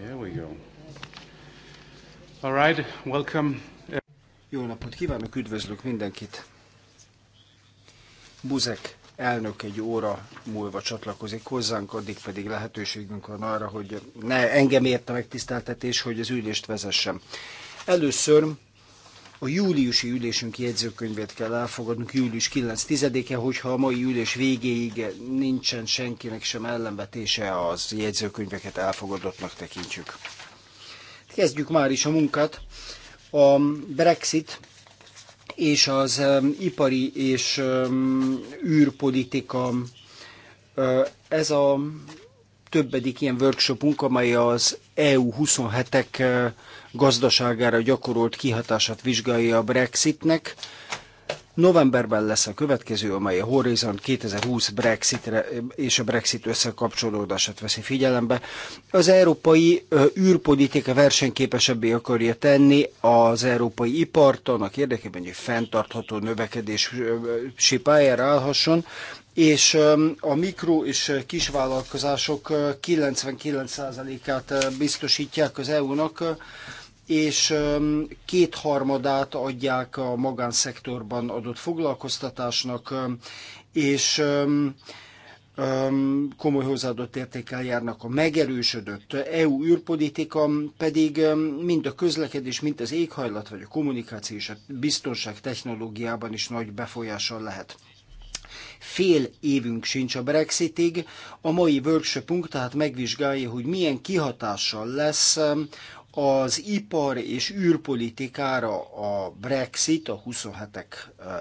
Here we go. All right, welcome. Jó napot kívánok, üdvözlök mindenkit. Buzek elnök egy óra múlva csatlakozik hozzánk, addig pedig lehetőségünk van arra, hogy ne engem érte megtiszteltetés, hogy az ülést vezessem. Először a júliusi ülésünk jegyzőkönyvét kell elfogadnunk július 9-10-e, hogyha a mai ülés végéig nincsen senkinek sem ellenvetése, az jegyzőkönyveket elfogadottnak tekintjük. Kezdjük már is a munkát. A Brexit és az ipari és űrpolitika, ez a többedik ilyen workshopunk, amely az EU 27-ek gazdaságára gyakorolt kihatását vizsgálja a Brexitnek. Novemberben lesz a következő, amely a Horizon 2020 Brexitre és a Brexit összekapcsolódását veszi figyelembe. Az európai űrpolitika versenyképesebbé akarja tenni az európai ipart annak érdekében, hogy fenntartható növekedési pályára állhasson, és a mikro és kisvállalkozások 99%-át biztosítják az EU-nak, és kétharmadát adják a magánszektorban adott foglalkoztatásnak, és komoly hozzáadott értékkel járnak. A megerősödött EU űrpolitika pedig mind a közlekedés, mind az éghajlat, vagy a kommunikáció és a biztonság technológiában is nagy befolyással lehet. Fél évünk sincs a Brexitig. A mai workshopunk tehát megvizsgálja, hogy milyen kihatással lesz az ipar és űrpolitikára a Brexit a 27-ek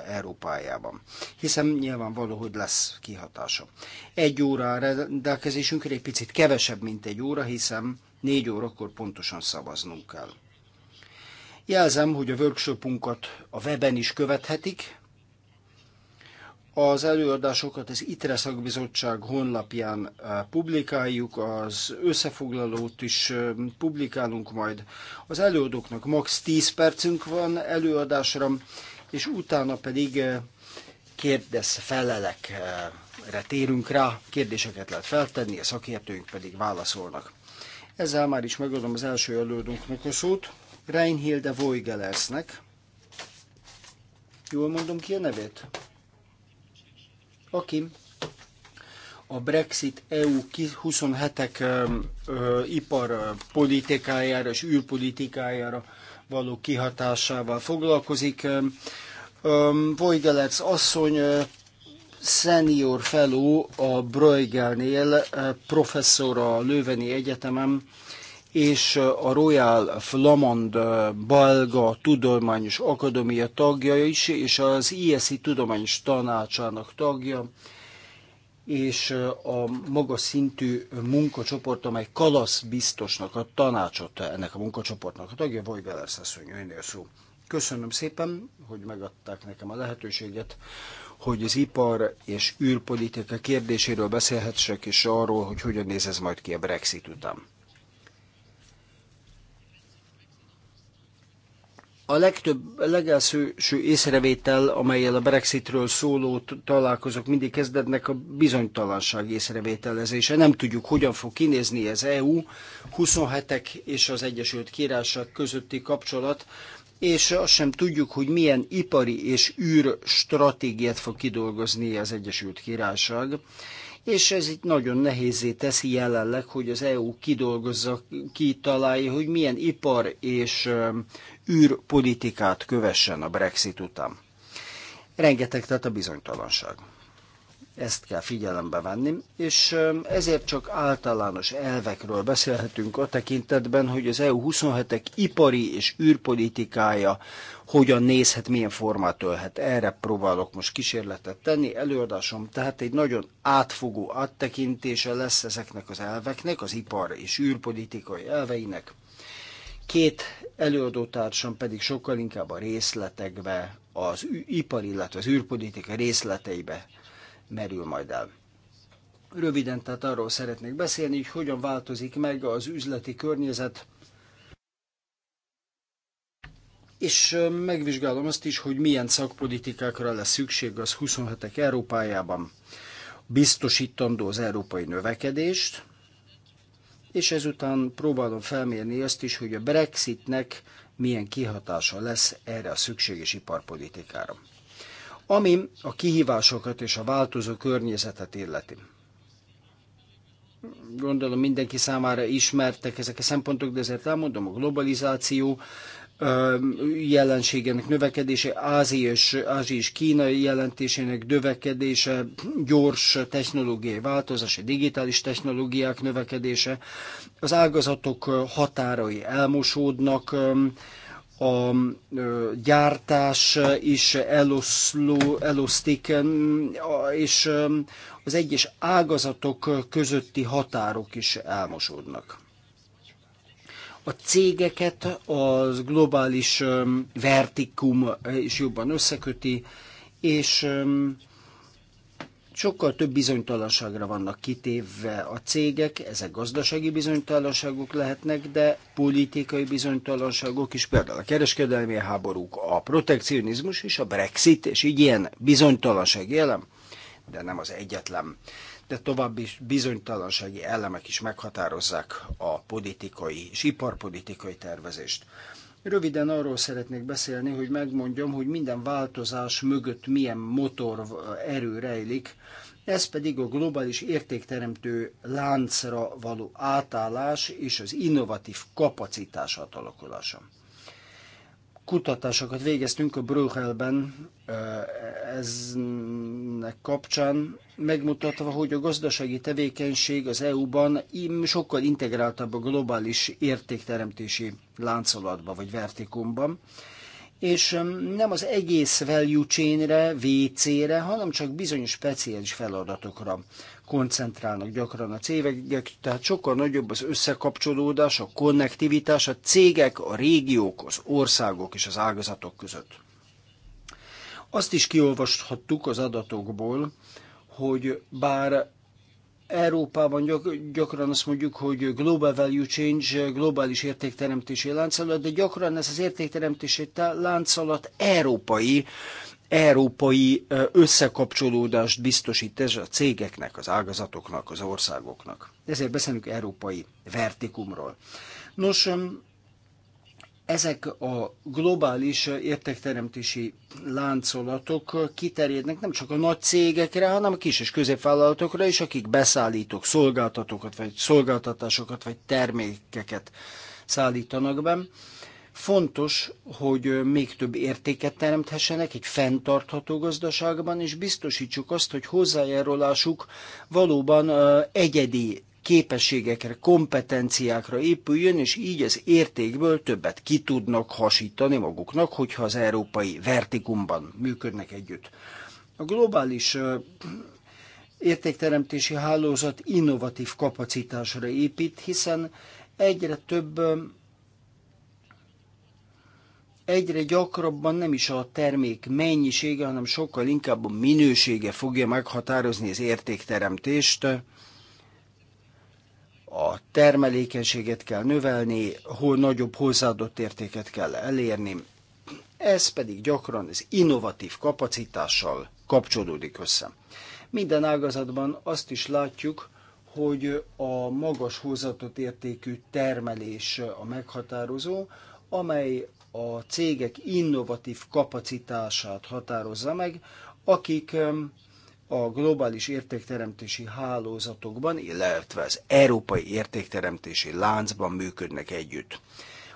Európájában, hiszen nyilvánvaló, hogy lesz kihatása. Egy óra rendelkezésünkre, egy picit kevesebb, mint egy óra, hiszen négy órakor pontosan szavaznunk kell. Jelzem, hogy a workshopunkat a weben is követhetik, az előadásokat az ITRE szakbizottság honlapján eh, publikáljuk, az összefoglalót is eh, publikálunk majd. Az előadóknak max. 10 percünk van előadásra, és utána pedig eh, kérdez-felelekre térünk rá, kérdéseket lehet feltenni, a szakértőink pedig válaszolnak. Ezzel már is megadom az első előadónknak a szót, Reinhilde Voigelesnek. Jól mondom ki a nevét? aki a Brexit EU 27-ek iparpolitikájára és űrpolitikájára való kihatásával foglalkozik. Voigelers asszony senior fellow a Bruegelnél, professzor a Löveni Egyetemen, és a Royal Flamand Balga Tudományos Akadémia tagja is, és az ISZI Tudományos Tanácsának tagja, és a magas szintű munkacsoport, amely Kalasz biztosnak a tanácsot ennek a munkacsoportnak a tagja, vagy Szeszony, ennél szó. Köszönöm szépen, hogy megadták nekem a lehetőséget, hogy az ipar és űrpolitika kérdéséről beszélhetsek, és arról, hogy hogyan néz ez majd ki a Brexit után. A legtöbb, a legelső észrevétel, amelyel a Brexitről szóló találkozók mindig kezdednek, a bizonytalanság észrevételezése. Nem tudjuk, hogyan fog kinézni az EU 27-ek és az Egyesült Királyság közötti kapcsolat, és azt sem tudjuk, hogy milyen ipari és űr stratégiát fog kidolgozni az Egyesült Királyság és ez itt nagyon nehézé teszi jelenleg, hogy az EU kidolgozza, kitalálja, hogy milyen ipar és űrpolitikát kövessen a Brexit után. Rengeteg tett a bizonytalanság. Ezt kell figyelembe venni, és ezért csak általános elvekről beszélhetünk a tekintetben, hogy az EU27-ek ipari és űrpolitikája hogyan nézhet, milyen formát ölhet. Erre próbálok most kísérletet tenni. Előadásom tehát egy nagyon átfogó áttekintése lesz ezeknek az elveknek, az ipar és űrpolitikai elveinek. Két előadótársam pedig sokkal inkább a részletekbe, az ipar, illetve az űrpolitika részleteibe merül majd el. Röviden tehát arról szeretnék beszélni, hogy hogyan változik meg az üzleti környezet, és megvizsgálom azt is, hogy milyen szakpolitikákra lesz szükség az 27-ek Európájában. Biztosítandó az európai növekedést, és ezután próbálom felmérni azt is, hogy a Brexitnek milyen kihatása lesz erre a szükséges iparpolitikára. Ami a kihívásokat és a változó környezetet illeti. Gondolom mindenki számára ismertek ezek a szempontok, de ezért elmondom, a globalizáció jelenségének növekedése, Ázia és, Ázia és Kína jelentésének növekedése, gyors technológiai változás, digitális technológiák növekedése, az ágazatok határai elmosódnak, a gyártás is eloszló, elosztik, és az egyes ágazatok közötti határok is elmosódnak a cégeket az globális vertikum is jobban összeköti, és sokkal több bizonytalanságra vannak kitéve a cégek, ezek gazdasági bizonytalanságok lehetnek, de politikai bizonytalanságok is, például a kereskedelmi háborúk, a protekcionizmus és a Brexit, és így ilyen bizonytalanság jelen, de nem az egyetlen de további bizonytalansági elemek is meghatározzák a politikai és iparpolitikai tervezést. Röviden arról szeretnék beszélni, hogy megmondjam, hogy minden változás mögött milyen motor erő rejlik, ez pedig a globális értékteremtő láncra való átállás és az innovatív kapacitás átalakulása kutatásokat végeztünk a Brühelben eznek kapcsán, megmutatva, hogy a gazdasági tevékenység az EU-ban sokkal integráltabb a globális értékteremtési láncolatba vagy vertikumban és nem az egész value chain-re, WC-re, hanem csak bizonyos speciális feladatokra koncentrálnak gyakran a cégek, tehát sokkal nagyobb az összekapcsolódás, a konnektivitás a cégek, a régiók, az országok és az ágazatok között. Azt is kiolvashattuk az adatokból, hogy bár Európában gyak, gyakran azt mondjuk, hogy global value change, globális értékteremtési láncolat, de gyakran ez az értékteremtési láncolat európai európai összekapcsolódást biztosít ez a cégeknek, az ágazatoknak, az országoknak. Ezért beszélünk európai vertikumról. Nos, ezek a globális értékteremtési láncolatok kiterjednek nem csak a nagy cégekre, hanem a kis és középvállalatokra is, akik beszállítók, szolgáltatókat, vagy szolgáltatásokat, vagy termékeket szállítanak be. Fontos, hogy még több értéket teremthessenek egy fenntartható gazdaságban, és biztosítsuk azt, hogy hozzájárulásuk valóban egyedi képességekre, kompetenciákra épüljön, és így az értékből többet ki tudnak hasítani maguknak, hogyha az európai vertikumban működnek együtt. A globális értékteremtési hálózat innovatív kapacitásra épít, hiszen egyre több egyre gyakrabban nem is a termék mennyisége, hanem sokkal inkább a minősége fogja meghatározni az értékteremtést. A termelékenységet kell növelni, hol nagyobb hozzáadott értéket kell elérni. Ez pedig gyakran az innovatív kapacitással kapcsolódik össze. Minden ágazatban azt is látjuk, hogy a magas hozzáadott értékű termelés a meghatározó, amely a cégek innovatív kapacitását határozza meg, akik a globális értékteremtési hálózatokban, illetve az európai értékteremtési láncban működnek együtt.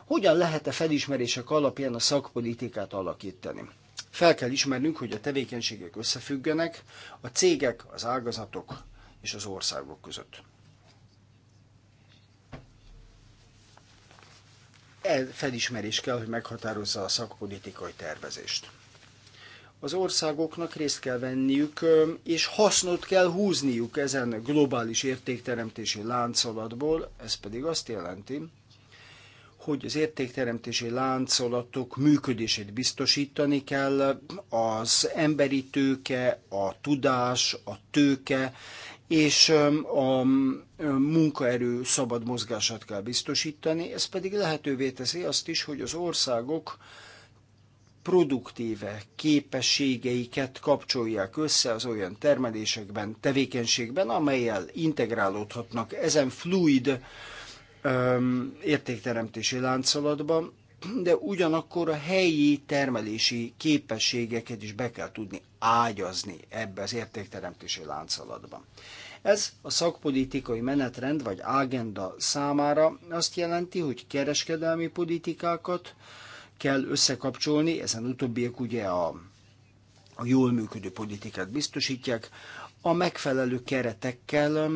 Hogyan lehet a felismerések alapján a szakpolitikát alakítani? Fel kell ismernünk, hogy a tevékenységek összefüggenek, a cégek, az ágazatok és az országok között. felismerés kell, hogy meghatározza a szakpolitikai tervezést. Az országoknak részt kell venniük, és hasznot kell húzniuk ezen globális értékteremtési láncolatból, ez pedig azt jelenti, hogy az értékteremtési láncolatok működését biztosítani kell, az emberi tőke, a tudás, a tőke és a munkaerő szabad mozgását kell biztosítani, ez pedig lehetővé teszi azt is, hogy az országok produktíve képességeiket kapcsolják össze az olyan termelésekben, tevékenységben, amelyel integrálódhatnak ezen fluid értékteremtési láncolatban, de ugyanakkor a helyi termelési képességeket is be kell tudni ágyazni ebbe az értékteremtési láncolatban. Ez a szakpolitikai menetrend vagy agenda számára azt jelenti, hogy kereskedelmi politikákat kell összekapcsolni, ezen utóbbiak ugye a, a jól működő politikát biztosítják, a megfelelő keretekkel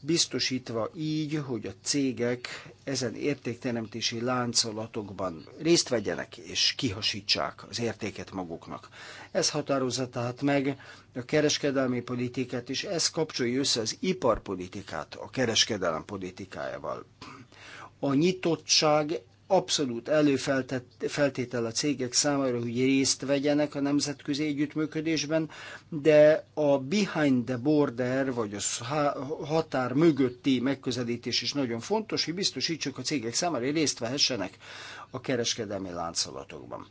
biztosítva így, hogy a cégek ezen értékteremtési láncolatokban részt vegyenek és kihasítsák az értéket maguknak. Ez határozza tehát meg a kereskedelmi politikát, és ez kapcsolja össze az iparpolitikát a kereskedelem politikájával. A nyitottság abszolút előfeltétel a cégek számára, hogy részt vegyenek a nemzetközi együttműködésben, de a behind the border, vagy a határ mögötti megközelítés is nagyon fontos, hogy biztosítsuk a cégek számára, hogy részt vehessenek a kereskedelmi láncolatokban.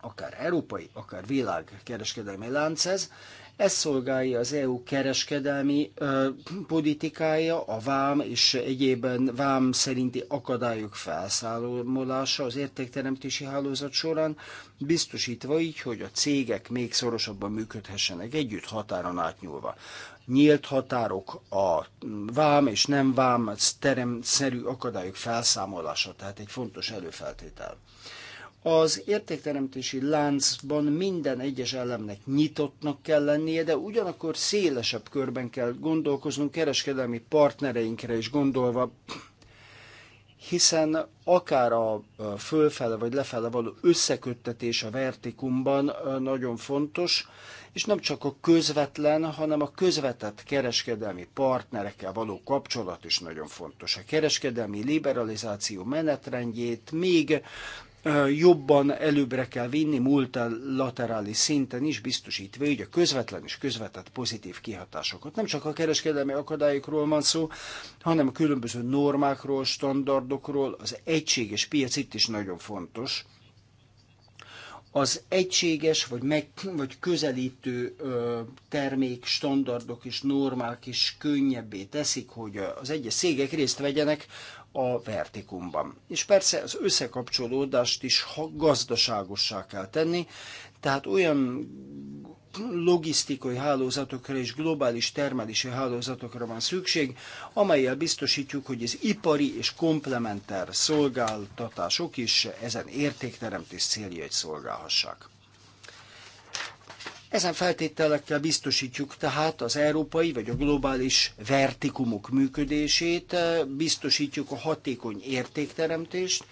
Akár európai, akár világ kereskedelmi lánc ez, ez szolgálja az EU kereskedelmi ö, politikája, a vám és egyében vám szerinti akadályok felszámolása az értékteremtési hálózat során, biztosítva így, hogy a cégek még szorosabban működhessenek együtt határon átnyúlva. Nyílt határok, a vám és nem vám teremszerű akadályok felszámolása, tehát egy fontos előfeltétel. Az értékteremtési láncban minden egyes elemnek nyitottnak kell lennie, de ugyanakkor szélesebb körben kell gondolkoznunk, kereskedelmi partnereinkre is gondolva, hiszen akár a fölfele vagy lefele való összeköttetés a vertikumban nagyon fontos, és nem csak a közvetlen, hanem a közvetett kereskedelmi partnerekkel való kapcsolat is nagyon fontos. A kereskedelmi liberalizáció menetrendjét még jobban előbbre kell vinni multilaterális szinten is, biztosítva így a közvetlen és közvetett pozitív kihatásokat. Nem csak a kereskedelmi akadályokról van szó, hanem a különböző normákról, standardokról, az egységes piac itt is nagyon fontos. Az egységes vagy, meg, vagy közelítő ö, termék, standardok és normák is könnyebbé teszik, hogy az egyes szégek részt vegyenek a vertikumban. És persze az összekapcsolódást is gazdaságossá kell tenni, tehát olyan logisztikai hálózatokra és globális termelési hálózatokra van szükség, amelyel biztosítjuk, hogy az ipari és komplementer szolgáltatások is ezen értékteremtés céljait szolgálhassák. Ezen feltételekkel biztosítjuk tehát az európai vagy a globális vertikumok működését, biztosítjuk a hatékony értékteremtést,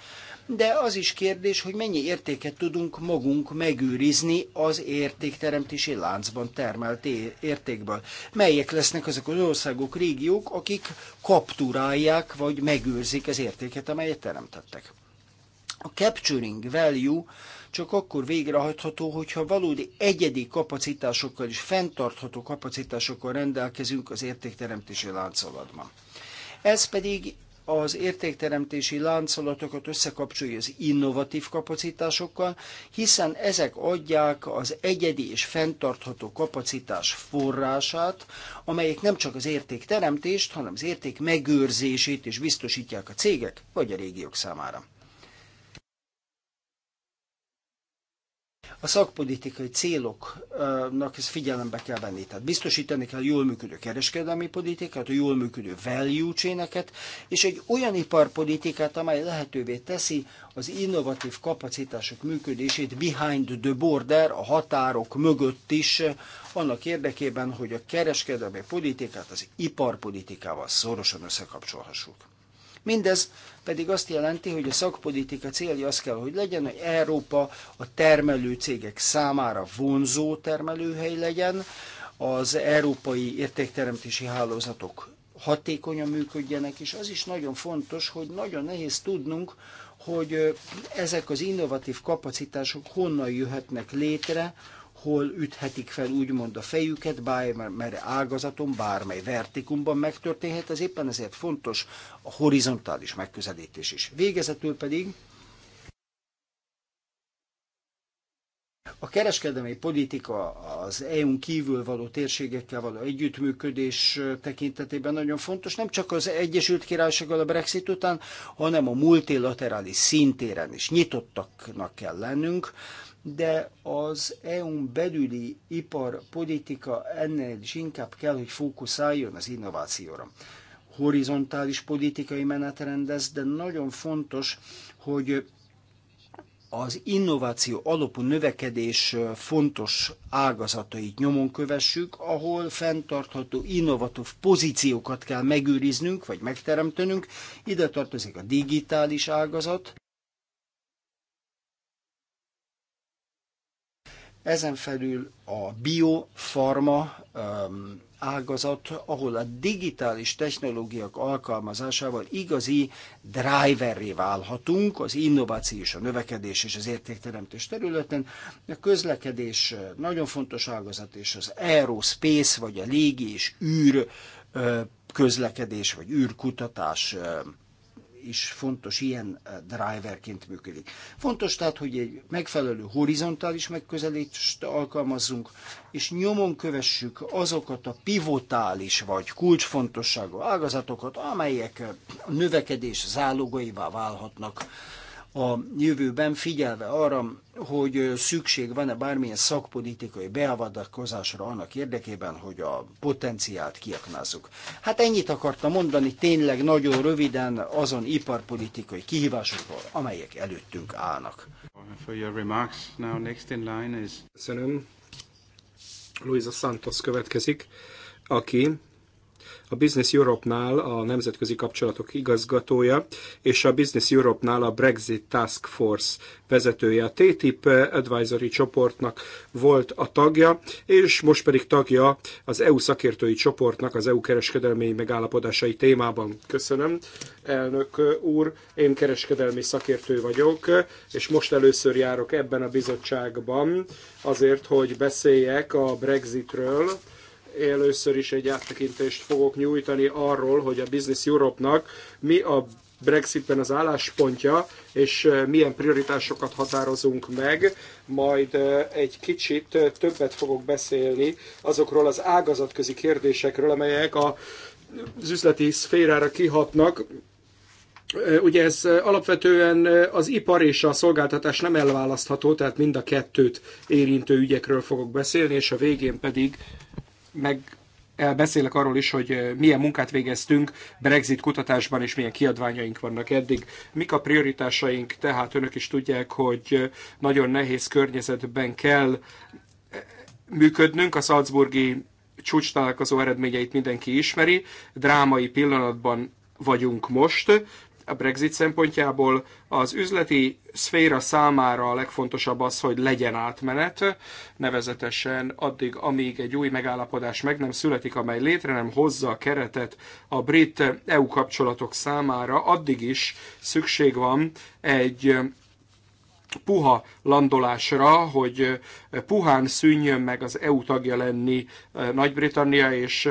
de az is kérdés, hogy mennyi értéket tudunk magunk megőrizni az értékteremtési láncban termelt értékből. Melyek lesznek azok az országok, régiók, akik kapturálják vagy megőrzik az értéket, amelyet teremtettek. A capturing value csak akkor végrehajtható, hogyha valódi egyedi kapacitásokkal és fenntartható kapacitásokkal rendelkezünk az értékteremtési láncolatban. Ez pedig az értékteremtési láncolatokat összekapcsolja az innovatív kapacitásokkal, hiszen ezek adják az egyedi és fenntartható kapacitás forrását, amelyek nem csak az értékteremtést, hanem az érték megőrzését is biztosítják a cégek vagy a régiók számára. a szakpolitikai céloknak ezt figyelembe kell venni. Tehát biztosítani kell jól működő kereskedelmi politikát, a jól működő value chain és egy olyan iparpolitikát, amely lehetővé teszi az innovatív kapacitások működését behind the border, a határok mögött is, annak érdekében, hogy a kereskedelmi politikát az iparpolitikával szorosan összekapcsolhassuk. Mindez pedig azt jelenti, hogy a szakpolitika célja az kell, hogy legyen, hogy Európa a termelő cégek számára vonzó termelőhely legyen, az európai értékteremtési hálózatok hatékonyan működjenek, és az is nagyon fontos, hogy nagyon nehéz tudnunk, hogy ezek az innovatív kapacitások honnan jöhetnek létre, hol üthetik fel úgymond a fejüket, bármely ágazaton, bármely vertikumban megtörténhet, ez éppen ezért fontos a horizontális megközelítés is. Végezetül pedig A kereskedelmi politika az EU-n kívül való térségekkel való együttműködés tekintetében nagyon fontos, nem csak az Egyesült Királysággal a Brexit után, hanem a multilaterális szintéren is nyitottaknak kell lennünk de az EU-n belüli iparpolitika ennél is inkább kell, hogy fókuszáljon az innovációra. Horizontális politikai menetrendez, de nagyon fontos, hogy az innováció alapú növekedés fontos ágazatait nyomon kövessük, ahol fenntartható innovatív pozíciókat kell megőriznünk, vagy megteremtenünk. Ide tartozik a digitális ágazat, Ezen felül a biofarma um, ágazat, ahol a digitális technológiák alkalmazásával igazi driverré válhatunk az innováció és a növekedés és az értékteremtés területen. A közlekedés uh, nagyon fontos ágazat, és az aerospace, vagy a légi és űr uh, közlekedés, vagy űrkutatás uh, is fontos, ilyen eh, driverként működik. Fontos tehát, hogy egy megfelelő horizontális megközelítést alkalmazzunk, és nyomon kövessük azokat a pivotális vagy kulcsfontosságú ágazatokat, amelyek eh, a növekedés zálogaivá válhatnak a jövőben figyelve arra, hogy szükség van-e bármilyen szakpolitikai beavatkozásra annak érdekében, hogy a potenciált kiaknázzuk. Hát ennyit akartam mondani tényleg nagyon röviden azon iparpolitikai kihívásokról, amelyek előttünk állnak. For your remarks, now next in line is... Köszönöm. Luisa Santos következik, aki a Business Europe-nál a nemzetközi kapcsolatok igazgatója, és a Business Europe-nál a Brexit Task Force vezetője. A TTIP Advisory csoportnak volt a tagja, és most pedig tagja az EU szakértői csoportnak az EU kereskedelmi megállapodásai témában. Köszönöm, elnök úr. Én kereskedelmi szakértő vagyok, és most először járok ebben a bizottságban azért, hogy beszéljek a Brexitről, Először is egy áttekintést fogok nyújtani arról, hogy a Business Europe-nak mi a Brexitben az álláspontja, és milyen prioritásokat határozunk meg, majd egy kicsit többet fogok beszélni azokról az ágazatközi kérdésekről, amelyek a, az üzleti szférára kihatnak, Ugye ez alapvetően az ipar és a szolgáltatás nem elválasztható, tehát mind a kettőt érintő ügyekről fogok beszélni, és a végén pedig meg eh, beszélek arról is, hogy eh, milyen munkát végeztünk Brexit kutatásban, és milyen kiadványaink vannak eddig. Mik a prioritásaink, tehát önök is tudják, hogy eh, nagyon nehéz környezetben kell működnünk. A Salzburgi csúcs találkozó eredményeit mindenki ismeri. Drámai pillanatban vagyunk most a Brexit szempontjából. Az üzleti szféra számára a legfontosabb az, hogy legyen átmenet, nevezetesen addig, amíg egy új megállapodás meg nem születik, amely létre nem hozza a keretet a brit EU kapcsolatok számára, addig is szükség van egy puha landolásra, hogy puhán szűnjön meg az EU tagja lenni Nagy-Britannia, és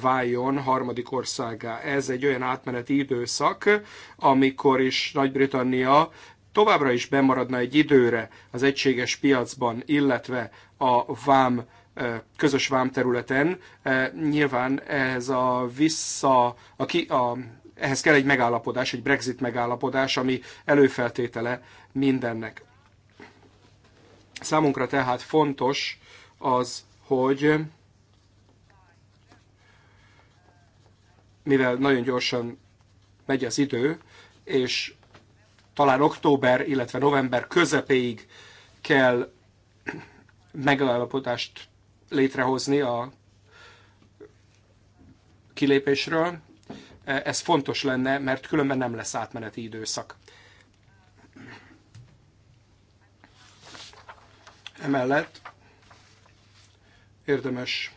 váljon harmadik országá. Ez egy olyan átmeneti időszak, amikor is Nagy-Britannia továbbra is bemaradna egy időre az egységes piacban, illetve a vám közös vámterületen. Nyilván ez a vissza, a, ki, a ehhez kell egy megállapodás, egy Brexit megállapodás, ami előfeltétele mindennek. Számunkra tehát fontos az, hogy mivel nagyon gyorsan megy az idő, és talán október, illetve november közepéig kell megállapodást létrehozni a kilépésről, ez fontos lenne, mert különben nem lesz átmeneti időszak. Emellett érdemes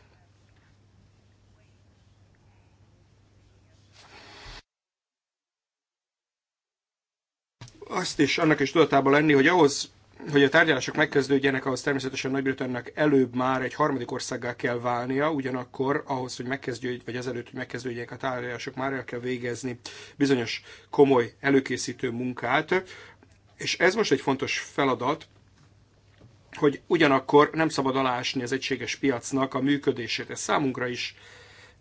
azt is, annak is tudatában lenni, hogy ahhoz hogy a tárgyalások megkezdődjenek, ahhoz természetesen Nagy-Britannak előbb már egy harmadik országgá kell válnia, ugyanakkor ahhoz, hogy megkezdődjék, vagy azelőtt, hogy megkezdődjék a tárgyalások, már el kell végezni bizonyos komoly előkészítő munkát. És ez most egy fontos feladat, hogy ugyanakkor nem szabad alásni az egységes piacnak a működését. Ez számunkra is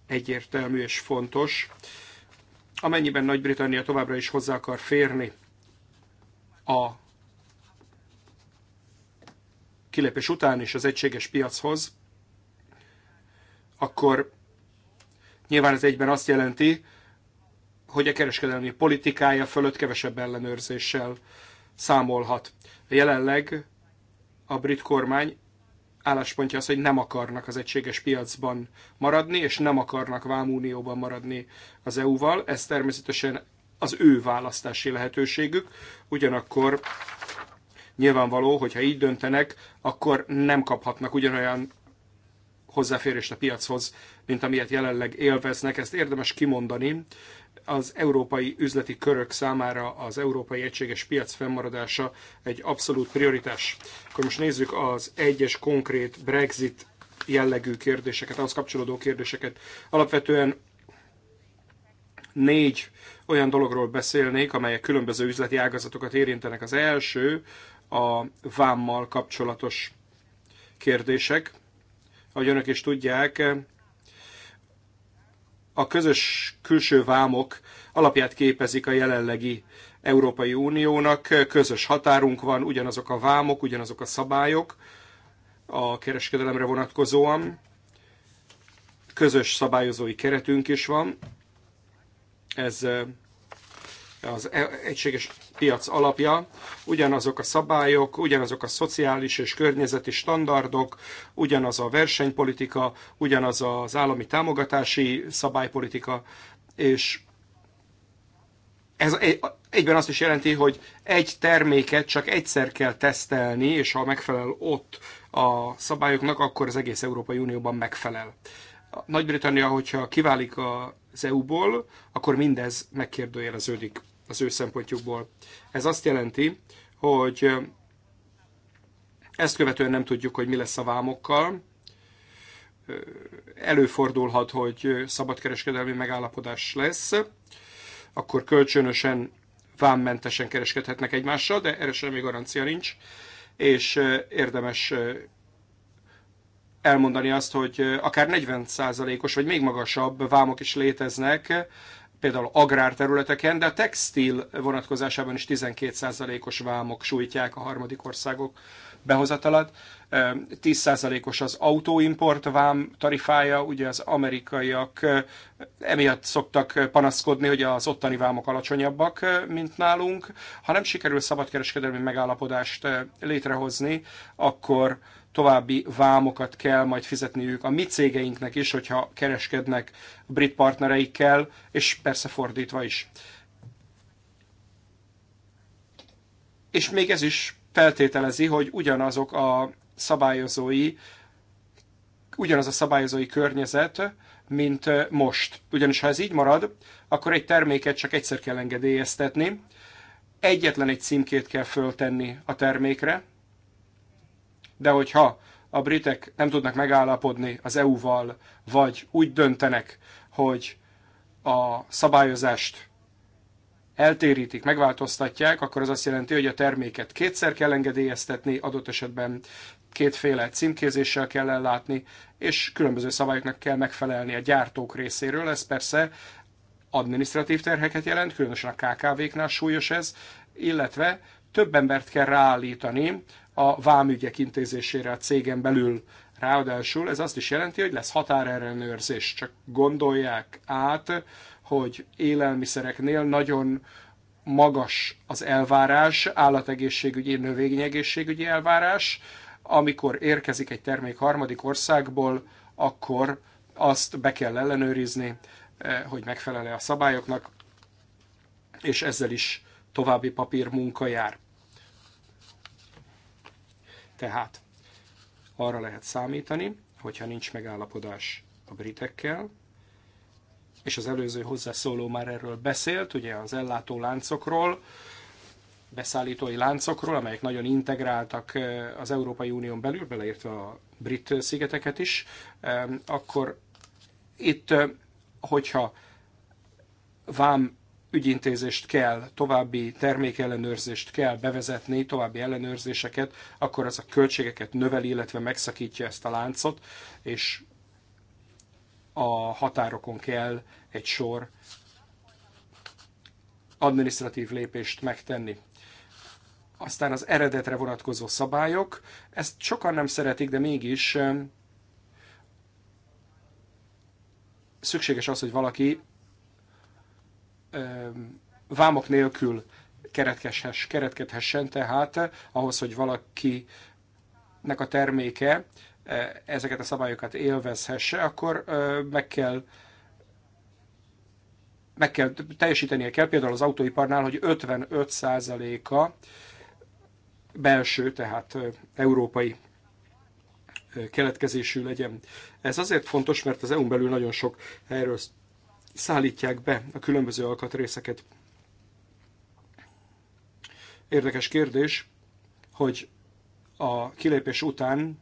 egyértelmű és fontos, amennyiben Nagy-Britannia továbbra is hozzá akar férni a kilépés után is az egységes piachoz, akkor nyilván ez egyben azt jelenti, hogy a kereskedelmi politikája fölött kevesebb ellenőrzéssel számolhat. Jelenleg a brit kormány álláspontja az, hogy nem akarnak az egységes piacban maradni, és nem akarnak vámunióban maradni az EU-val. Ez természetesen az ő választási lehetőségük, ugyanakkor Nyilvánvaló, hogyha így döntenek, akkor nem kaphatnak ugyanolyan hozzáférést a piachoz, mint amilyet jelenleg élveznek. Ezt érdemes kimondani. Az európai üzleti körök számára az európai egységes piac fennmaradása egy abszolút prioritás. Akkor most nézzük az egyes konkrét Brexit jellegű kérdéseket, ahhoz kapcsolódó kérdéseket. Alapvetően négy olyan dologról beszélnék, amelyek különböző üzleti ágazatokat érintenek. Az első a vámmal kapcsolatos kérdések. Ahogy önök is tudják, a közös külső vámok alapját képezik a jelenlegi Európai Uniónak. Közös határunk van, ugyanazok a vámok, ugyanazok a szabályok a kereskedelemre vonatkozóan. Közös szabályozói keretünk is van. Ez az e- egységes piac alapja, ugyanazok a szabályok, ugyanazok a szociális és környezeti standardok, ugyanaz a versenypolitika, ugyanaz az állami támogatási szabálypolitika, és ez egyben azt is jelenti, hogy egy terméket csak egyszer kell tesztelni, és ha megfelel ott a szabályoknak, akkor az egész Európai Unióban megfelel. Nagy-Britannia, hogyha kiválik az EU-ból, akkor mindez megkérdőjeleződik az ő szempontjukból. Ez azt jelenti, hogy ezt követően nem tudjuk, hogy mi lesz a vámokkal. Előfordulhat, hogy szabadkereskedelmi megállapodás lesz, akkor kölcsönösen vámmentesen kereskedhetnek egymással, de erre semmi garancia nincs, és érdemes elmondani azt, hogy akár 40%-os vagy még magasabb vámok is léteznek például agrárterületeken, de a textil vonatkozásában is 12%-os vámok sújtják a harmadik országok behozatalát. 10%-os az autóimport vám tarifája, ugye az amerikaiak emiatt szoktak panaszkodni, hogy az ottani vámok alacsonyabbak, mint nálunk. Ha nem sikerül szabadkereskedelmi megállapodást létrehozni, akkor további vámokat kell majd fizetniük a mi cégeinknek is, hogyha kereskednek brit partnereikkel, és persze fordítva is. És még ez is feltételezi, hogy ugyanazok a szabályozói, ugyanaz a szabályozói környezet, mint most. Ugyanis ha ez így marad, akkor egy terméket csak egyszer kell engedélyeztetni, egyetlen egy címkét kell föltenni a termékre, de hogyha a britek nem tudnak megállapodni az EU-val, vagy úgy döntenek, hogy a szabályozást eltérítik, megváltoztatják, akkor az azt jelenti, hogy a terméket kétszer kell engedélyeztetni, adott esetben kétféle címkézéssel kell ellátni, és különböző szabályoknak kell megfelelni a gyártók részéről. Ez persze administratív terheket jelent, különösen a KKV-knál súlyos ez, illetve több embert kell ráállítani a vámügyek intézésére a cégen belül. Ráadásul ez azt is jelenti, hogy lesz határellenőrzés. Csak gondolják át, hogy élelmiszereknél nagyon magas az elvárás, állategészségügyi, növényegészségügyi elvárás. Amikor érkezik egy termék harmadik országból, akkor azt be kell ellenőrizni, eh, hogy megfelele a szabályoknak, és ezzel is további papírmunka jár. Tehát arra lehet számítani, hogyha nincs megállapodás a britekkel, és az előző hozzászóló már erről beszélt, ugye az ellátó láncokról, beszállítói láncokról, amelyek nagyon integráltak eh, az Európai Unión belül, beleértve a brit szigeteket is, eh, akkor itt, eh, hogyha vám ügyintézést kell, további termékellenőrzést kell bevezetni, további ellenőrzéseket, akkor az a költségeket növeli, illetve megszakítja ezt a láncot, és a határokon kell egy sor administratív lépést megtenni. Aztán az eredetre vonatkozó szabályok, ezt sokan nem szeretik, de mégis szükséges az, hogy valaki vámok nélkül keretkedhessen, tehát ahhoz, hogy valakinek a terméke e, ezeket a szabályokat élvezhesse, akkor meg kell meg kell teljesítenie kell, például az autóiparnál, hogy 55%-a belső, tehát európai keletkezésű legyen. Ez azért fontos, mert az EU-n belül nagyon sok helyről szállítják be a különböző alkatrészeket. Érdekes kérdés, hogy a kilépés után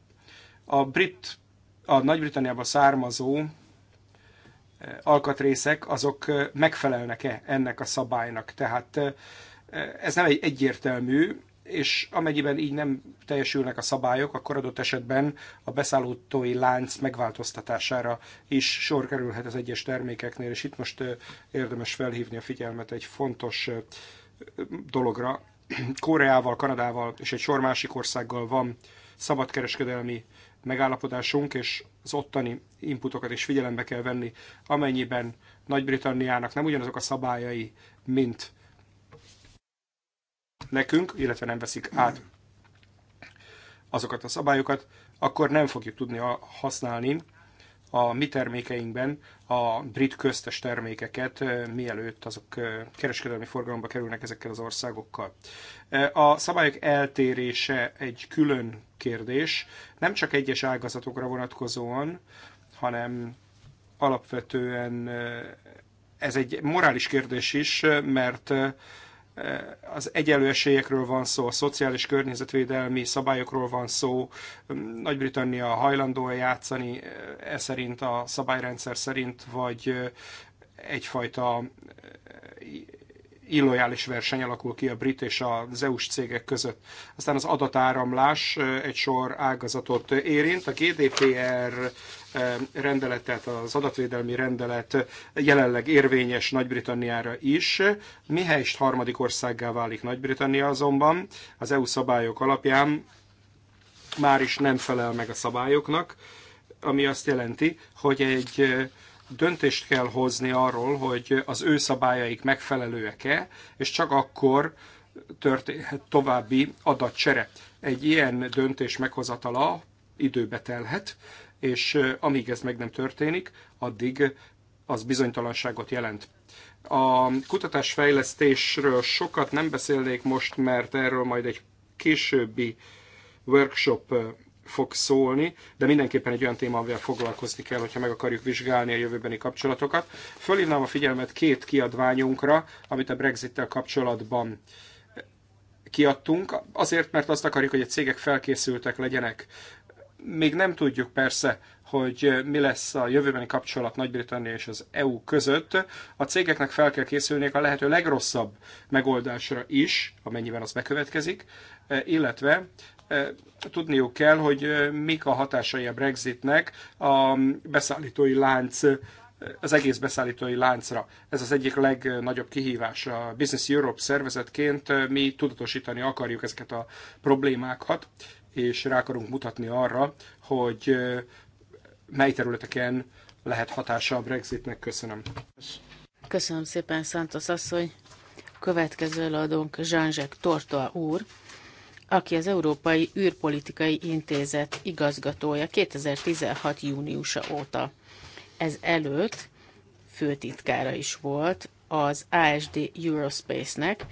a brit, a Nagy-Britanniába származó eh, alkatrészek, azok eh, megfelelnek-e ennek a szabálynak. Tehát eh, ez nem egy egyértelmű, és amennyiben így nem teljesülnek a szabályok, akkor adott esetben a beszállítói lánc megváltoztatására is sor kerülhet az egyes termékeknél, és itt most érdemes felhívni a figyelmet egy fontos dologra. Koreával, Kanadával és egy sor másik országgal van szabadkereskedelmi megállapodásunk, és az ottani inputokat is figyelembe kell venni, amennyiben Nagy-Britanniának nem ugyanazok a szabályai, mint nekünk, illetve nem veszik át azokat a szabályokat, akkor nem fogjuk tudni használni a mi termékeinkben a brit köztes termékeket, mielőtt azok kereskedelmi forgalomba kerülnek ezekkel az országokkal. A szabályok eltérése egy külön kérdés, nem csak egyes ágazatokra vonatkozóan, hanem alapvetően ez egy morális kérdés is, mert az egyenlő esélyekről van szó, a szociális környezetvédelmi szabályokról van szó, Nagy-Britannia hajlandó -e játszani e szerint a szabályrendszer szerint, vagy egyfajta illojális verseny alakul ki a brit és az EU-s cégek között. Aztán az adatáramlás egy sor ágazatot érint. A GDPR Eh, rendeletet, az adatvédelmi rendelet jelenleg érvényes Nagy-Britanniára is. Mihelyst harmadik országgá válik Nagy-Britannia azonban az EU szabályok alapján már is nem felel meg a szabályoknak, ami azt jelenti, hogy egy eh, döntést kell hozni arról, hogy az ő szabályaik megfelelőek-e, és csak akkor történhet további adatcsere. Egy ilyen döntés meghozatala időbe telhet, és amíg ez meg nem történik, addig az bizonytalanságot jelent. A kutatásfejlesztésről sokat nem beszélnék most, mert erről majd egy későbbi workshop fog szólni, de mindenképpen egy olyan téma, amivel foglalkozni kell, hogyha meg akarjuk vizsgálni a jövőbeni kapcsolatokat. Fölhívnám a figyelmet két kiadványunkra, amit a Brexit-tel kapcsolatban kiadtunk, azért, mert azt akarjuk, hogy a cégek felkészültek legyenek még nem tudjuk persze, hogy mi lesz a jövőbeni kapcsolat Nagy-Britannia és az EU között. A cégeknek fel kell készülniük a lehető legrosszabb megoldásra is, amennyiben az bekövetkezik, e, illetve e, tudniuk kell, hogy e, mik a hatásai a Brexitnek a beszállítói lánc az egész beszállítói láncra. Ez az egyik legnagyobb kihívás. A Business Europe szervezetként mi tudatosítani akarjuk ezeket a problémákat, és rá akarunk mutatni arra, hogy mely területeken lehet hatása a Brexitnek. Köszönöm. Köszönöm szépen, Santos asszony. Következő előadónk jean torta Tortoa úr, aki az Európai űrpolitikai intézet igazgatója 2016. júniusa óta. Ez előtt főtitkára is volt az ASD Eurospace-nek,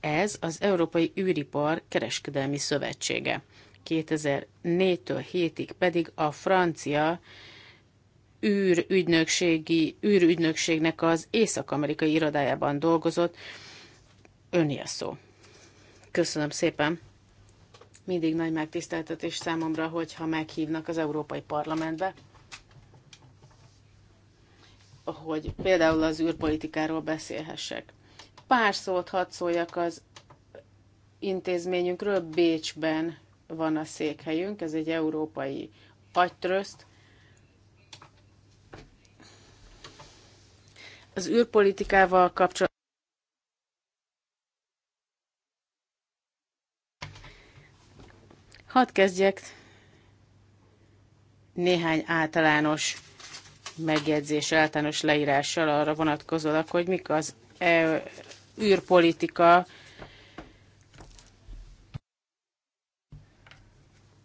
ez az Európai űripar kereskedelmi szövetsége. 2004-től 7-ig pedig a francia űrügynökségi, űrügynökségnek az észak-amerikai irodájában dolgozott. Önni a szó. Köszönöm szépen. Mindig nagy megtiszteltetés számomra, hogyha meghívnak az Európai Parlamentbe hogy például az űrpolitikáról beszélhessek. Pár szót hadd szóljak az intézményünkről Bécsben van a székhelyünk, ez egy európai agytröszt. Az űrpolitikával kapcsolatban Hadd kezdjek néhány általános megjegyzés, általános leírással arra vonatkozólag, hogy mik az e- űrpolitika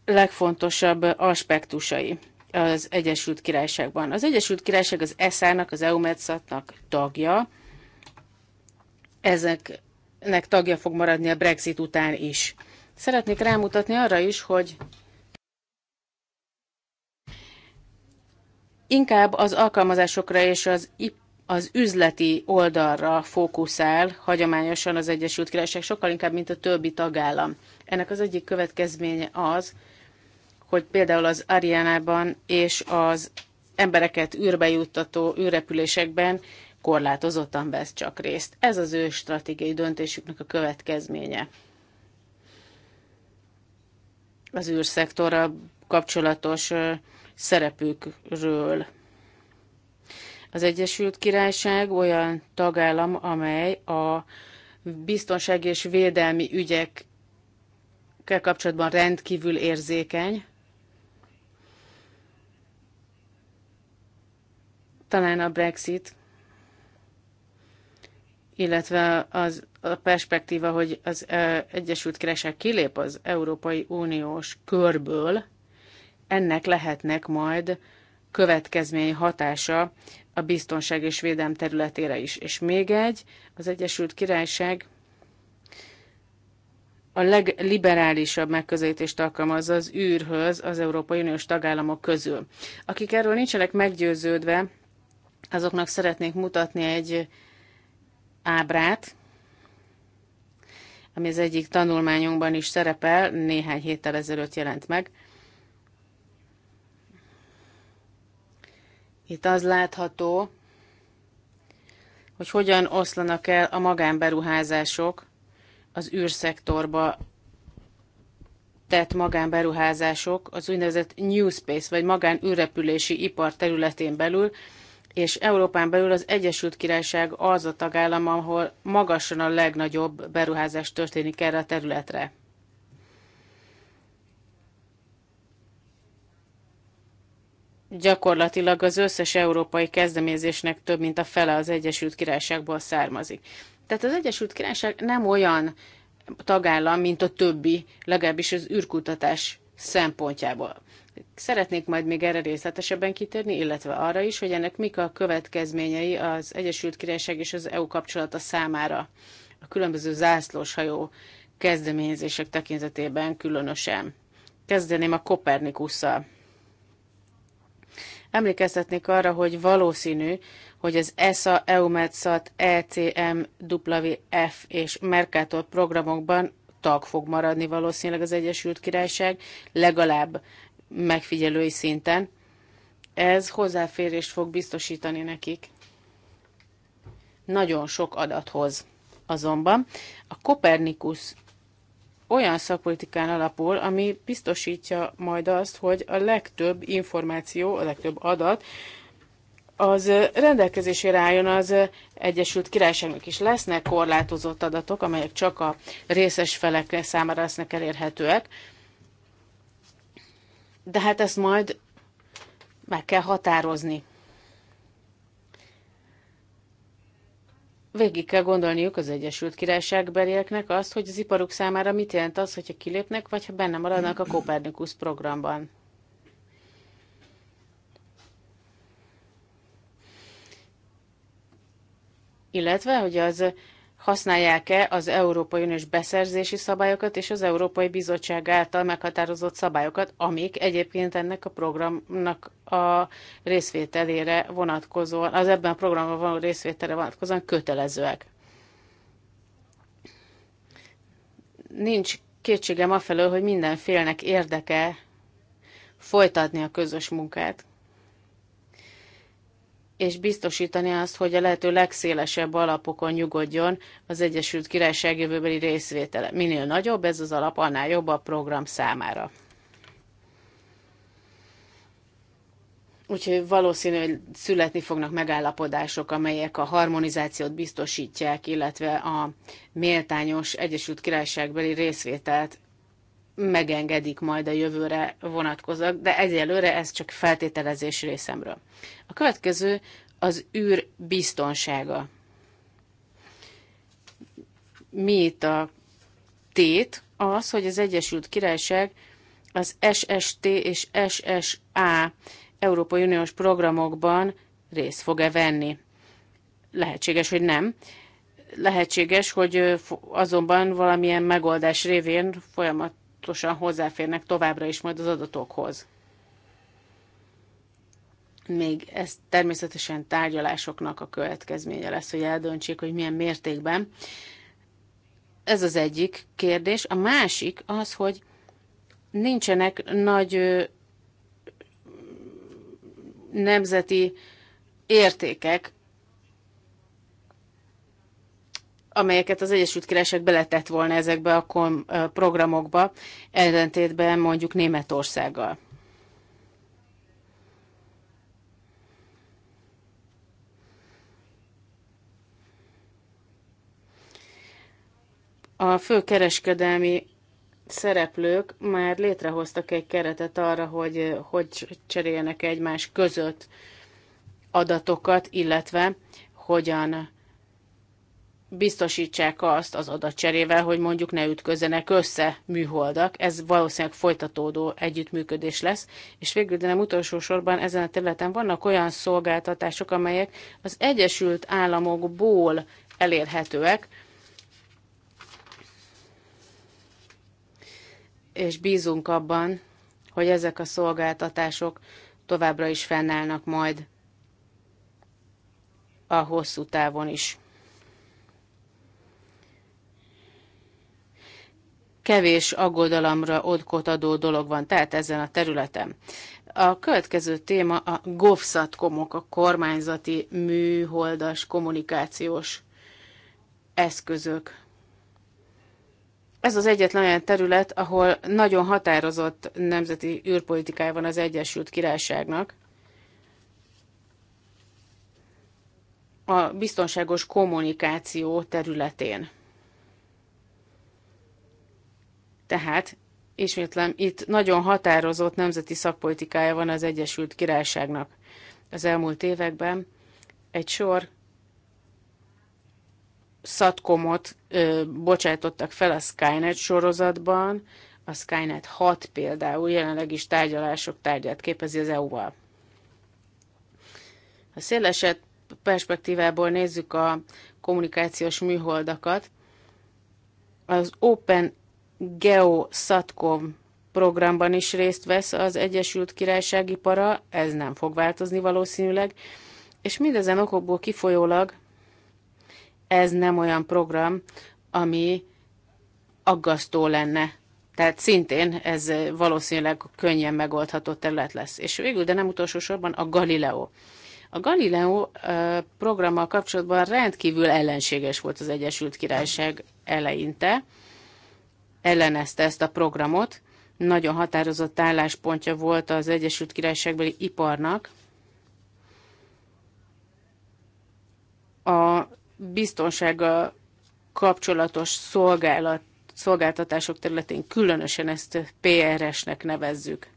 legfontosabb aspektusai az Egyesült Királyságban. Az Egyesült Királyság az ESZÁ-nak, az EUMETSZAT-nak tagja. Ezeknek tagja fog maradni a Brexit után is. Szeretnék rámutatni arra is, hogy inkább az alkalmazásokra és az, az üzleti oldalra fókuszál hagyományosan az Egyesült Királyság, sokkal inkább, mint a többi tagállam. Ennek az egyik következménye az, hogy például az Arianában és az embereket űrbe juttató űrrepülésekben korlátozottan vesz csak részt. Ez az ő stratégiai döntésüknek a következménye. Az űrszektorral kapcsolatos szerepükről. Az Egyesült Királyság olyan tagállam, amely a biztonság és védelmi ügyekkel kapcsolatban rendkívül érzékeny, Talán a Brexit, illetve az a perspektíva, hogy az Egyesült Királyság kilép az Európai Uniós körből, ennek lehetnek majd következmény hatása a biztonság és védelm területére is. És még egy, az Egyesült Királyság a legliberálisabb megközelítést alkalmazza az űrhöz az Európai Uniós tagállamok közül. Akik erről nincsenek meggyőződve, azoknak szeretnék mutatni egy ábrát, ami az egyik tanulmányunkban is szerepel, néhány héttel ezelőtt jelent meg. Itt az látható, hogy hogyan oszlanak el a magánberuházások az űrszektorba tett magánberuházások az úgynevezett New Space vagy űrrepülési ipar területén belül, és Európán belül az Egyesült Királyság az a tagállam, ahol magasan a legnagyobb beruházás történik erre a területre. Gyakorlatilag az összes európai kezdeményezésnek több mint a fele az Egyesült Királyságból származik. Tehát az Egyesült Királyság nem olyan tagállam, mint a többi, legalábbis az űrkutatás szempontjából. Szeretnék majd még erre részletesebben kitérni, illetve arra is, hogy ennek mik a következményei az Egyesült Királyság és az EU kapcsolata számára a különböző zászlós hajó kezdeményezések tekintetében különösen. Kezdeném a Kopernikusszal. Emlékeztetnék arra, hogy valószínű, hogy az ESA, EUMETSAT, ECM, WF és Mercator programokban tag fog maradni valószínűleg az Egyesült Királyság, legalább megfigyelői szinten. Ez hozzáférést fog biztosítani nekik nagyon sok adathoz. Azonban a Kopernikus olyan szakpolitikán alapul, ami biztosítja majd azt, hogy a legtöbb információ, a legtöbb adat az rendelkezésére álljon az Egyesült Királyságnak is. Lesznek korlátozott adatok, amelyek csak a részes felek számára lesznek elérhetőek, de hát ezt majd meg kell határozni. Végig kell gondolniuk az Egyesült Királyság belieknek azt, hogy az iparuk számára mit jelent az, hogyha kilépnek, vagy ha benne maradnak a Kopernikus programban. illetve hogy az használják-e az Európai Uniós beszerzési szabályokat és az Európai Bizottság által meghatározott szabályokat, amik egyébként ennek a programnak a részvételére vonatkozóan, az ebben a programban való részvételre vonatkozóan kötelezőek. Nincs kétségem afelől, hogy minden félnek érdeke folytatni a közös munkát, és biztosítani azt, hogy a lehető legszélesebb alapokon nyugodjon az Egyesült Királyság jövőbeli részvétele. Minél nagyobb ez az alap, annál jobb a program számára. Úgyhogy valószínű, hogy születni fognak megállapodások, amelyek a harmonizációt biztosítják, illetve a méltányos Egyesült Királyságbeli részvételt megengedik majd a jövőre vonatkozak, de egyelőre ez csak feltételezés részemről. A következő az űr biztonsága. Mi itt a tét? Az, hogy az Egyesült Királyság az SST és SSA Európai Uniós programokban részt fog-e venni. Lehetséges, hogy nem. Lehetséges, hogy azonban valamilyen megoldás révén folyamat biztosan hozzáférnek továbbra is majd az adatokhoz. Még ez természetesen tárgyalásoknak a következménye lesz, hogy eldöntsék, hogy milyen mértékben. Ez az egyik kérdés. A másik az, hogy nincsenek nagy nemzeti értékek amelyeket az Egyesült Királyság beletett volna ezekbe a programokba, ellentétben mondjuk Németországgal. A főkereskedelmi szereplők már létrehoztak egy keretet arra, hogy hogy cseréljenek egymás között adatokat, illetve hogyan biztosítsák azt az adatcserével, hogy mondjuk ne ütközzenek össze műholdak. Ez valószínűleg folytatódó együttműködés lesz. És végül, de nem utolsó sorban ezen a területen vannak olyan szolgáltatások, amelyek az Egyesült Államokból elérhetőek, és bízunk abban, hogy ezek a szolgáltatások továbbra is fennállnak majd a hosszú távon is. kevés aggodalomra odkot adó dolog van, tehát ezen a területen. A következő téma a GovSatcomok, a kormányzati műholdas kommunikációs eszközök. Ez az egyetlen olyan terület, ahol nagyon határozott nemzeti űrpolitikája van az Egyesült Királyságnak. A biztonságos kommunikáció területén. Tehát ismétlem, itt nagyon határozott nemzeti szakpolitikája van az Egyesült Királyságnak. Az elmúlt években egy sor szatkomot ö, bocsátottak fel a Skynet sorozatban, a Skynet 6 például jelenleg is tárgyalások tárgyát képezi az EU-val. A szélesebb perspektívából nézzük a kommunikációs műholdakat, az Open Geosatcom programban is részt vesz az Egyesült Királyság ipara, ez nem fog változni valószínűleg, és mindezen okokból kifolyólag ez nem olyan program, ami aggasztó lenne. Tehát szintén ez valószínűleg könnyen megoldható terület lesz. És végül, de nem utolsó sorban a Galileo. A Galileo programmal kapcsolatban rendkívül ellenséges volt az Egyesült Királyság eleinte, ellenezte ezt a programot. Nagyon határozott álláspontja volt az Egyesült Királyságbeli iparnak. A biztonsággal kapcsolatos szolgálat, szolgáltatások területén különösen ezt PRS-nek nevezzük.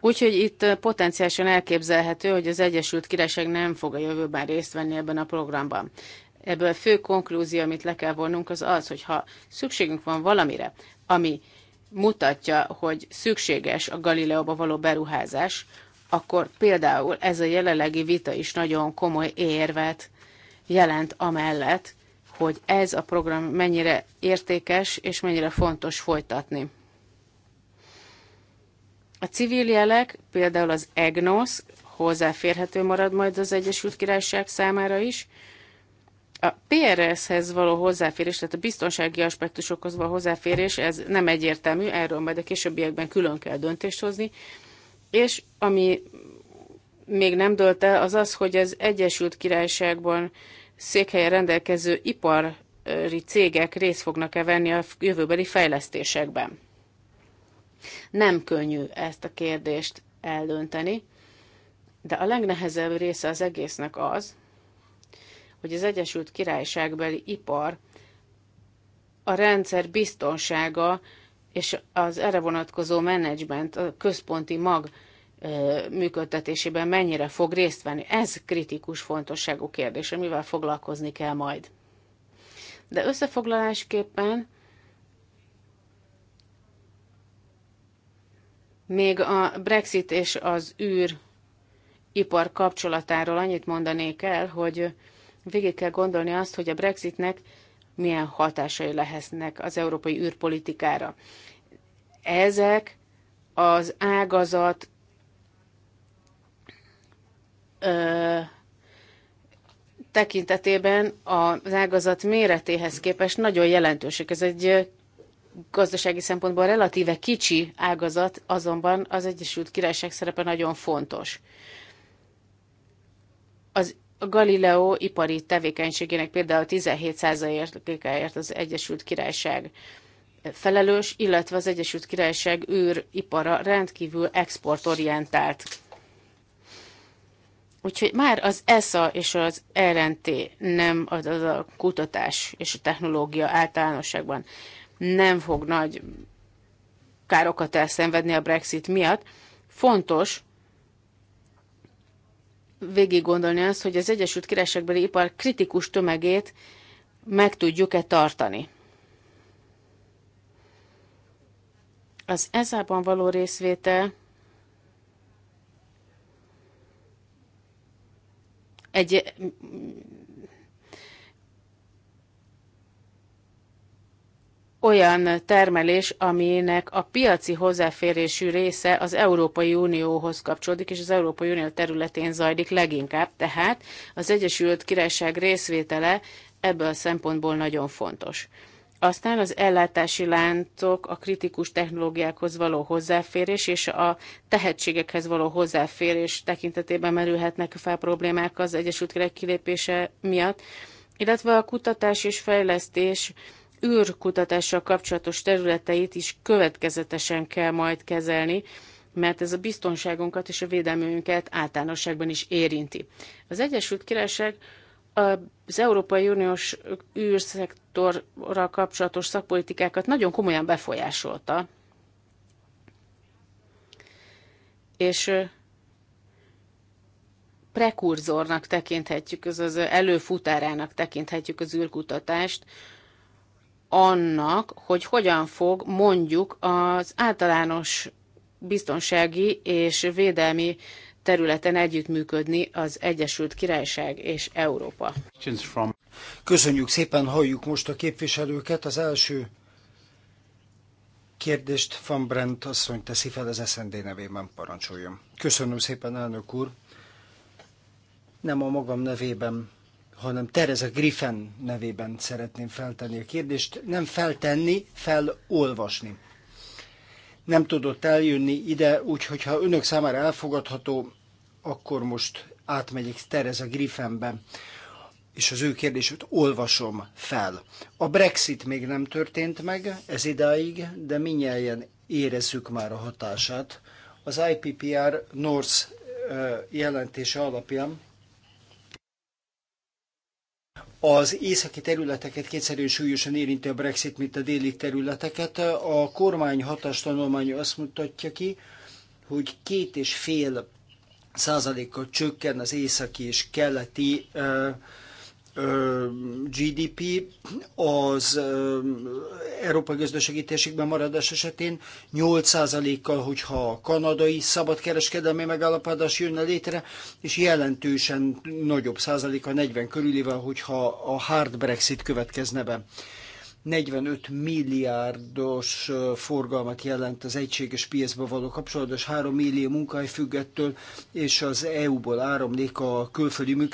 Úgyhogy itt potenciálisan elképzelhető, hogy az Egyesült Királyság nem fog a jövőben részt venni ebben a programban ebből a fő konklúzió, amit le kell vonnunk, az az, hogy ha szükségünk van valamire, ami mutatja, hogy szükséges a Galileóba való beruházás, akkor például ez a jelenlegi vita is nagyon komoly érvet jelent amellett, hogy ez a program mennyire értékes és mennyire fontos folytatni. A civil jelek, például az EGNOS hozzáférhető marad majd az Egyesült Királyság számára is, a PRS-hez való hozzáférés, tehát a biztonsági aspektusokhoz való hozzáférés, ez nem egyértelmű, erről majd a későbbiekben külön kell döntést hozni. És ami még nem dölt el, az az, hogy az Egyesült Királyságban székhelyen rendelkező ipari cégek részt fognak-e venni a jövőbeli fejlesztésekben. Nem könnyű ezt a kérdést eldönteni, de a legnehezebb része az egésznek az, hogy az Egyesült Királyságbeli ipar a rendszer biztonsága és az erre vonatkozó menedzsment, a központi mag működtetésében mennyire fog részt venni. Ez kritikus fontosságú kérdés, amivel foglalkozni kell majd. De összefoglalásképpen még a Brexit és az űr ipar kapcsolatáról annyit mondanék el, hogy Végig kell gondolni azt, hogy a Brexitnek milyen hatásai lehetnek az európai űrpolitikára. Ezek az ágazat ö, tekintetében az ágazat méretéhez képest nagyon jelentősek. Ez egy gazdasági szempontból relatíve kicsi ágazat, azonban az Egyesült Királyság szerepe nagyon fontos. Az a Galileo ipari tevékenységének például 17%-áért az Egyesült Királyság felelős, illetve az Egyesült Királyság űripara rendkívül exportorientált. Úgyhogy már az ESA és az RNT nem az a kutatás és a technológia általánosságban nem fog nagy károkat elszenvedni a Brexit miatt. Fontos, végig gondolni azt, hogy az Egyesült Királyságbeli ipar kritikus tömegét meg tudjuk-e tartani. Az ezában való részvétel egy olyan termelés, aminek a piaci hozzáférésű része az Európai Unióhoz kapcsolódik, és az Európai Unió területén zajlik leginkább, tehát az Egyesült Királyság részvétele ebből a szempontból nagyon fontos. Aztán az ellátási láncok, a kritikus technológiákhoz való hozzáférés és a tehetségekhez való hozzáférés tekintetében merülhetnek fel problémák az Egyesült királyság kilépése miatt, illetve a kutatás és fejlesztés űrkutatással kapcsolatos területeit is következetesen kell majd kezelni, mert ez a biztonságunkat és a védelmünket általánosságban is érinti. Az Egyesült Királyság az Európai Uniós űrszektorral kapcsolatos szakpolitikákat nagyon komolyan befolyásolta, és prekurzornak tekinthetjük, az előfutárának tekinthetjük az űrkutatást annak, hogy hogyan fog mondjuk az általános biztonsági és védelmi területen együttműködni az Egyesült Királyság és Európa. Köszönjük szépen, halljuk most a képviselőket. Az első kérdést Van Brent asszony teszi fel az SND nevében, parancsoljon. Köszönöm szépen, elnök úr. Nem a magam nevében hanem Tereza Griffin nevében szeretném feltenni a kérdést. Nem feltenni, felolvasni. Nem tudott eljönni ide, úgyhogy ha önök számára elfogadható, akkor most átmegyek Tereza Griffinbe, és az ő kérdését olvasom fel. A Brexit még nem történt meg ez idáig, de minnyáján érezzük már a hatását. Az IPPR North jelentése alapján az északi területeket kétszerűen súlyosan érinti a Brexit, mint a déli területeket. A kormány tanulmánya azt mutatja ki, hogy két és fél százalékkal csökken az északi és keleti GDP az európai gazdasági térségben maradás esetén 8%-kal, hogyha a kanadai szabadkereskedelmi megállapodás jönne létre, és jelentősen nagyobb százaléka 40 körülével, hogyha a hard Brexit következne be. 45 milliárdos forgalmat jelent az egységes piacba való kapcsolatos 3 millió munkahely függettől, és az EU-ból áramlik a külföldi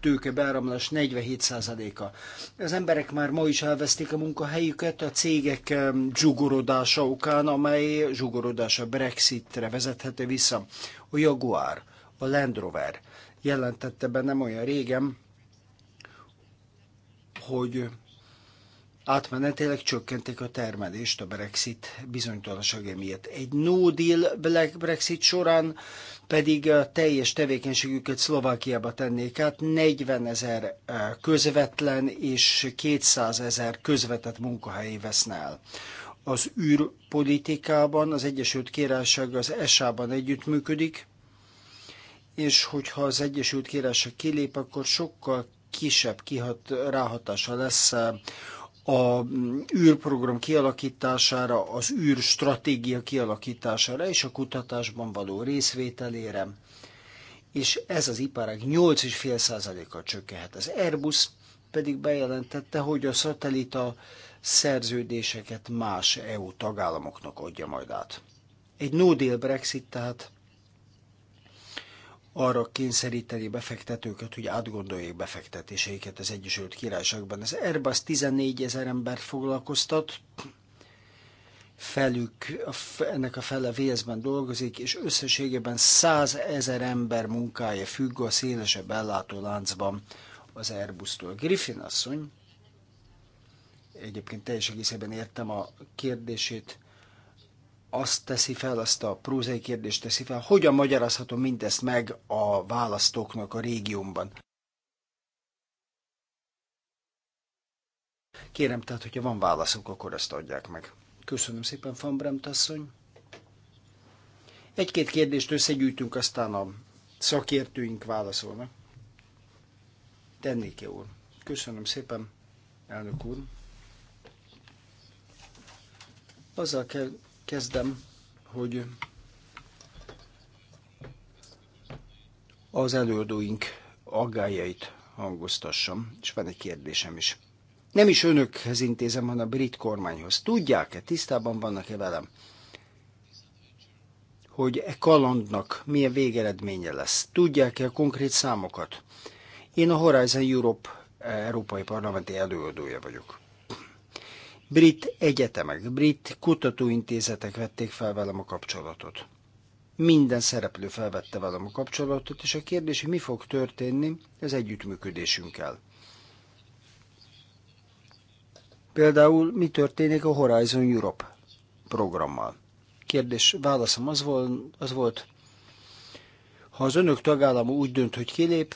tőke beáramlás 47%-a. Az emberek már ma is elvesztik a munkahelyüket a cégek zsugorodása okán, amely zsugorodása Brexitre vezethető vissza. A Jaguar, a Land Rover jelentette be nem olyan régen, hogy átmenetileg csökkentik a termelést a Brexit bizonytalansága miatt. Egy no deal Black Brexit során pedig a teljes tevékenységüket Szlovákiába tennék át, 40 ezer eh, közvetlen és 200 ezer közvetett munkahelyi veszne el. Az űrpolitikában az Egyesült Királyság az ESA-ban együttműködik, és hogyha az Egyesült Királyság kilép, akkor sokkal kisebb kihat, ráhatása lesz eh, a űrprogram kialakítására, az űrstratégia kialakítására és a kutatásban való részvételére, és ez az iparág 8,5%-kal csökkenhet. Az Airbus pedig bejelentette, hogy a szatellita szerződéseket más EU tagállamoknak adja majd át. Egy no deal Brexit tehát arra kényszeríteni befektetőket, hogy átgondolják befektetéseiket az Egyesült Királyságban. Az Airbus 14 ezer embert foglalkoztat, felük, ennek a fele VS-ben dolgozik, és összességében 100 ezer ember munkája függ a szélesebb láncban az Airbus-tól. Griffin asszony, egyébként teljes egészében értem a kérdését, azt teszi fel, azt a prózai kérdést teszi fel, hogyan magyarázhatom mindezt meg a választóknak a régiómban. Kérem tehát, hogyha van válaszok, akkor ezt adják meg. Köszönöm szépen, Fambremt asszony. Egy-két kérdést összegyűjtünk, aztán a szakértőink válaszolnak. Tennéke úr. Köszönöm szépen, elnök úr. Azzal kell Kezdem, hogy az előadóink aggájait hangoztassam, és van egy kérdésem is. Nem is önökhez intézem, hanem a brit kormányhoz. Tudják-e, tisztában vannak-e velem, hogy e kalandnak milyen végeredménye lesz? Tudják-e a konkrét számokat? Én a Horizon Europe európai parlamenti előadója vagyok brit egyetemek, brit kutatóintézetek vették fel velem a kapcsolatot. Minden szereplő felvette velem a kapcsolatot, és a kérdés, hogy mi fog történni az együttműködésünkkel. Például mi történik a Horizon Europe programmal? Kérdés, válaszom az volt, az volt ha az önök tagállama úgy dönt, hogy kilép,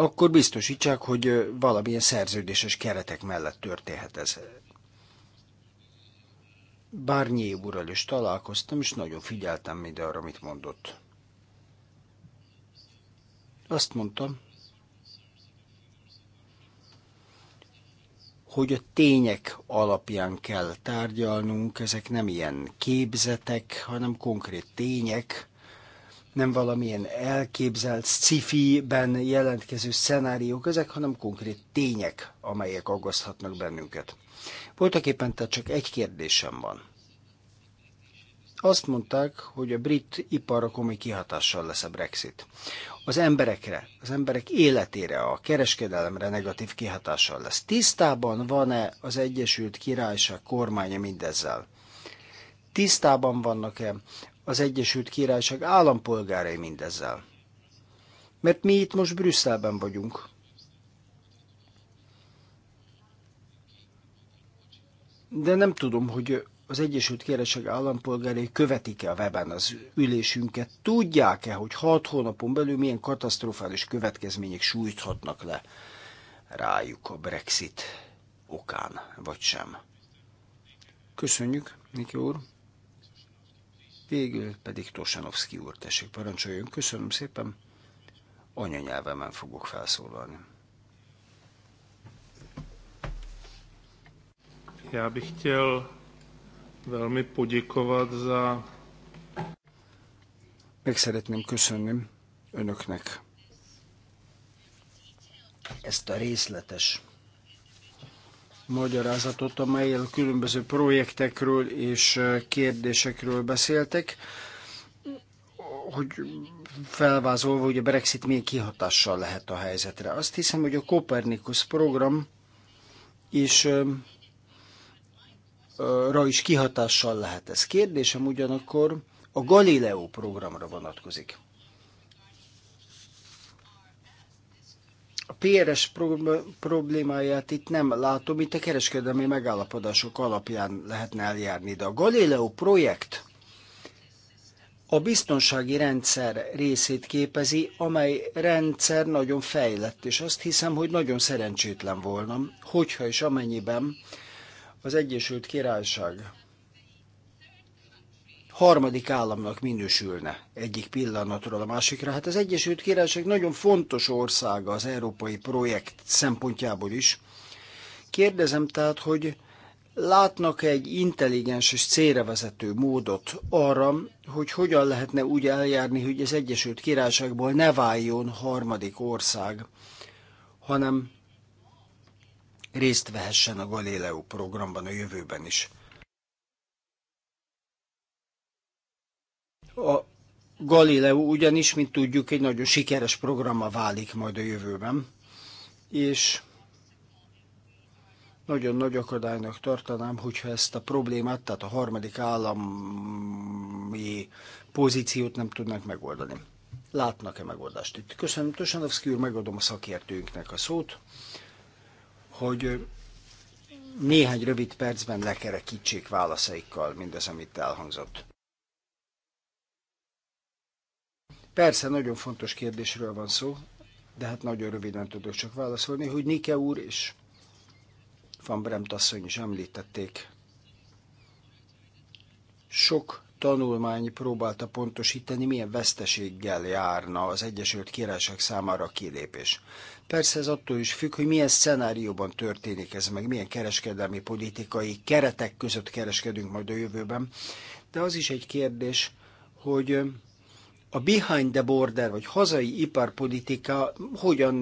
akkor biztosítsák, hogy valamilyen szerződéses keretek mellett történhet ez. Bárnyé úrral is találkoztam, és nagyon figyeltem minden arra, amit mondott. Azt mondtam, hogy a tények alapján kell tárgyalnunk, ezek nem ilyen képzetek, hanem konkrét tények, nem valamilyen elképzelt sci-fi-ben jelentkező szenáriók ezek, hanem konkrét tények, amelyek aggaszthatnak bennünket. Voltak éppen tehát csak egy kérdésem van. Azt mondták, hogy a brit iparra komoly kihatással lesz a Brexit. Az emberekre, az emberek életére, a kereskedelemre negatív kihatással lesz. Tisztában van-e az Egyesült Királyság kormánya mindezzel? Tisztában vannak-e az Egyesült Királyság állampolgárai mindezzel. Mert mi itt most Brüsszelben vagyunk. De nem tudom, hogy az Egyesült Királyság állampolgárai követik-e a weben az ülésünket, tudják-e, hogy hat hónapon belül milyen katasztrofális következmények sújthatnak le rájuk a Brexit okán, vagy sem. Köszönjük, Niki úr. Végül pedig Tosanovszki úr, tessék parancsoljon. Köszönöm szépen, anyanyelvemen fogok felszólalni. Já bych chtěl velmi poděkovat za... Meg szeretném köszönni önöknek ezt a részletes magyarázatot, amelyel különböző projektekről és kérdésekről beszéltek, hogy felvázolva, hogy a Brexit milyen kihatással lehet a helyzetre. Azt hiszem, hogy a Copernicus program is ra is kihatással lehet ez. Kérdésem ugyanakkor a Galileo programra vonatkozik. PRS problémáját itt nem látom, itt a kereskedelmi megállapodások alapján lehetne eljárni, de a Galileo projekt a biztonsági rendszer részét képezi, amely rendszer nagyon fejlett, és azt hiszem, hogy nagyon szerencsétlen volna, hogyha és amennyiben az Egyesült Királyság harmadik államnak minősülne egyik pillanatról a másikra. Hát az Egyesült Királyság nagyon fontos országa az európai projekt szempontjából is. Kérdezem tehát, hogy látnak -e egy intelligens és célra vezető módot arra, hogy hogyan lehetne úgy eljárni, hogy az Egyesült Királyságból ne váljon harmadik ország, hanem részt vehessen a Galileo programban a jövőben is. A Galileo ugyanis, mint tudjuk, egy nagyon sikeres programma válik majd a jövőben, és nagyon nagy akadálynak tartanám, hogyha ezt a problémát, tehát a harmadik állami pozíciót nem tudnánk megoldani. Látnak-e megoldást itt? Köszönöm, Tosanovszki úr, megadom a szakértőinknek a szót, hogy néhány rövid percben lekerekítsék válaszaikkal mindez, amit elhangzott. Persze, nagyon fontos kérdésről van szó, de hát nagyon röviden tudok csak válaszolni, hogy Nike úr és Van Bremt asszony is említették. Sok tanulmány próbálta pontosítani, milyen veszteséggel járna az Egyesült Királyság számára a kilépés. Persze ez attól is függ, hogy milyen szenárióban történik ez, meg milyen kereskedelmi politikai keretek között kereskedünk majd a jövőben. De az is egy kérdés, hogy a behind the border, vagy hazai iparpolitika hogyan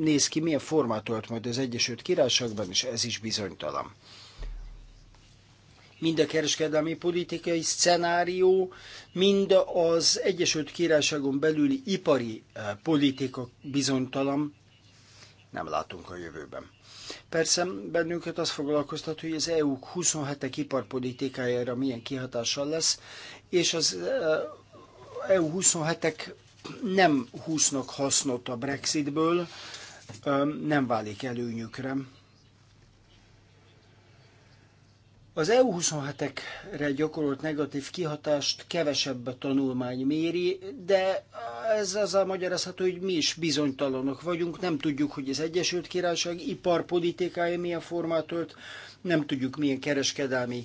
néz ki, milyen formát ölt majd az Egyesült Királyságban, és ez is bizonytalan. Mind a kereskedelmi politikai szenárió, mind az Egyesült Királyságon belüli ipari eh, politika bizonytalan, nem látunk a jövőben. Persze bennünket az foglalkoztat, hogy az EU 27-ek iparpolitikájára milyen kihatással lesz, és az eh, EU27-ek nem húsznak hasznot a Brexitből, nem válik előnyükre. Az EU27-ekre gyakorolt negatív kihatást kevesebb a tanulmány méri, de ez az a magyarázható, hogy mi is bizonytalanok vagyunk, nem tudjuk, hogy az Egyesült Királyság iparpolitikája milyen formát ölt, nem tudjuk, milyen kereskedelmi uh,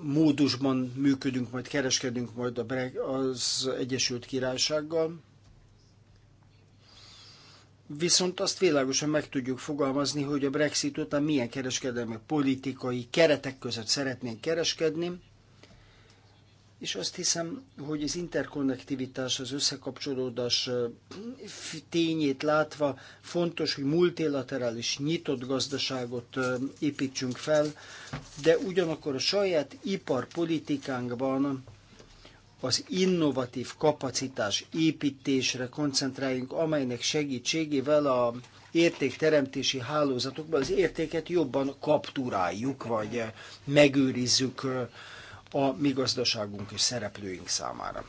módusban működünk, majd kereskedünk majd az Egyesült Királysággal. Viszont azt világosan meg tudjuk fogalmazni, hogy a Brexit után milyen kereskedelmi politikai keretek között szeretnénk kereskedni, és azt hiszem, hogy az interkonnektivitás, az összekapcsolódás tényét látva fontos, hogy multilaterális, nyitott gazdaságot építsünk fel, de ugyanakkor a saját iparpolitikánkban az innovatív kapacitás építésre koncentráljunk, amelynek segítségével a értékteremtési hálózatokban az értéket jobban kapturáljuk, vagy megőrizzük a mi gazdaságunk és szereplőink számára.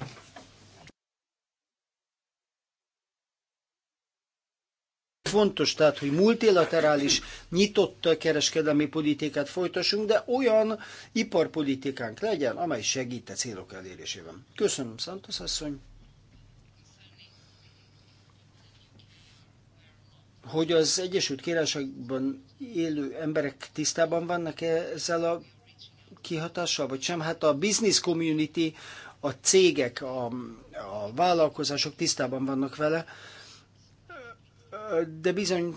Fontos tehát, hogy multilaterális, nyitott kereskedelmi politikát folytassunk, de olyan iparpolitikánk legyen, amely segít a célok elérésében. Köszönöm, Santos asszony! Hogy az Egyesült Királyságban élő emberek tisztában vannak -e ezzel a kihatással, vagy sem? Hát a business community, a cégek, a, a vállalkozások tisztában vannak vele, de bizony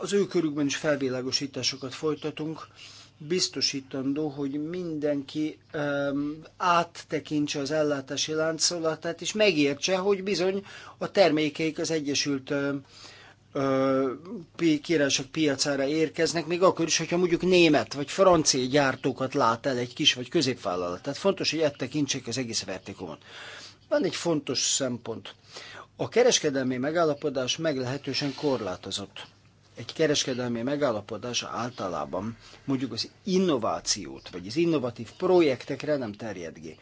az ő körükben is felvilágosításokat folytatunk, biztosítandó, hogy mindenki um, áttekintse az ellátási láncolatát, és megértse, hogy bizony a termékeik az Egyesült um, kérelsek piacára érkeznek, még akkor is, hogyha mondjuk német vagy francia gyártókat lát el egy kis vagy középvállalat. Tehát fontos, hogy ettekintsék az egész vertikumot. Van egy fontos szempont. A kereskedelmi megállapodás meglehetősen korlátozott. Egy kereskedelmi megállapodás általában mondjuk az innovációt, vagy az innovatív projektekre nem terjed ki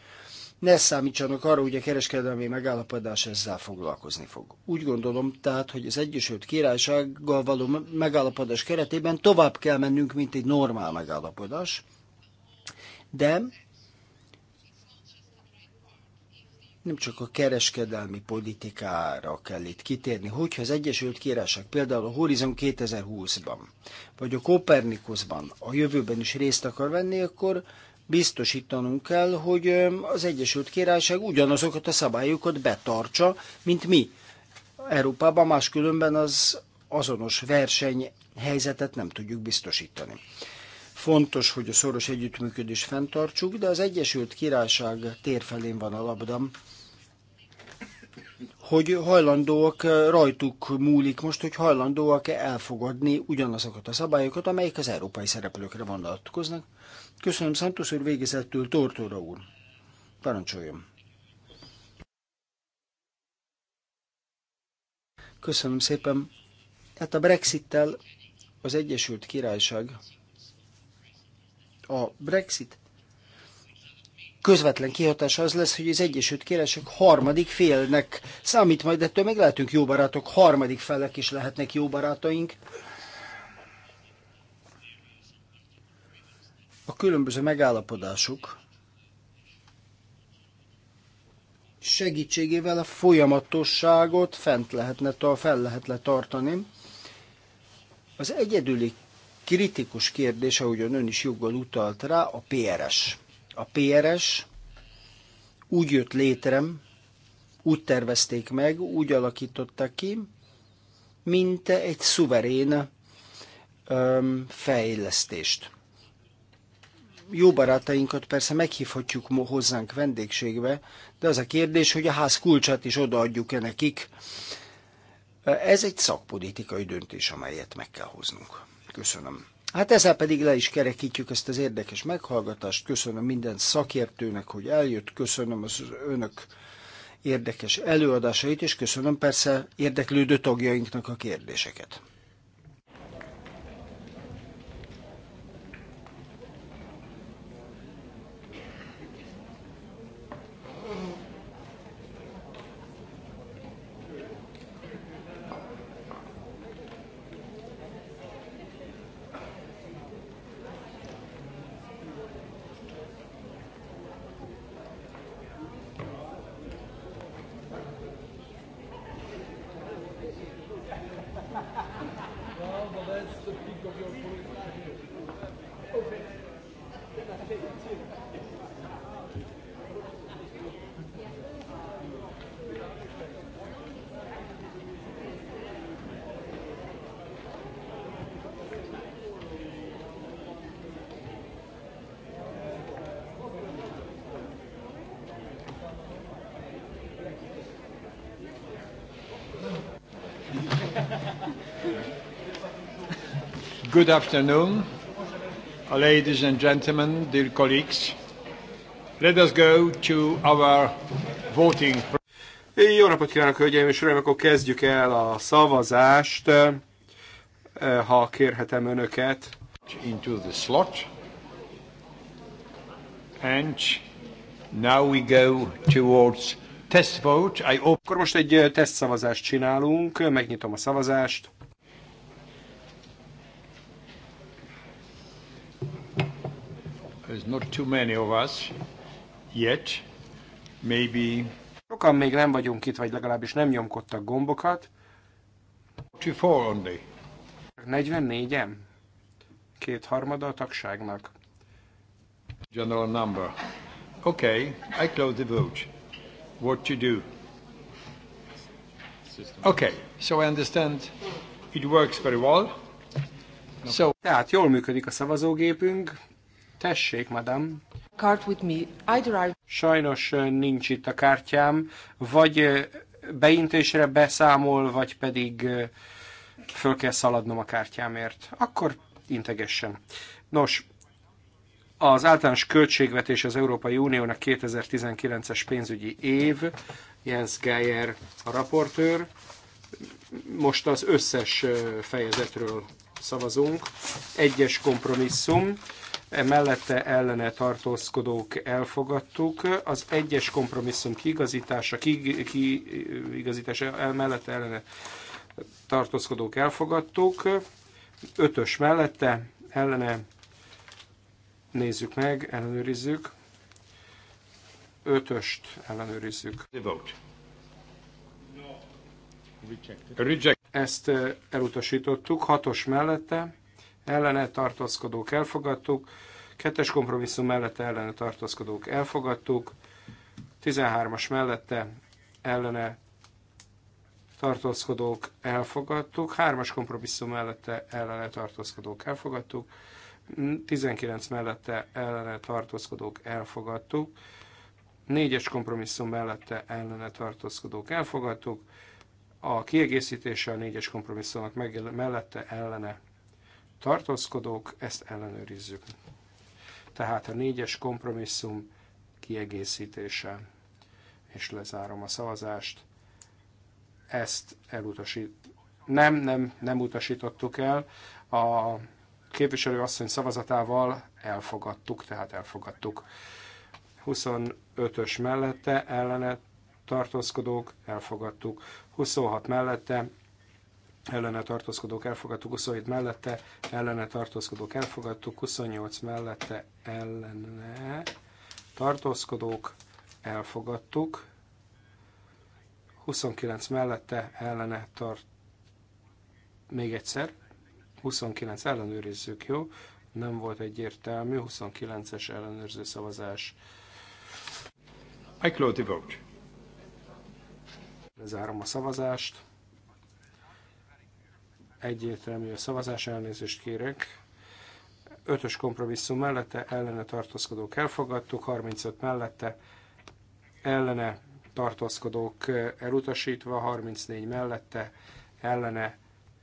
ne számítsanak arra, hogy a kereskedelmi megállapodás ezzel foglalkozni fog. Úgy gondolom tehát, hogy az Egyesült Királysággal való megállapodás keretében tovább kell mennünk, mint egy normál megállapodás, de nem csak a kereskedelmi politikára kell itt kitérni, hogyha az Egyesült Királyság például a Horizon 2020-ban, vagy a Kopernikusban a jövőben is részt akar venni, akkor biztosítanunk kell, hogy az Egyesült Királyság ugyanazokat a szabályokat betartsa, mint mi. Európában máskülönben az azonos versenyhelyzetet nem tudjuk biztosítani. Fontos, hogy a szoros együttműködést fenntartsuk, de az Egyesült Királyság térfelén van a labdam, hogy hajlandóak, rajtuk múlik most, hogy hajlandóak e elfogadni ugyanazokat a szabályokat, amelyek az európai szereplőkre vonatkoznak. Köszönöm, Szantos úr, végezettől Tortóra úr. Parancsoljon. Köszönöm szépen. Hát a Brexittel az Egyesült Királyság a Brexit közvetlen kihatása az lesz, hogy az Egyesült Királyság harmadik félnek számít majd, ettől meg lehetünk jó barátok, harmadik felek is lehetnek jó barátaink a különböző megállapodások segítségével a folyamatosságot fent lehetne, fel lehetne tartani. Az egyedüli kritikus kérdés, ahogyan ön is joggal utalt rá, a PRS. A PRS úgy jött létre, úgy tervezték meg, úgy alakították ki, mint egy szuverén öm, fejlesztést jó barátainkat persze meghívhatjuk hozzánk vendégségbe, de az a kérdés, hogy a ház kulcsát is odaadjuk-e nekik. Ez egy szakpolitikai döntés, amelyet meg kell hoznunk. Köszönöm. Hát ezzel pedig le is kerekítjük ezt az érdekes meghallgatást. Köszönöm minden szakértőnek, hogy eljött, köszönöm az önök érdekes előadásait, és köszönöm persze érdeklődő tagjainknak a kérdéseket. Good afternoon, ladies and gentlemen, dear colleagues. Let us go to our voting. Jó napot kívánok, hölgyeim és uraim, akkor kezdjük el a szavazást, eh, ha kérhetem önöket. Into the slot. And now we go towards test vote. I Akkor most egy eh, tesztszavazást csinálunk, megnyitom a szavazást. There's not too many of us yet. Maybe... Sokan még nem vagyunk itt, vagy legalábbis nem nyomkodtak gombokat. 44 only. 44 Két harmada a tagságnak. General number. Okay, I close the vote. What to do? Okay, so I understand it works very well. So... Tehát jól működik a szavazógépünk, Tessék, madam. Card with me. Sajnos nincs itt a kártyám, vagy beintésre beszámol, vagy pedig föl kell szaladnom a kártyámért. Akkor integessen. Nos, az általános költségvetés az Európai Uniónak 2019-es pénzügyi év, Jens Geyer a raportőr. Most az összes fejezetről szavazunk. Egyes kompromisszum E mellette ellene tartózkodók elfogadtuk, az egyes kompromisszum kiigazítása, kiigazítása ki, mellette ellene tartózkodók elfogadtuk, ötös mellette ellene nézzük meg, ellenőrizzük, ötöst ellenőrizzük. vote. Reject. Ezt eh, elutasítottuk, hatos mellette ellene tartózkodók elfogadtuk, kettes kompromisszum mellette ellene tartózkodók elfogadtuk, 13-as mellette ellene tartózkodók elfogadtuk, 3-as kompromisszum mellette ellene tartózkodók elfogadtuk, 19 mellette ellene tartózkodók elfogadtuk, 4-es kompromisszum mellette ellene tartózkodók elfogadtuk, a kiegészítése a 4-es kompromisszumnak mellette ellene tartózkodók, ezt ellenőrizzük. Tehát a négyes kompromisszum kiegészítése, és lezárom a szavazást, ezt elutasít. Nem, nem, nem utasítottuk el. A képviselő asszony szavazatával elfogadtuk, tehát elfogadtuk. 25-ös mellette ellene tartózkodók, elfogadtuk. 26 mellette ellene tartózkodók elfogadtuk, 27 mellette ellene tartózkodók elfogadtuk, 28 mellette ellene tartózkodók elfogadtuk, 29 mellette ellene tart, még egyszer, 29 ellenőrizzük, jó? Nem volt egyértelmű, 29-es ellenőrző szavazás. I close the vote. Lezárom a szavazást egyértelmű a szavazás, elnézést kérek. Ötös kompromisszum mellette, ellene tartózkodók elfogadtuk, 35 mellette, ellene tartózkodók elutasítva, 34 mellette, ellene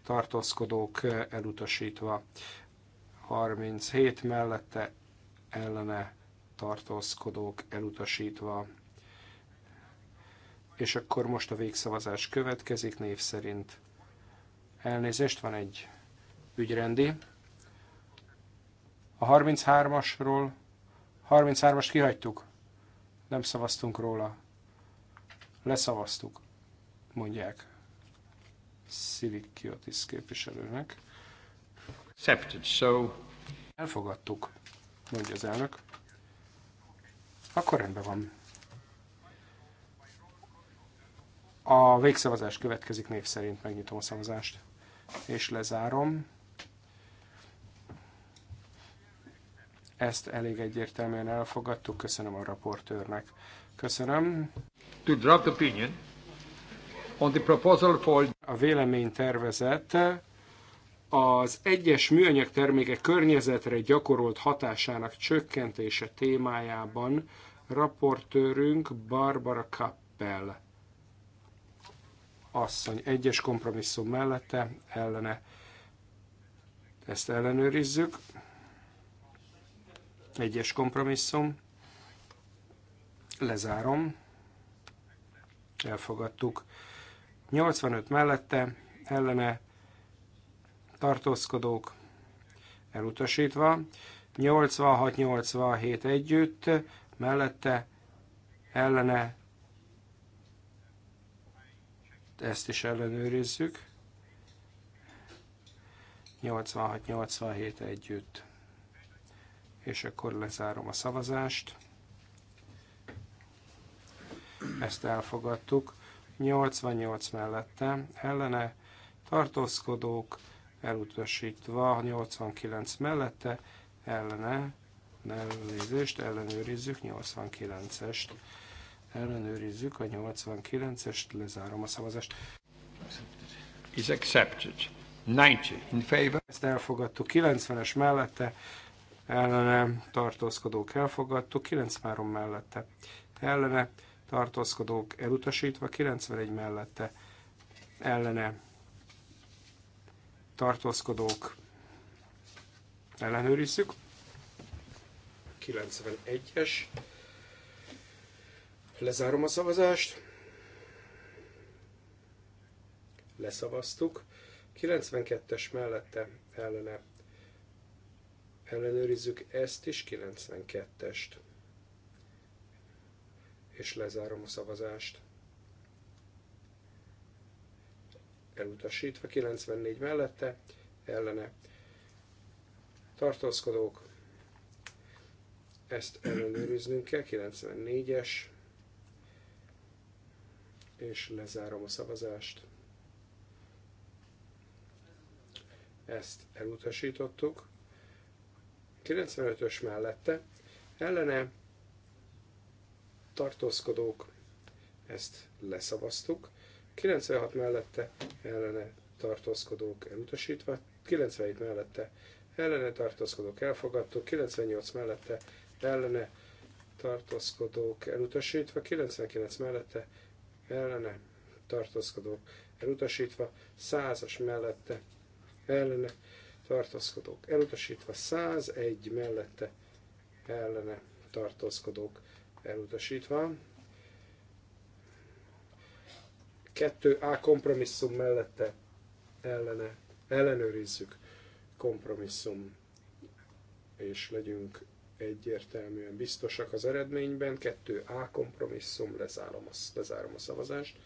tartózkodók elutasítva, 37 mellette, ellene tartózkodók elutasítva. És akkor most a végszavazás következik név szerint. Elnézést, van egy ügyrendi. A 33-asról, 33-as kihagytuk. Nem szavaztunk róla. Leszavaztuk, mondják. Civic Kiotis képviselőnek. Accepted, so... Elfogadtuk, mondja az elnök. Akkor rendben van. A végszavazás következik név szerint, megnyitom a szavazást és lezárom. Ezt elég egyértelműen elfogadtuk. Köszönöm a raportőrnek. Köszönöm. To draft opinion on the proposal for... A véleménytervezet az egyes műanyag termékek környezetre gyakorolt hatásának csökkentése témájában raportőrünk Barbara Kappel asszony egyes kompromisszum mellette ellene. Ezt ellenőrizzük. Egyes kompromisszum. Lezárom. Elfogadtuk. 85 mellette ellene tartózkodók elutasítva. 86-87 együtt mellette ellene ezt is ellenőrizzük. 86-87 együtt. És akkor lezárom a szavazást. Ezt elfogadtuk. 88 mellette ellene tartózkodók elutasítva, 89 mellette ellene elnézést, ellenőrizzük 89-est ellenőrizzük a 89-est, lezárom a szavazást. Is accepted. 90 in favor. Ezt elfogadtuk 90-es mellette, ellene tartózkodók elfogadtuk, 93 mellette ellene tartózkodók elutasítva, 91 mellette ellene tartózkodók ellenőrizzük. 91-es Lezárom a szavazást. Leszavaztuk. 92-es mellette ellene. Ellenőrizzük ezt is, 92-est. És lezárom a szavazást. Elutasítva 94 mellette ellene. Tartózkodók. Ezt ellenőriznünk kell, 94-es és lezárom a szavazást. Ezt elutasítottuk. 95-ös mellette ellene tartózkodók, ezt leszavaztuk. 96 mellette ellene tartózkodók elutasítva, 97 mellette ellene tartózkodók elfogadtuk, 98 mellette ellene tartózkodók elutasítva, 99 mellette ellene tartózkodók elutasítva, százas mellette ellene tartózkodók elutasítva, 101 mellette ellene tartózkodók elutasítva. 2A kompromisszum mellette ellene ellenőrizzük kompromisszum, és legyünk egyértelműen biztosak az eredményben. Kettő a kompromisszum, lezárom a, lezárom a szavazást.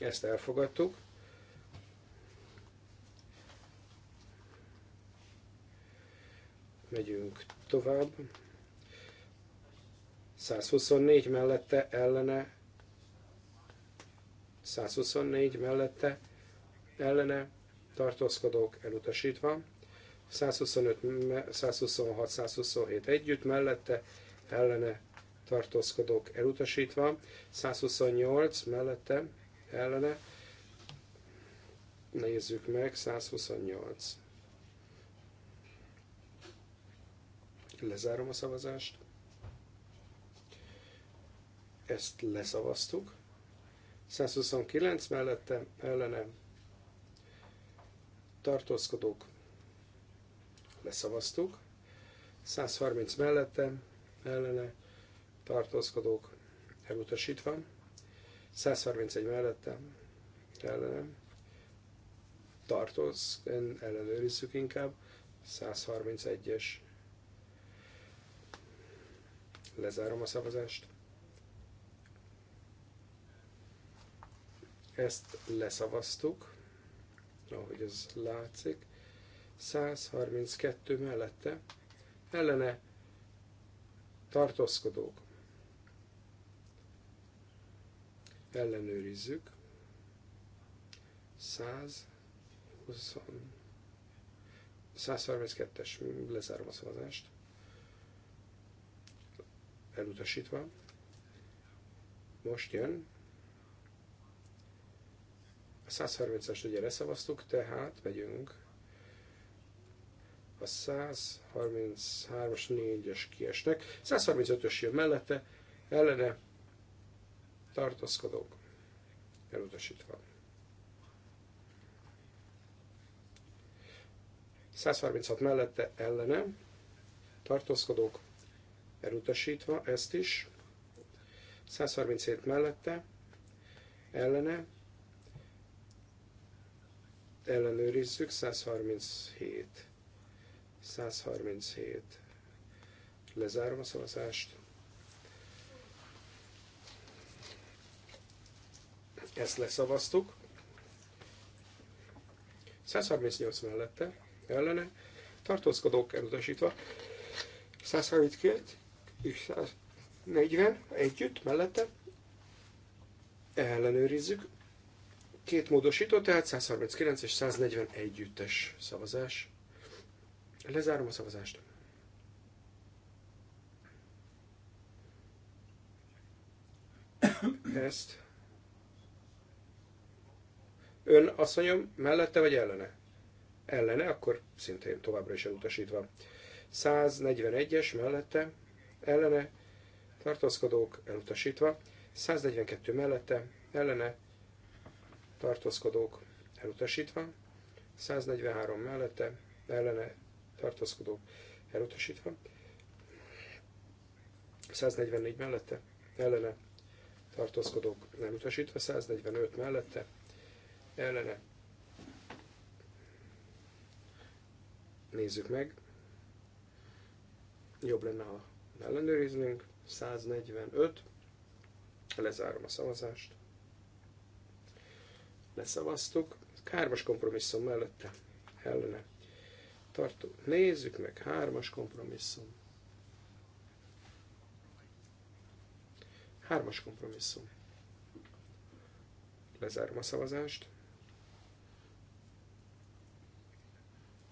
Ezt elfogadtuk. Megyünk tovább. 124 mellette ellene 124 mellette ellene tartózkodók elutasítva. 125, 126, 127 együtt, mellette ellene tartózkodók elutasítva, 128 mellette ellene, nézzük meg, 128. Lezárom a szavazást. Ezt leszavaztuk. 129 mellette ellene tartózkodók leszavaztuk. 130 mellette, ellene tartózkodók elutasítva. 131 mellette, ellene tartóz, ellenőrizzük inkább. 131-es. Lezárom a szavazást. Ezt leszavaztuk, ahogy ez látszik. 132 mellette ellene tartózkodók. Ellenőrizzük. 120 132-es, lezárom a szavazást. Elutasítva. Most jön. A 130-est ugye leszavaztuk, tehát megyünk a 133-as, 4-es kiesnek, 135-ös jön mellette, ellene tartózkodók elutasítva. 136 mellette ellene tartózkodók elutasítva, ezt is. 137 mellette ellene ellenőrizzük, 137 137. Lezárom a szavazást. Ezt leszavaztuk. 138 mellette, ellene, tartózkodók elutasítva, 132 és 140 együtt, mellette, ellenőrizzük, két módosító, tehát 139 és 140 együttes szavazás. Lezárom a szavazást. Ezt. Ön asszonyom mellette vagy ellene? Ellene, akkor szintén továbbra is elutasítva. 141-es mellette, ellene, tartózkodók elutasítva. 142 mellette, ellene, tartózkodók elutasítva. 143 mellette, ellene tartózkodó elutasítva. 144 mellette, ellene tartózkodók elutasítva, 145 mellette, ellene nézzük meg. Jobb lenne, ha ellenőriznénk. 145. Lezárom a szavazást. Leszavaztuk. Kármas kompromisszum mellette ellene tartó. Nézzük meg, hármas kompromisszum. Hármas kompromisszum. Lezárom a szavazást.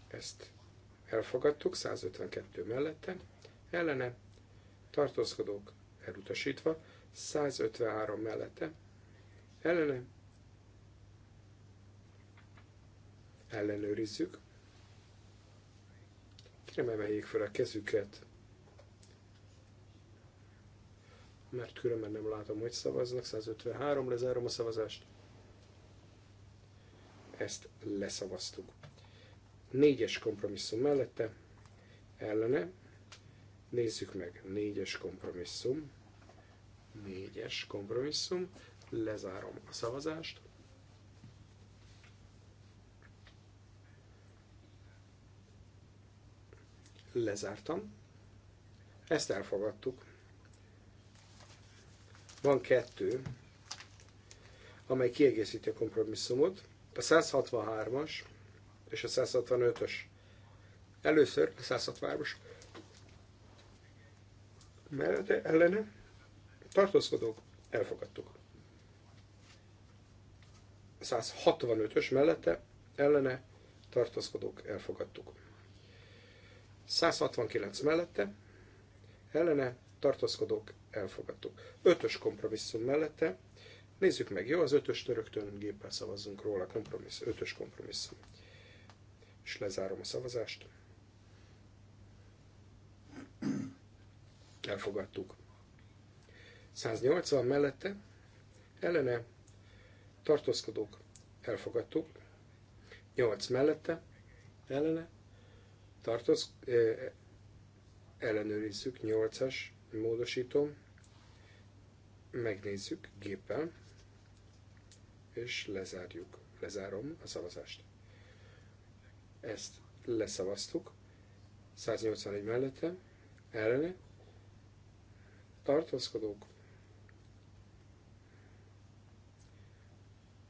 Ezt elfogadtuk, 152 mellette, ellene tartózkodók elutasítva, 153 mellette, ellene ellenőrizzük, Kérem, emeljék fel a kezüket, mert különben nem látom, hogy szavaznak. 153, lezárom a szavazást. Ezt leszavaztuk. Négyes kompromisszum mellette, ellene. Nézzük meg, négyes kompromisszum. Négyes kompromisszum. Lezárom a szavazást. Lezártam. Ezt elfogadtuk. Van kettő, amely kiegészíti a kompromisszumot. A 163-as és a 165-ös. Először a 163-as mellette ellene tartózkodók elfogadtuk. 165-ös mellette ellene tartózkodók elfogadtuk. 169 mellette, ellene tartózkodók elfogadtuk. Ötös kompromisszum mellette, nézzük meg, jó, az ötös töröktön géppel szavazzunk róla, kompromisszum, ötös kompromisszum. És lezárom a szavazást. Elfogadtuk. 180 mellette, ellene tartózkodók elfogadtuk, 8 mellette, ellene tartoz, ellenőrizzük, 8-as módosítom, megnézzük géppel, és lezárjuk, lezárom a szavazást. Ezt leszavaztuk, 181 mellette, ellene, tartózkodók,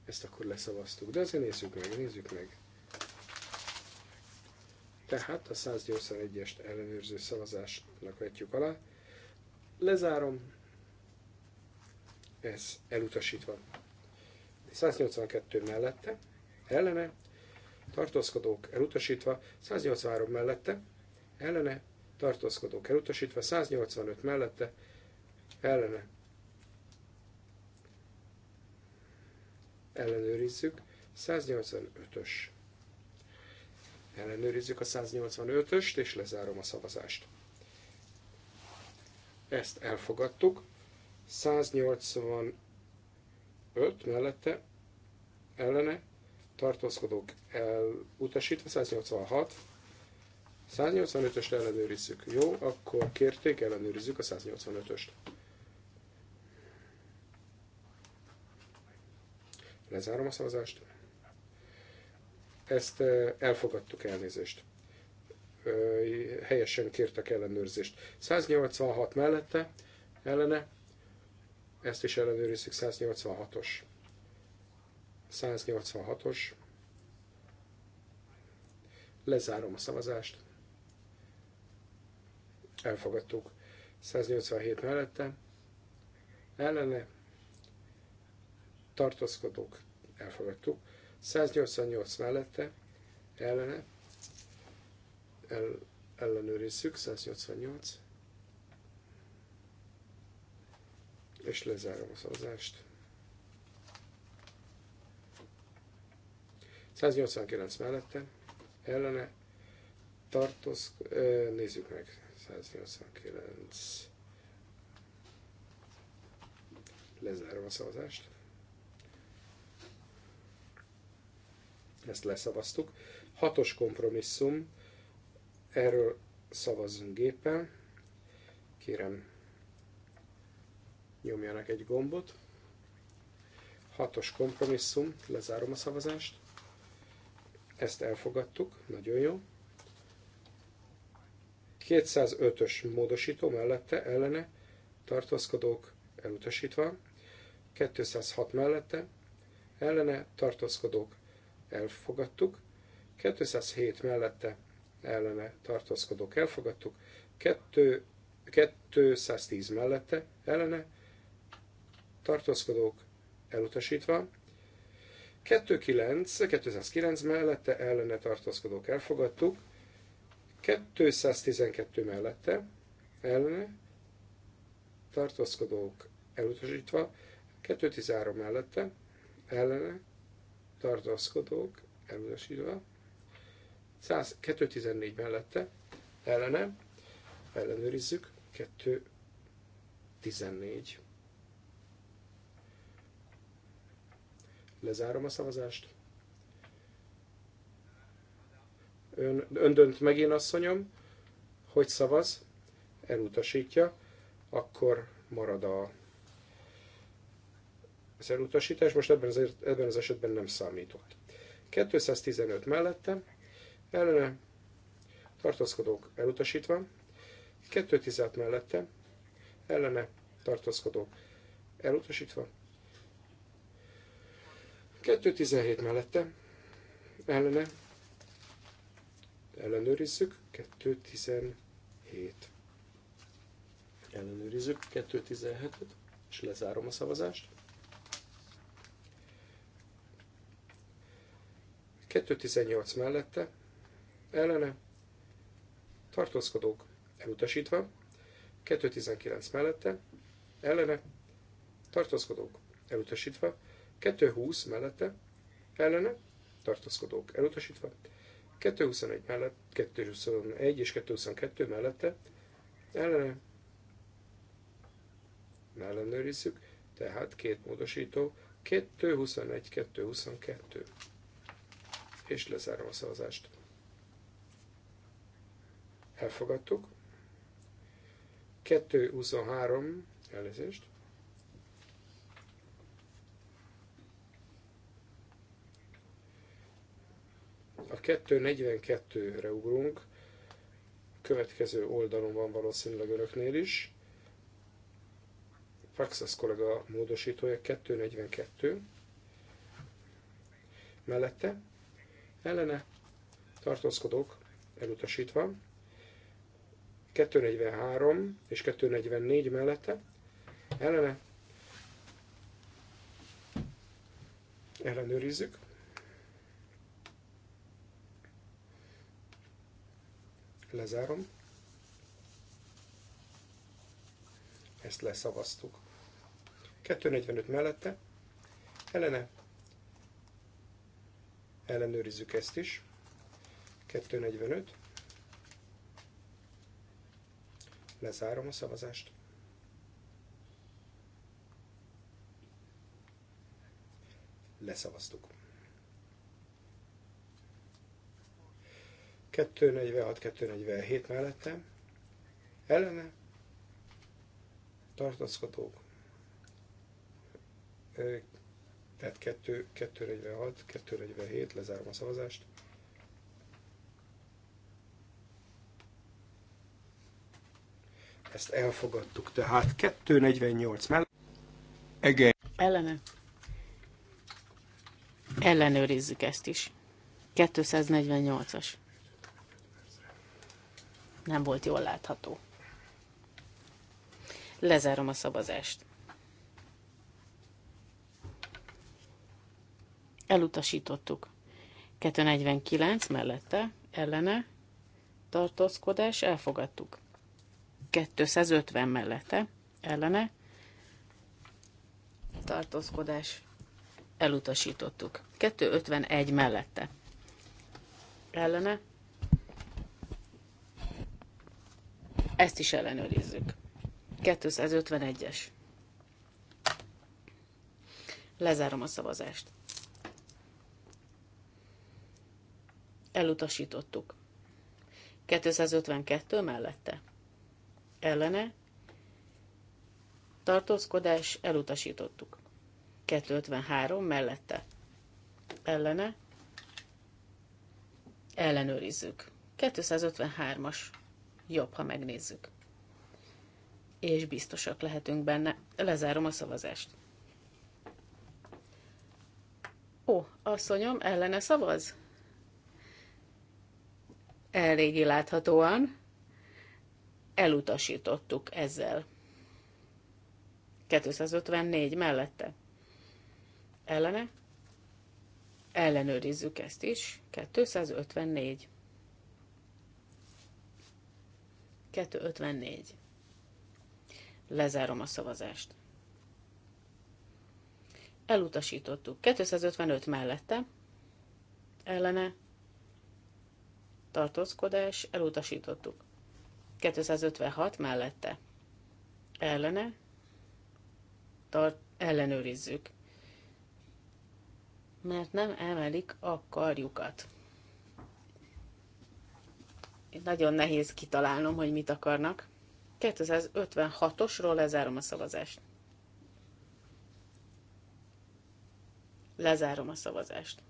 ezt akkor leszavaztuk, de azért nézzük meg, nézzük meg. Tehát a 181-est ellenőrző szavazásnak vetjük alá. Lezárom, ez elutasítva. 182 mellette, ellene, tartózkodók elutasítva, 183 mellette, ellene, tartózkodók elutasítva, 185 mellette, ellene. Ellenőrizzük, 185-ös. Ellenőrizzük a 185-öst, és lezárom a szavazást. Ezt elfogadtuk. 185 mellette ellene tartózkodók elutasítva, 186, 185-öst ellenőrizzük. Jó, akkor kérték, ellenőrizzük a 185-öst. Lezárom a szavazást. Ezt elfogadtuk elnézést. Helyesen kértek ellenőrzést. 186 mellette, ellene, ezt is ellenőrizzük, 186-os. 186-os. Lezárom a szavazást. Elfogadtuk. 187 mellette. Ellene tartózkodók elfogadtuk. 188 mellette, ellene, el, ellenőrizzük, 188, és lezárom a szavazást. 189 mellette, ellene, tartoz, nézzük meg, 189, lezárom a szavazást. ezt leszavaztuk. Hatos kompromisszum, erről szavazzunk géppel. Kérem, nyomjanak egy gombot. Hatos kompromisszum, lezárom a szavazást. Ezt elfogadtuk, nagyon jó. 205-ös módosító mellette, ellene, tartózkodók elutasítva, 206 mellette, ellene tartózkodók elfogadtuk, 207 mellette ellene tartózkodók elfogadtuk, 2, 210 mellette ellene tartózkodók elutasítva, 29, 209 mellette ellene tartózkodók elfogadtuk, 212 mellette ellene tartózkodók elutasítva, 213 mellette ellene tartózkodók elutasítva, 214 mellette, ellene, ellenőrizzük, 214. Lezárom a szavazást. Ön, ön dönt én, asszonyom, hogy szavaz, elutasítja, akkor marad a az elutasítás most ebben az, ebben az esetben nem számított. 215 mellette, ellene tartózkodók elutasítva, 216 mellette, ellene tartózkodók elutasítva, 217 mellette, ellene ellenőrizzük, 217 ellenőrizzük 2.17-et, és lezárom a szavazást. 218 mellette, ellene, tartózkodók elutasítva, 219 mellette, ellene, tartózkodók elutasítva, 220 mellette, ellene, tartózkodók elutasítva, 221 mellett, 221 és 222 mellette, ellene, ellenőrizzük, tehát két módosító, 221, 222 és lezárom a szavazást. Elfogadtuk. 2.23, elnézést. A 2.42-re ugrunk, következő oldalon van valószínűleg önöknél is. Faxas kollega módosítója 242 mellette ellene tartózkodok, elutasítva, 243 és 244 mellette ellene ellenőrizzük. Lezárom. Ezt leszavaztuk. 245 mellette ellene ellenőrizzük ezt is. 245. Lezárom a szavazást. Leszavaztuk. 246-247 mellette, ellene tartózkodók tehát 2, 246, 247, lezárom a szavazást. Ezt elfogadtuk, tehát 248 mellett. Ege. Ellene. Ellenőrizzük ezt is. 248-as. Nem volt jól látható. Lezárom a szavazást. Elutasítottuk. 249 mellette, ellene, tartózkodás, elfogadtuk. 250 mellette, ellene, tartózkodás, elutasítottuk. 251 mellette, ellene, ezt is ellenőrizzük. 251-es. Lezárom a szavazást. Elutasítottuk. 252 mellette. Ellene. Tartózkodás elutasítottuk. 253 mellette. Ellene. Ellenőrizzük. 253-as. Jobb, ha megnézzük. És biztosak lehetünk benne. Lezárom a szavazást. Ó, asszonyom, ellene szavaz? eléggé láthatóan, elutasítottuk ezzel. 254 mellette. Ellene? Ellenőrizzük ezt is. 254. 254. Lezárom a szavazást. Elutasítottuk. 255 mellette. Ellene? tartózkodás, elutasítottuk. 256 mellette. Ellene, tart, ellenőrizzük. Mert nem emelik a karjukat. Nagyon nehéz kitalálnom, hogy mit akarnak. 256-osról lezárom a szavazást. Lezárom a szavazást.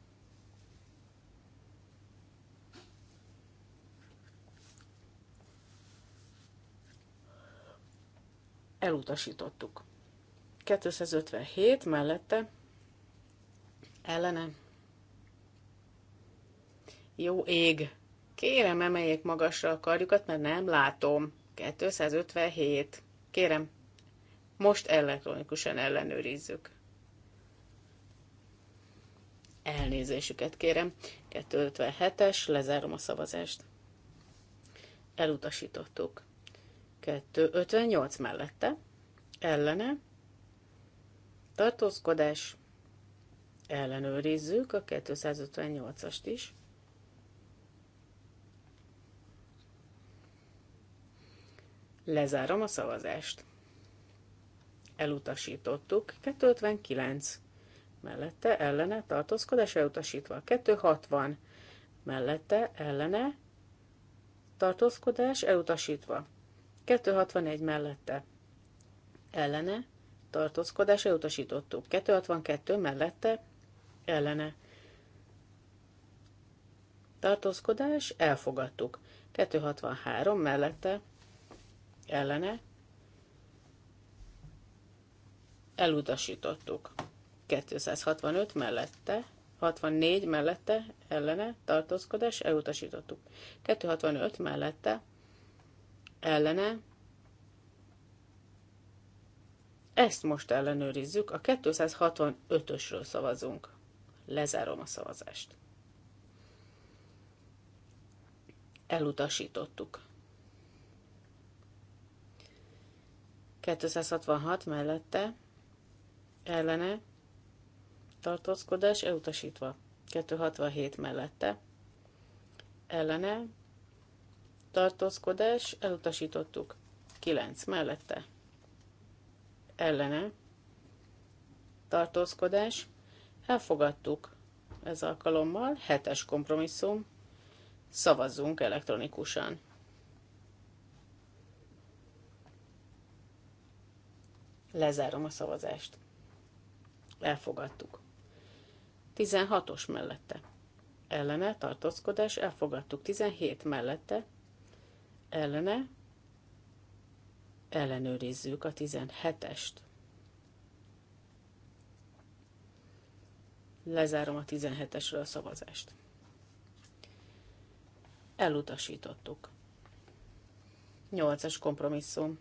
elutasítottuk. 257 mellette ellene. Jó ég. Kérem, emeljék magasra a karjukat, mert nem látom. 257. Kérem, most elektronikusan ellenőrizzük. Elnézésüket kérem. 257-es, lezárom a szavazást. Elutasítottuk. 2, 58 mellette, ellene, tartózkodás, ellenőrizzük a 258-ast is. Lezárom a szavazást. Elutasítottuk. 259 mellette ellene tartózkodás elutasítva. 260 mellette ellene tartózkodás elutasítva. 261 mellette ellene Tartózkodásra elutasítottuk. 262 mellette ellene tartózkodás elfogadtuk. 263 mellette ellene elutasítottuk. 265 mellette 64 mellette ellene tartózkodás elutasítottuk. 265 mellette ellene. Ezt most ellenőrizzük, a 265-ösről szavazunk. Lezárom a szavazást. Elutasítottuk. 266 mellette ellene tartózkodás elutasítva. 267 mellette ellene tartózkodás, elutasítottuk. 9 mellette, ellene, tartózkodás, elfogadtuk ez alkalommal, hetes kompromisszum, szavazzunk elektronikusan. Lezárom a szavazást. Elfogadtuk. 16-os mellette. Ellene tartózkodás elfogadtuk. 17 mellette ellene, ellenőrizzük a 17-est. Lezárom a 17-esről a szavazást. Elutasítottuk. 8-as kompromisszum.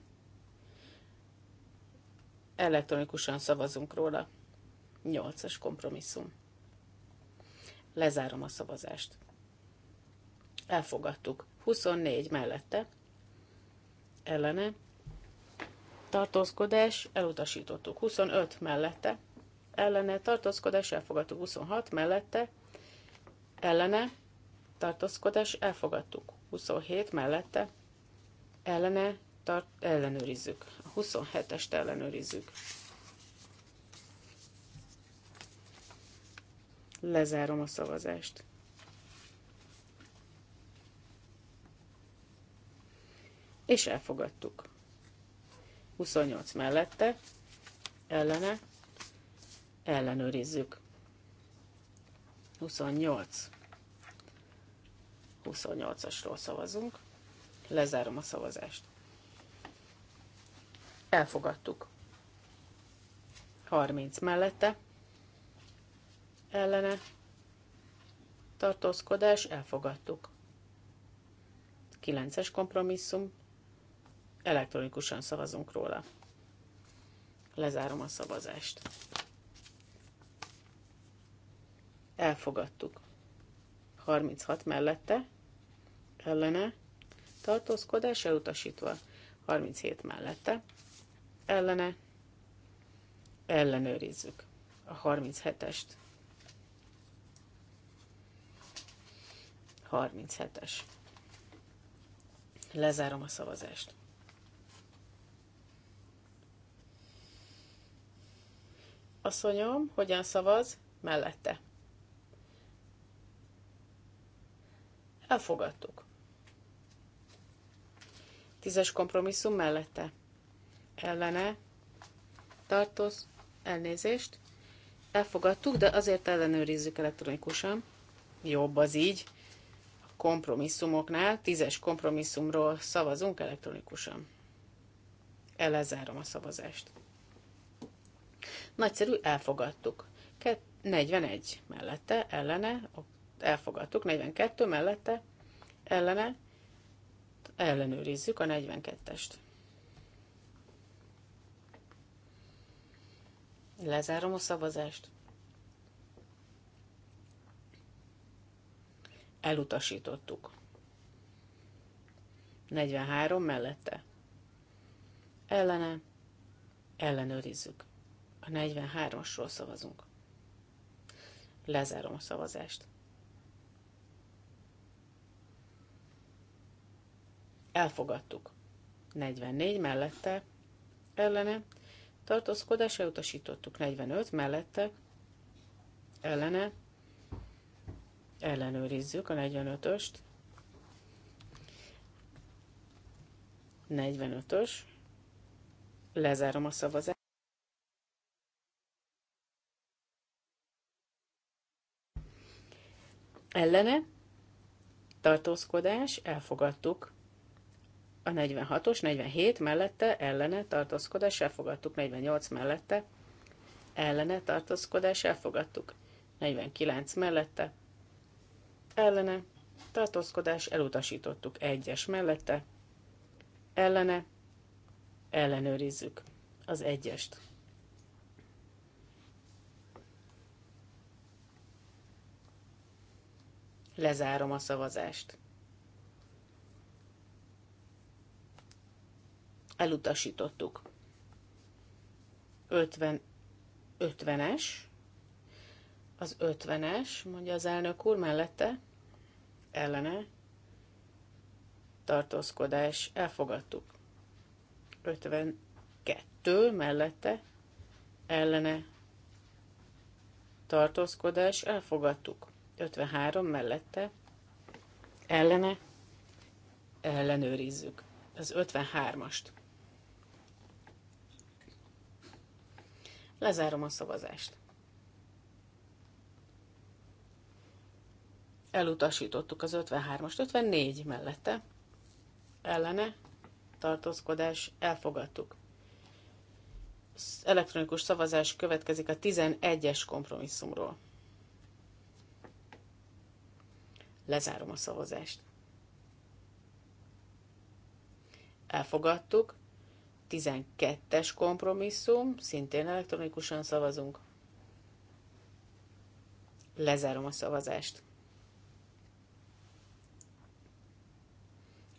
Elektronikusan szavazunk róla. 8-as kompromisszum. Lezárom a szavazást. Elfogadtuk. 24 mellette ellene tartózkodás, elutasítottuk 25 mellette, ellene tartózkodás, elfogadtuk 26 mellette, ellene tartózkodás, elfogadtuk 27 mellette, ellene tart, ellenőrizzük, a 27-est ellenőrizzük. Lezárom a szavazást. és elfogadtuk. 28 mellette, ellene, ellenőrizzük. 28. 28-asról szavazunk. Lezárom a szavazást. Elfogadtuk. 30 mellette, ellene, tartózkodás, elfogadtuk. 9-es kompromisszum Elektronikusan szavazunk róla. Lezárom a szavazást. Elfogadtuk. 36 mellette, ellene, tartózkodás elutasítva. 37 mellette, ellene, ellenőrizzük a 37-est. 37-es. Lezárom a szavazást. asszonyom hogyan szavaz mellette. Elfogadtuk. Tízes kompromisszum mellette. Ellene. Tartoz. Elnézést. Elfogadtuk, de azért ellenőrizzük elektronikusan. Jobb az így. A kompromisszumoknál tízes kompromisszumról szavazunk elektronikusan. Elezárom a szavazást. Nagyszerű, elfogadtuk. 41 mellette, ellene, elfogadtuk. 42 mellette, ellene, ellenőrizzük a 42-est. Lezárom a szavazást. Elutasítottuk. 43 mellette. Ellene. Ellenőrizzük. A 43-asról szavazunk. Lezárom a szavazást. Elfogadtuk. 44 mellette, ellene, tartózkodás elutasítottuk. 45 mellette, ellene, ellenőrizzük a 45-öst. 45-ös, lezárom a szavazást. ellene, tartózkodás, elfogadtuk. A 46-os, 47 mellette, ellene, tartózkodás, elfogadtuk. 48 mellette, ellene, tartózkodás, elfogadtuk. 49 mellette, ellene, tartózkodás, elutasítottuk. 1-es mellette, ellene, ellenőrizzük az egyest. Lezárom a szavazást. Elutasítottuk. 50, 50-es. Az 50-es, mondja az elnök úr mellette, ellene, tartózkodás, elfogadtuk. 52 mellette, ellene, tartózkodás, elfogadtuk. 53 mellette ellene ellenőrizzük az 53-ast. Lezárom a szavazást. Elutasítottuk az 53-ast, 54 mellette. Ellene tartózkodás elfogadtuk. Elektronikus szavazás következik a 11-es kompromisszumról. Lezárom a szavazást. Elfogadtuk. 12-es kompromisszum, szintén elektronikusan szavazunk. Lezárom a szavazást.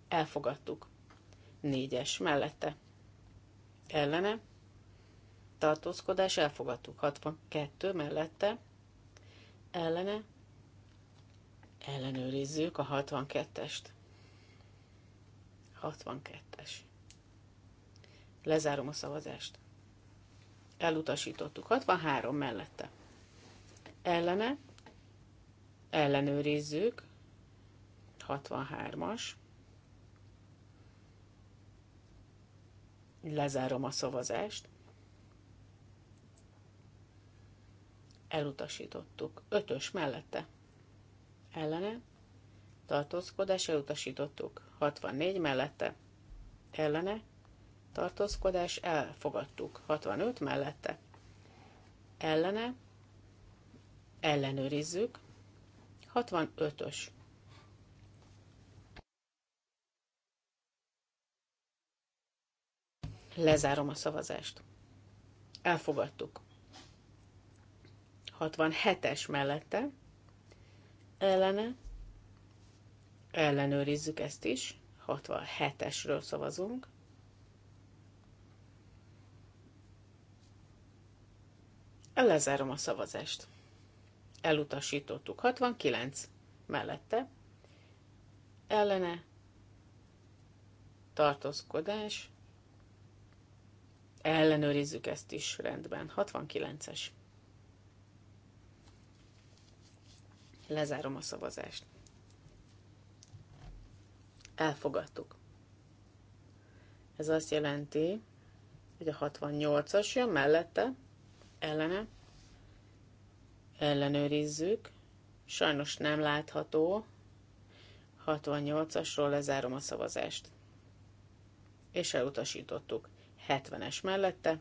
Elfogadtuk. Négyes mellette. Ellene. Tartózkodás elfogadtuk. 62 mellette. Ellene Ellenőrizzük a 62-est. 62-es. Lezárom a szavazást. Elutasítottuk. 63 mellette. Ellene. Ellenőrizzük. 63-as. Lezárom a szavazást. Elutasítottuk. 5 5-ös mellette ellene, tartózkodás elutasítottuk. 64 mellette, ellene, tartózkodás elfogadtuk. 65 mellette, ellene, ellenőrizzük. 65-ös. Lezárom a szavazást. Elfogadtuk. 67-es mellette, ellene, ellenőrizzük ezt is, 67-esről szavazunk. Lezárom a szavazást. Elutasítottuk 69 mellette, ellene, tartózkodás, ellenőrizzük ezt is rendben, 69-es. Lezárom a szavazást. Elfogadtuk. Ez azt jelenti, hogy a 68-as jön mellette, ellene. Ellenőrizzük. Sajnos nem látható. 68-asról lezárom a szavazást. És elutasítottuk. 70-es mellette,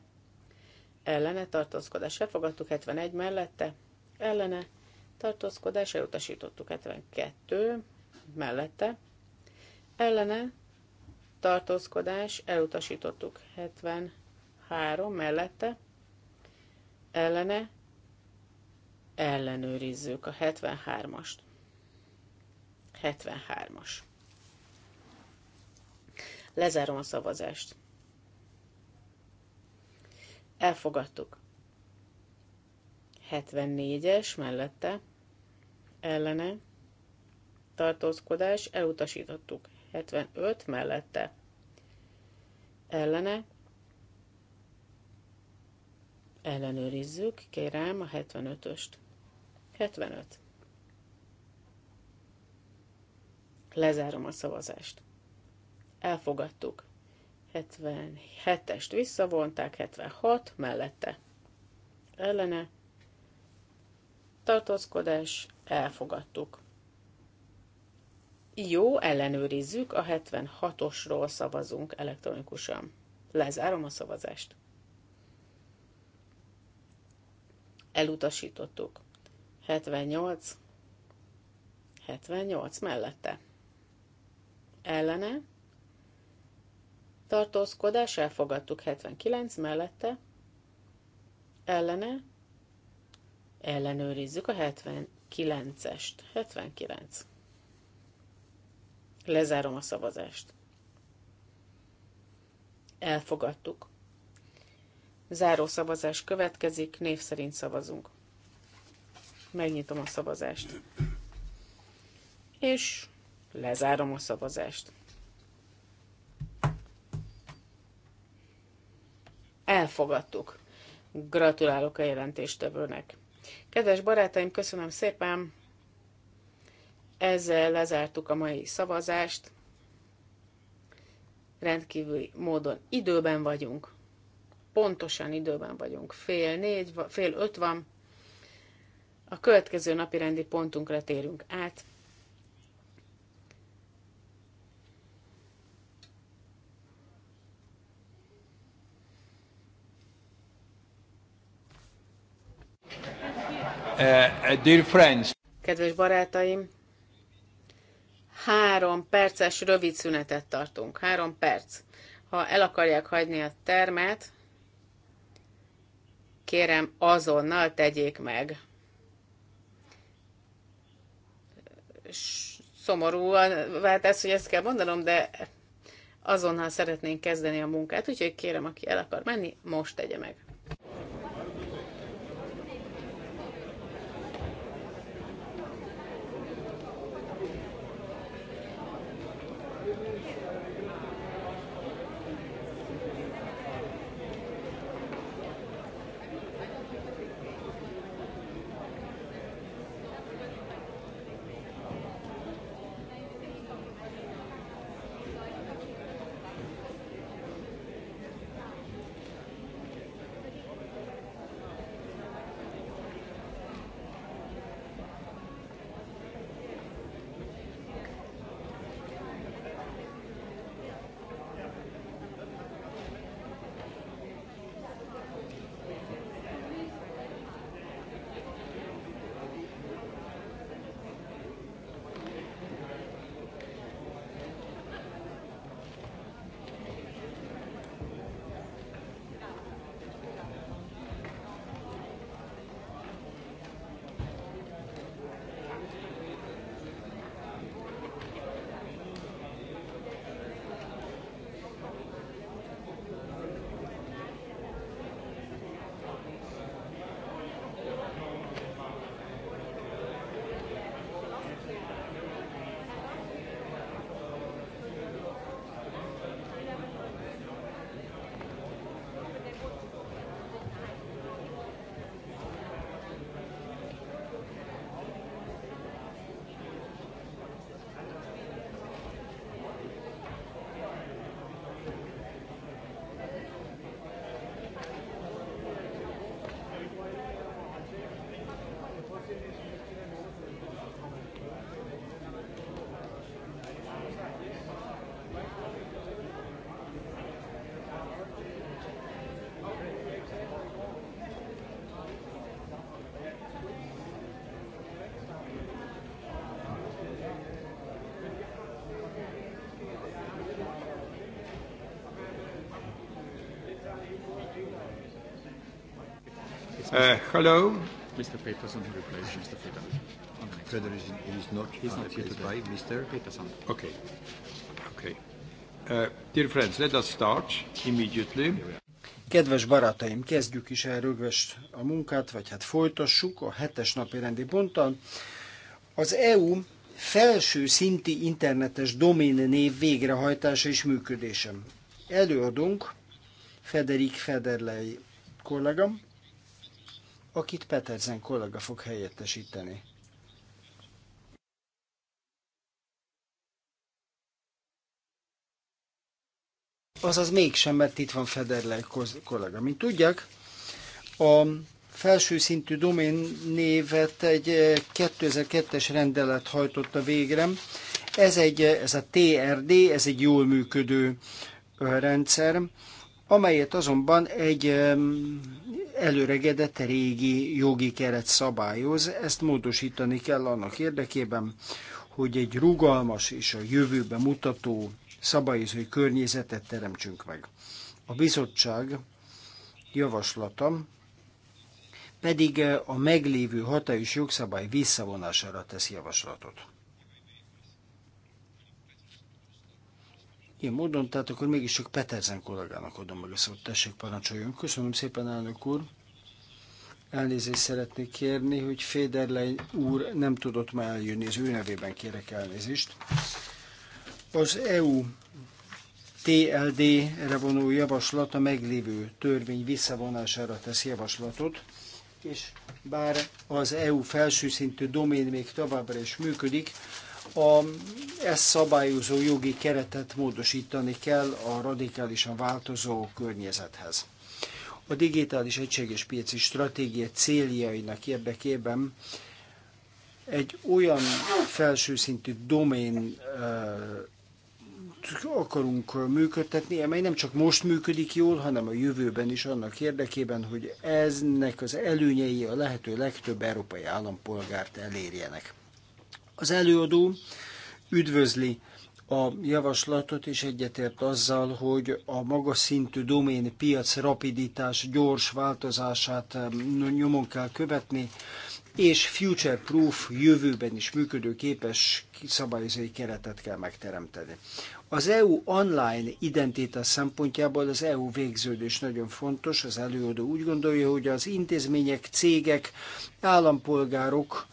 ellene tartózkodás elfogadtuk, 71 mellette, ellene tartózkodása, elutasítottuk 72 mellette, ellene tartózkodás, elutasítottuk 73 mellette, ellene ellenőrizzük a 73-ast. 73-as. Lezárom a szavazást. Elfogadtuk. 74-es mellette ellene tartózkodás elutasítottuk. 75 mellette ellene ellenőrizzük, kérem a 75-öst. 75. Lezárom a szavazást. Elfogadtuk. 77-est visszavonták, 76 mellette. Ellene tartózkodás, elfogadtuk. Jó, ellenőrizzük, a 76-osról szavazunk elektronikusan. Lezárom a szavazást. Elutasítottuk. 78, 78 mellette. Ellene, tartózkodás, elfogadtuk 79 mellette. Ellene, Ellenőrizzük a 79-est. 79. Lezárom a szavazást. Elfogadtuk. Záró szavazás következik, név szerint szavazunk. Megnyitom a szavazást. És lezárom a szavazást. Elfogadtuk. Gratulálok a jelentéstevőnek. Kedves barátaim, köszönöm szépen! Ezzel lezártuk a mai szavazást. Rendkívüli módon időben vagyunk. Pontosan időben vagyunk. Fél négy, fél öt van. A következő napi rendi pontunkra térünk át. Uh, dear friends. Kedves barátaim, három perces rövid szünetet tartunk. Három perc. Ha el akarják hagyni a termet, kérem azonnal tegyék meg. Szomorúan vált ez, hogy ezt kell mondanom, de azonnal szeretnénk kezdeni a munkát, úgyhogy kérem, aki el akar menni, most tegye meg. Uh, hello. Mr. Peterson Mr. Federer. Federer is, is not He's not Mr. Peterson. Okay. Okay. Uh, dear friends, let us start immediately. Kedves barátaim, kezdjük is el rögvest a munkát, vagy hát folytassuk a hetes napi rendi ponttal. Az EU felső szinti internetes domén név végrehajtása és működése. Előadunk Federik Federlei kollégám, akit Petersen kollega fog helyettesíteni. Azaz mégsem, mert itt van Federle kollega. Mint tudják, a felső szintű domén névet egy 2002-es eh, rendelet hajtotta végre. Ez, egy, eh, ez a TRD, ez egy jól működő eh, rendszer amelyet azonban egy előregedett régi jogi keret szabályoz, ezt módosítani kell annak érdekében, hogy egy rugalmas és a jövőbe mutató szabályozói környezetet teremtsünk meg. A bizottság javaslata pedig eh, a meglévő hatályos jogszabály visszavonására tesz javaslatot. Ilyen módon, tehát akkor mégis csak Peterzen kollégának adom meg a szót, tessék parancsoljon. Köszönöm szépen, elnök úr. Elnézést szeretnék kérni, hogy Féderlei úr nem tudott már eljönni, az ő nevében kérek elnézést. Az EU TLD-re vonó javaslat a meglévő törvény visszavonására tesz javaslatot, és bár az EU felső szintű domén még továbbra is működik, a ezt szabályozó jogi keretet módosítani kell a radikálisan változó környezethez. A digitális egységes piaci stratégia céljainak érdekében egy olyan felsőszintű domén e, akarunk működtetni, amely nem csak most működik jól, hanem a jövőben is annak érdekében, hogy eznek az előnyei a lehető legtöbb európai állampolgárt elérjenek. Az előadó üdvözli a javaslatot, és egyetért azzal, hogy a magas szintű domén piac rapiditás gyors változását nyomon kell követni, és future-proof, jövőben is működőképes szabályozói keretet kell megteremteni. Az EU online identitás szempontjából az EU végződés nagyon fontos. Az előadó úgy gondolja, hogy az intézmények, cégek, állampolgárok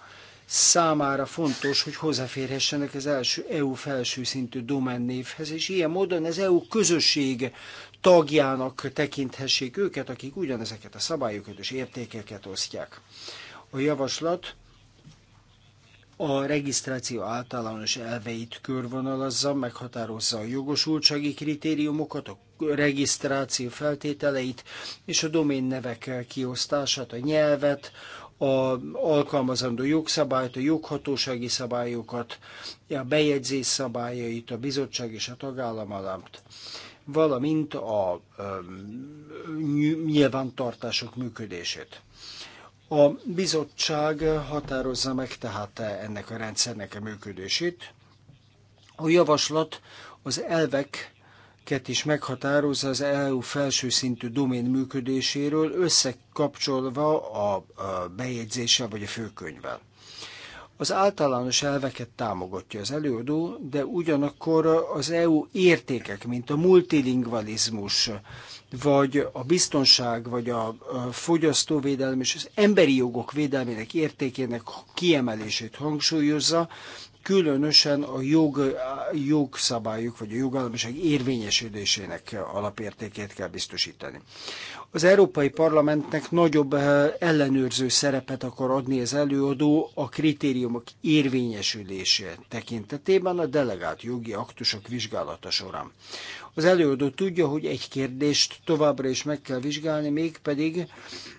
számára fontos, hogy hozzáférhessenek az első EU felső szintű domennévhez, és ilyen módon az EU közösség tagjának tekinthessék őket, akik ugyanezeket a szabályokat és értékeket osztják. A javaslat a regisztráció általános elveit körvonalazza, meghatározza a jogosultsági kritériumokat, a regisztráció feltételeit és a domén nevek kiosztását, a nyelvet, a alkalmazandó jogszabályt, a joghatósági szabályokat, a bejegyzés szabályait, a bizottság és a tagállam alamt valamint a nyilvántartások működését. A bizottság határozza meg tehát ennek a rendszernek a működését. A javaslat az elvek ket is meghatározza az EU felső szintű domén működéséről, összekapcsolva a, a bejegyzéssel vagy a főkönyvvel. Az általános elveket támogatja az előadó, de ugyanakkor az EU értékek, mint a multilingvalizmus, vagy a biztonság, vagy a fogyasztóvédelem és az emberi jogok védelmének értékének kiemelését hangsúlyozza, különösen a jog, jogszabályok vagy a jogállamiság érvényesülésének alapértékét kell biztosítani. Az Európai Parlamentnek nagyobb eh, ellenőrző szerepet akar adni az előadó a kritériumok érvényesülése tekintetében a delegált jogi aktusok vizsgálata során. Az előadó tudja, hogy egy kérdést továbbra is meg kell vizsgálni, mégpedig,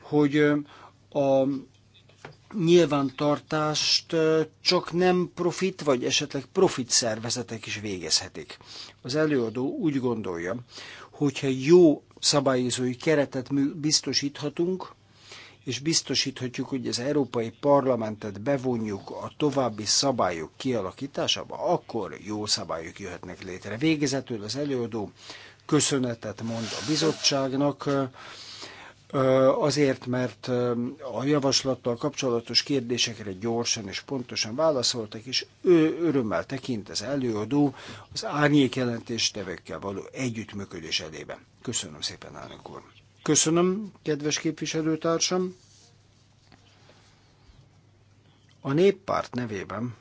hogy eh, a nyilvántartást csak nem profit, vagy esetleg profit szervezetek is végezhetik. Az előadó úgy gondolja, hogyha jó szabályozói keretet biztosíthatunk, és biztosíthatjuk, hogy az Európai Parlamentet bevonjuk a további szabályok kialakításába, akkor jó szabályok jöhetnek létre. Végezetül az előadó köszönetet mond a bizottságnak, azért, mert a javaslattal kapcsolatos kérdésekre gyorsan és pontosan válaszoltak, és ő örömmel tekint az előadó az árnyék tevekkel való együttműködés elébe. Köszönöm szépen, elnök úr. Köszönöm, kedves képviselőtársam. A néppárt nevében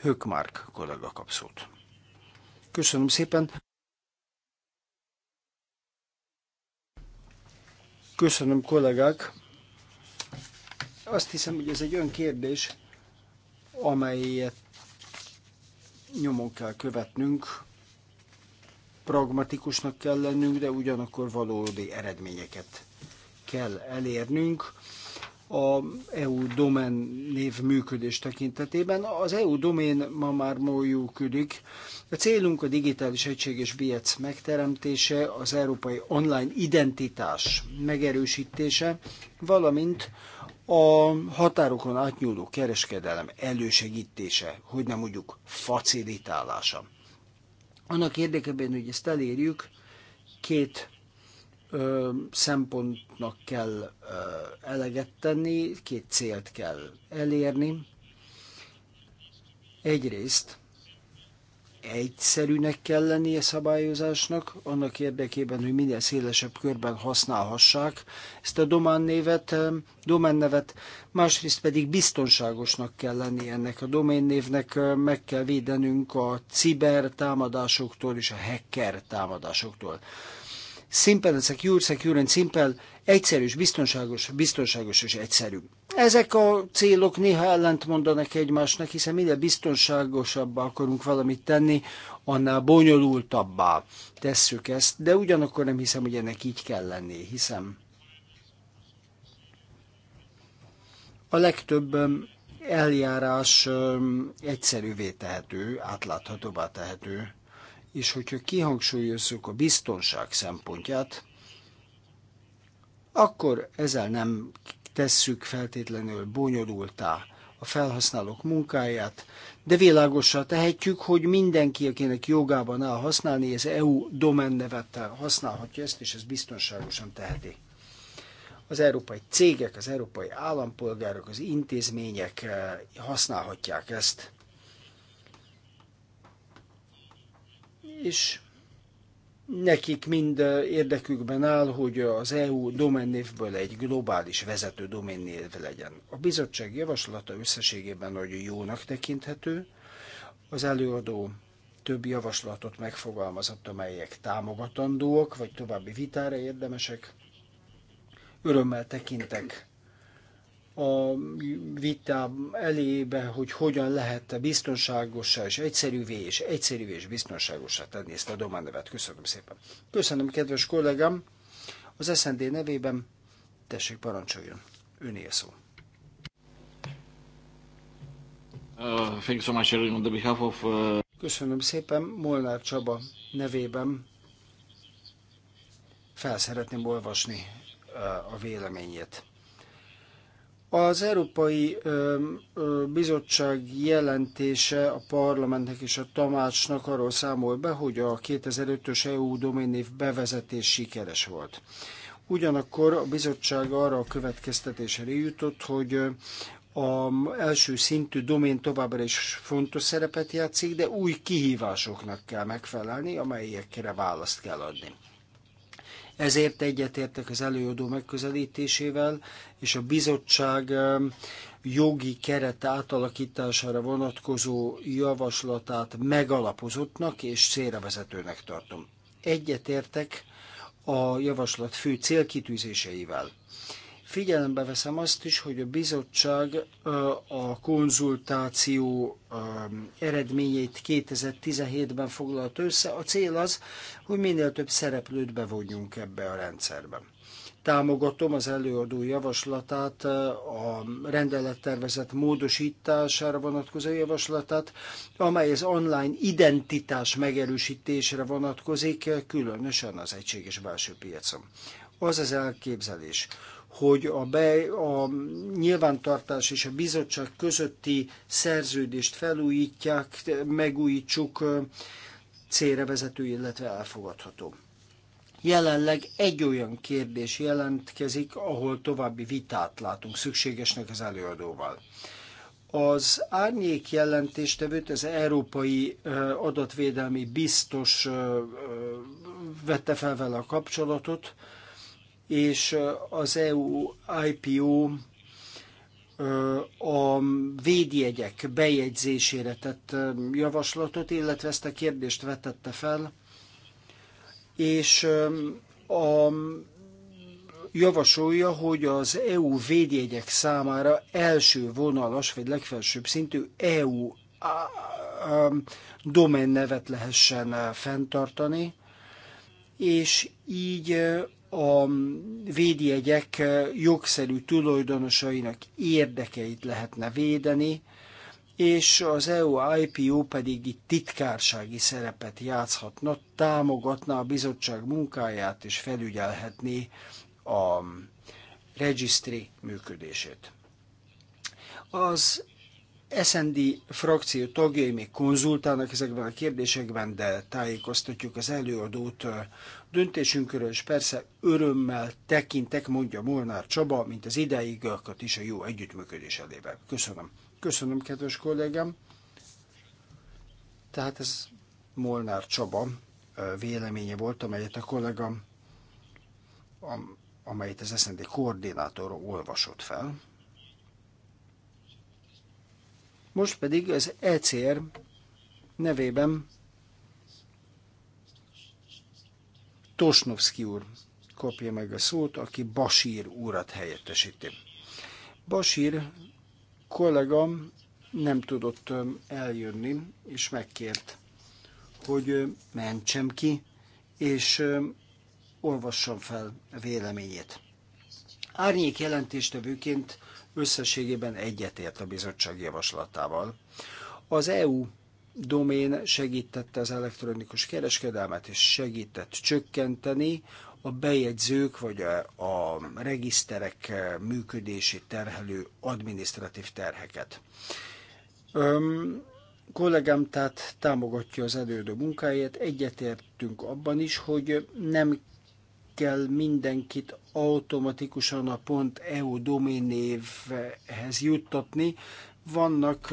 Hökmark kollega kapszót. Köszönöm szépen. Köszönöm, kollégák. Azt hiszem, hogy ez egy olyan kérdés, amelyet nyomon kell követnünk, pragmatikusnak kell lennünk, de ugyanakkor valódi eredményeket kell elérnünk a EU domén név működés tekintetében. Az EU domén ma már működik. A célunk a digitális és piac megteremtése, az európai online identitás megerősítése, valamint a határokon átnyúló kereskedelem elősegítése, hogy nem mondjuk facilitálása. Annak érdekében, hogy ezt elérjük, két ö, szempontnak kell ö, eleget tenni, két célt kell elérni. Egyrészt egyszerűnek kell lennie szabályozásnak, annak érdekében, hogy minél szélesebb körben használhassák ezt a domán névet, domán nevet, másrészt pedig biztonságosnak kell lenni ennek a domain névnek, meg kell védenünk a ciber támadásoktól és a hacker támadásoktól. Simple and Secure, Secure and Simple, egyszerű és biztonságos, biztonságos és egyszerű. Ezek a célok néha ellent mondanak egymásnak, hiszen minél biztonságosabbá akarunk valamit tenni, annál bonyolultabbá tesszük ezt, de ugyanakkor nem hiszem, hogy ennek így kell lenni, hiszem. A legtöbb eljárás egyszerűvé tehető, átláthatóbbá tehető, és hogyha kihangsúlyozzuk a biztonság szempontját, akkor ezzel nem tesszük feltétlenül bonyolultá a felhasználók munkáját, de világosra tehetjük, hogy mindenki, akinek jogában áll használni, ez EU domennevettel használhatja ezt, és ez biztonságosan teheti. Az európai cégek, az európai állampolgárok, az intézmények eh, használhatják ezt, és nekik mind érdekükben áll, hogy az EU doménnévből egy globális vezető doménnév legyen. A bizottság javaslata összességében nagyon jónak tekinthető, az előadó több javaslatot megfogalmazott, amelyek támogatandóak, vagy további vitára érdemesek. Örömmel tekintek a vitám elébe, hogy hogyan lehet biztonságosá és egyszerűvé és egyszerűvé és biztonságosá tenni ezt a dománevet. Köszönöm szépen. Köszönöm, kedves kollégám. Az SND nevében tessék parancsoljon. Öné szó. Uh, uh, Köszönöm szépen. Molnár Csaba nevében fel szeretném olvasni uh, a véleményét az Európai Bizottság jelentése a parlamentnek és a tanácsnak arról számol be, hogy a 2005-ös EU doménév bevezetés sikeres volt. Ugyanakkor a bizottság arra a következtetésre jutott, hogy a első szintű domén továbbra is fontos szerepet játszik, de új kihívásoknak kell megfelelni, amelyekre választ kell adni. Ezért egyetértek az előadó megközelítésével, és a bizottság jogi keret átalakítására vonatkozó javaslatát megalapozottnak és célravezetőnek tartom. Egyetértek a javaslat fő célkitűzéseivel Figyelembe veszem azt is, hogy a bizottság a konzultáció eredményeit 2017-ben foglalt össze. A cél az, hogy minél több szereplőt bevonjunk ebbe a rendszerbe. Támogatom az előadó javaslatát, a rendelettervezet módosítására vonatkozó javaslatát, amely az online identitás megerősítésre vonatkozik, különösen az egységes belső piacon. Az az elképzelés, hogy a, be, a nyilvántartás és a bizottság közötti szerződést felújítják, megújítsuk célra vezető, illetve elfogadható. Jelenleg egy olyan kérdés jelentkezik, ahol további vitát látunk szükségesnek az előadóval. Az árnyék jelentéstevőt az Európai Adatvédelmi Biztos vette fel vele a kapcsolatot, és az EU IPO a védjegyek bejegyzésére tett javaslatot, illetve ezt a kérdést vetette fel, és a javasolja, hogy az EU védjegyek számára első vonalas, vagy legfelsőbb szintű EU domain nevet lehessen fenntartani, és így a védjegyek jogszerű tulajdonosainak érdekeit lehetne védeni, és az EU IPO pedig itt titkársági szerepet játszhatna, támogatná a bizottság munkáját és felügyelhetné a registry működését. Az SND frakció tagjai még konzultálnak ezekben a kérdésekben, de tájékoztatjuk az előadót döntésünkről, és persze örömmel tekintek, mondja Molnár Csaba, mint az ideigőkat is a jó együttműködés elébe. Köszönöm. Köszönöm, kedves kollégám. Tehát ez Molnár Csaba véleménye volt, amelyet a kollégám, amelyet az SZND koordinátor olvasott fel. Most pedig az ECR nevében Tosnovszki úr kapja meg a szót, aki Basír úrat helyettesíti. Basír kollégam nem tudott eljönni, és megkért, hogy mentsem ki, és olvassam fel véleményét. Árnyék jelentéstevőként összességében egyetért a bizottság javaslatával. Az EU domén segítette az elektronikus kereskedelmet, és segített csökkenteni a bejegyzők vagy a, a regiszterek működését terhelő administratív terheket. Öm, kollégám tehát támogatja az elődő munkáját, egyetértünk abban is, hogy nem kell mindenkit automatikusan a .eu doménévhez juttatni, vannak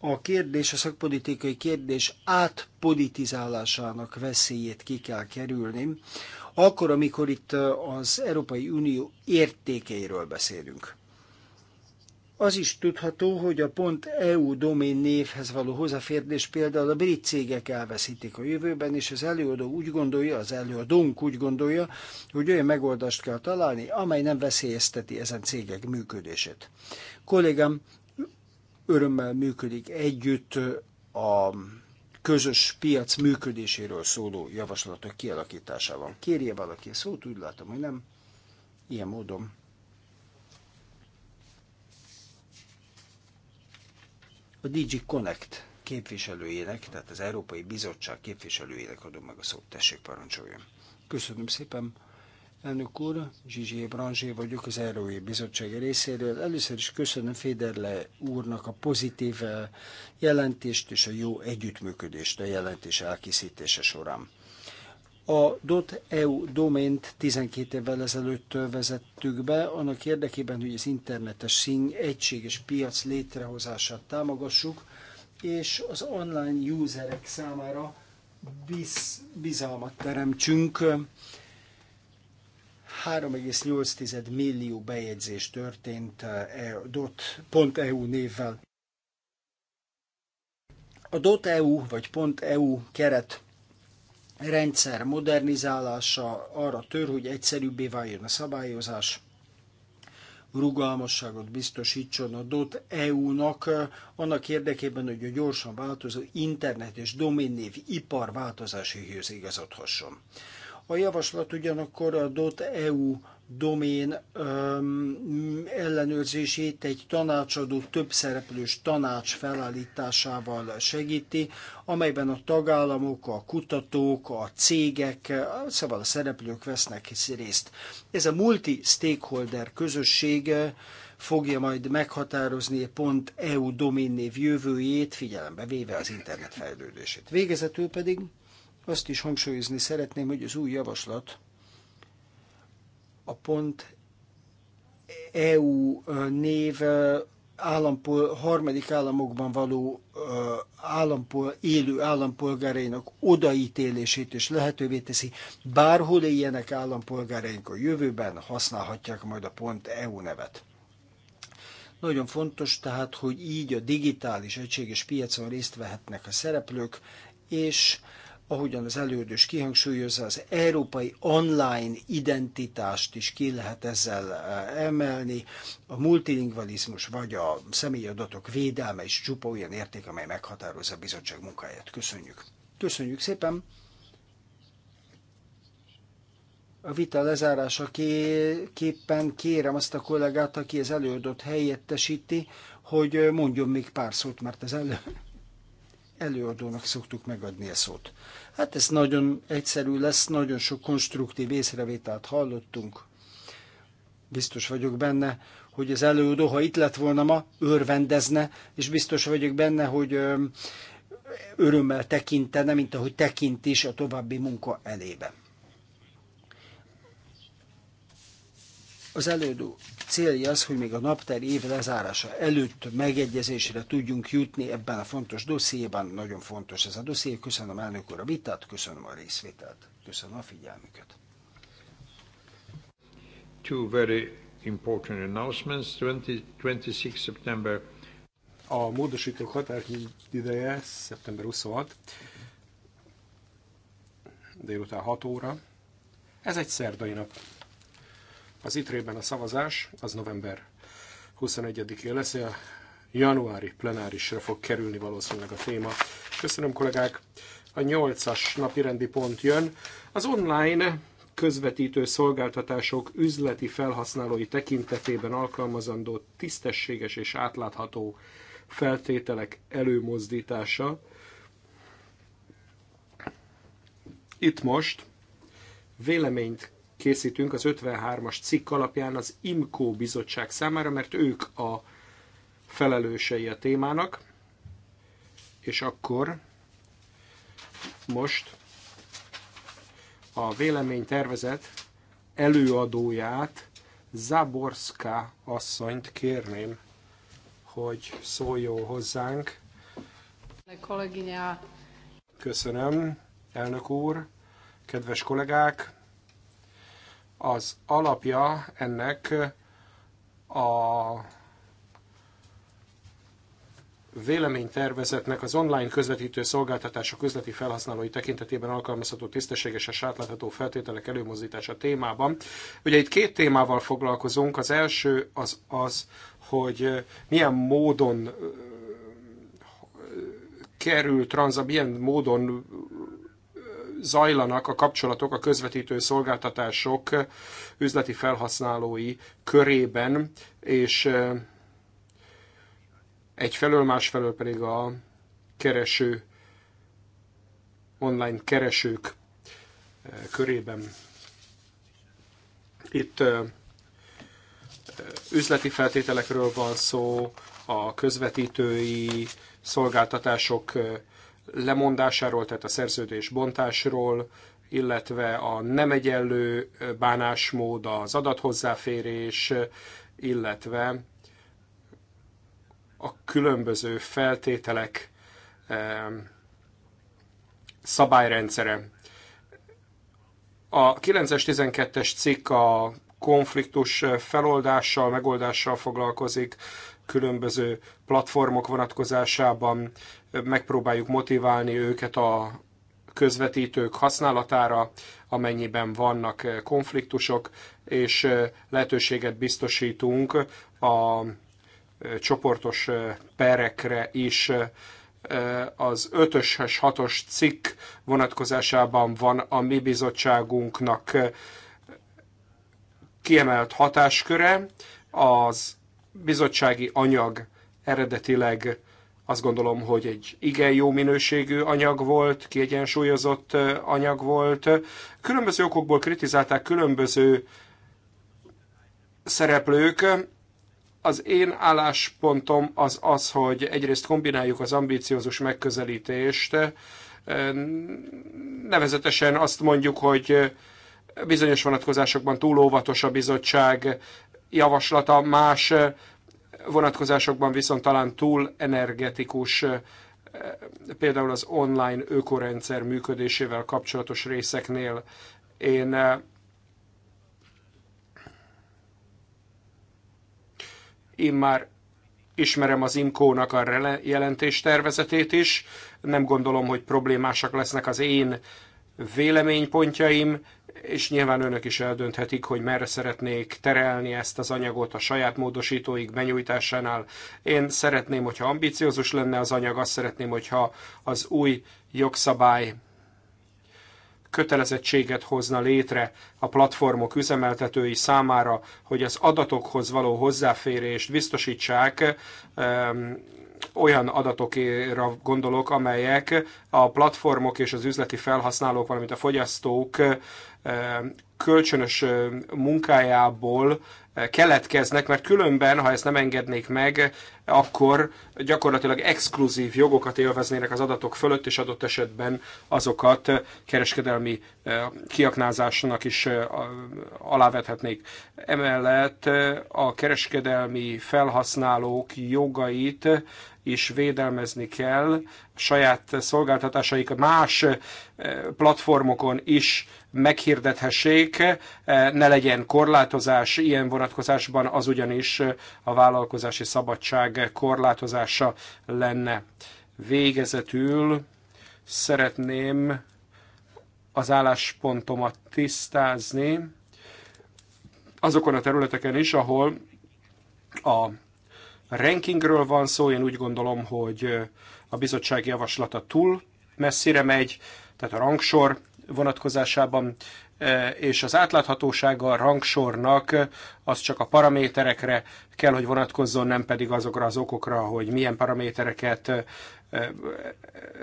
a kérdés, a szakpolitikai kérdés átpolitizálásának veszélyét ki kell kerülni, akkor, amikor itt az Európai Unió értékeiről beszélünk. Az is tudható, hogy a pont EU domén névhez való hozzáférés például a brit cégek elveszítik a jövőben, és az előadó úgy gondolja, az előadónk úgy gondolja, hogy olyan megoldást kell találni, amely nem veszélyezteti ezen cégek működését. Kollégám örömmel működik együtt a közös piac működéséről szóló javaslatok kialakításával. Kérje valaki a szót, úgy látom, hogy nem. Ilyen módon. A DG Connect képviselőjének, tehát az Európai Bizottság képviselőjének adom meg a szót, tessék parancsoljon. Köszönöm szépen. Elnök úr, Zsizsé Branzsé vagyok az Erói Bizottság részéről. Először is köszönöm Féderle úrnak a pozitív eh, jelentést és a jó együttműködést a jelentés elkészítése során. A .eu domént 12 évvel ezelőtt vezettük be, annak érdekében, hogy az internetes szín egységes piac létrehozását támogassuk, és az online userek számára biz, bizalmat teremtsünk, 3,8 millió bejegyzés történt .eu eh, e, e névvel. A .eu vagy .eu keret rendszer modernizálása arra tör, hogy egyszerűbbé váljon a szabályozás, rugalmasságot biztosítson a .eu-nak eh, annak érdekében, hogy a gyorsan változó internet és doménnév ipar változási igazodhasson. A javaslat ugyanakkor a .eu domén ellenőrzését egy tanácsadó többszereplős tanács felállításával segíti, amelyben a tagállamok, a kutatók, a cégek, szóval a szereplők vesznek részt. Ez a multi-stakeholder közösség fogja majd meghatározni pont EU név jövőjét, figyelembe véve az internet fejlődését. Végezetül pedig azt is hangsúlyozni szeretném, hogy az új javaslat a pont EU név állampol, harmadik államokban való állampol, élő állampolgárainak odaítélését is lehetővé teszi. Bárhol éljenek állampolgáraink a jövőben, használhatják majd a pont EU nevet. Nagyon fontos tehát, hogy így a digitális egységes piacon részt vehetnek a szereplők, és ahogyan az elődös kihangsúlyozza, az európai online identitást is ki lehet ezzel eh, emelni. A multilingvalizmus vagy a személyi adatok védelme is csupa olyan érték, amely meghatározza a bizottság munkáját. Köszönjük. Köszönjük szépen. A vita lezárása képpen kérem azt a kollégát, aki az elődöt helyettesíti, hogy mondjon még pár szót, mert az elő előadónak szoktuk megadni a szót. Hát ez nagyon egyszerű lesz, nagyon sok konstruktív észrevételt hallottunk. Biztos vagyok benne, hogy az előadó, ha itt lett volna ma, örvendezne, és biztos vagyok benne, hogy örömmel tekintene, mint ahogy tekint is a további munka elébe. Az előadó célja az, hogy még a napter év lezárása előtt megegyezésre tudjunk jutni ebben a fontos dossziéban. Nagyon fontos ez a dosszié. Köszönöm elnök úr a vitát, köszönöm a részvételt, köszönöm a figyelmüket. Two very important announcements. 26 September. A módosítók ideje szeptember 26, délután 6 óra. Ez egy szerdai nap. Az ITRE-ben a szavazás az november 21-én lesz, a januári plenárisra fog kerülni valószínűleg a téma. Köszönöm kollégák! A 8-as napirendi pont jön. Az online közvetítő szolgáltatások üzleti felhasználói tekintetében alkalmazandó tisztességes és átlátható feltételek előmozdítása. Itt most véleményt készítünk az 53-as cikk alapján az IMCO bizottság számára, mert ők a felelősei a témának, és akkor most a véleménytervezet előadóját, Zaborska asszonyt kérném, hogy szóljon hozzánk. Köszönöm, elnök úr, kedves kollégák! Az alapja ennek a véleménytervezetnek az online közvetítő szolgáltatások közleti felhasználói tekintetében alkalmazható tisztességes és átlátható feltételek előmozdítása témában. Ugye itt két témával foglalkozunk. Az első az az, hogy milyen módon kerül transz, milyen módon zajlanak a kapcsolatok a közvetítő szolgáltatások üzleti felhasználói körében, és egyfelől, másfelől pedig a kereső, online keresők körében. Itt üzleti feltételekről van szó, a közvetítői szolgáltatások lemondásáról, tehát a szerződés bontásról, illetve a nem egyenlő bánásmód, az adathozzáférés, illetve a különböző feltételek eh, szabályrendszere. A 9-es, 12-es cikk a konfliktus feloldással, megoldással foglalkozik, különböző platformok vonatkozásában megpróbáljuk motiválni őket a közvetítők használatára, amennyiben vannak eh, konfliktusok, és eh, lehetőséget biztosítunk a eh, csoportos perekre is. Az 5-ös, 6-os cikk vonatkozásában van a mi bizottságunknak kiemelt hatásköre. Az bizottsági anyag eredetileg azt gondolom, hogy egy igen jó minőségű anyag volt, kiegyensúlyozott anyag volt. Különböző okokból kritizálták különböző szereplők. Az én álláspontom az az, hogy egyrészt kombináljuk az ambíciózus megközelítést, nevezetesen azt mondjuk, hogy bizonyos vonatkozásokban túl óvatos a bizottság javaslata, más vonatkozásokban viszont talán túl energetikus, eh, például az online ökorendszer működésével kapcsolatos részeknél. Én eh, én már ismerem az IMCO-nak a jelentés tervezetét is, nem gondolom, hogy problémásak lesznek az én véleménypontjaim, és nyilván önök is eldönthetik, hogy merre szeretnék terelni ezt az anyagot a saját módosítóik benyújtásánál. Én szeretném, hogyha ambiciózus lenne az anyag, azt szeretném, hogyha az új jogszabály kötelezettséget hozna létre a platformok üzemeltetői számára, hogy az adatokhoz való hozzáférést biztosítsák, olyan adatokra gondolok, amelyek a platformok és az üzleti felhasználók, valamint a fogyasztók kölcsönös munkájából keletkeznek, mert különben, ha ezt nem engednék meg, akkor gyakorlatilag exkluzív jogokat élveznének az adatok fölött, és adott esetben azokat kereskedelmi kiaknázásnak is alávethetnék. Emellett a kereskedelmi felhasználók jogait is védelmezni kell, saját szolgáltatásaik más platformokon is meghirdethessék, e, ne legyen korlátozás ilyen vonatkozásban, az ugyanis a vállalkozási szabadság korlátozása lenne. Végezetül szeretném az álláspontomat tisztázni azokon a területeken is, ahol a rankingről van szó, én úgy gondolom, hogy a bizottság javaslata túl messzire megy, tehát a rangsor vonatkozásában, e, és az átláthatósága a rangsornak e, az csak a paraméterekre kell, hogy vonatkozzon, nem pedig azokra az okokra, hogy milyen paramétereket e,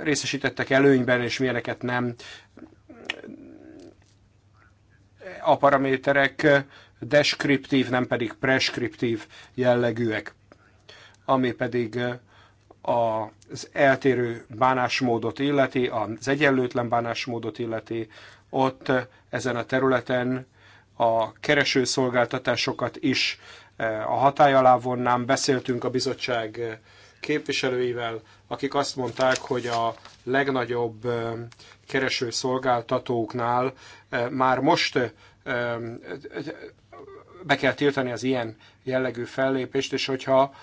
részesítettek előnyben, és milyeneket nem. A paraméterek deskriptív, nem pedig preskriptív jellegűek, ami pedig az eltérő bánásmódot illeti, az egyenlőtlen bánásmódot illeti, ott ezen a területen a keresőszolgáltatásokat is e, a hatály alá vonnám. Beszéltünk a bizottság képviselőivel, akik azt mondták, hogy a legnagyobb e, keresőszolgáltatóknál e, már most be kell tiltani az ilyen jellegű fellépést, és hogyha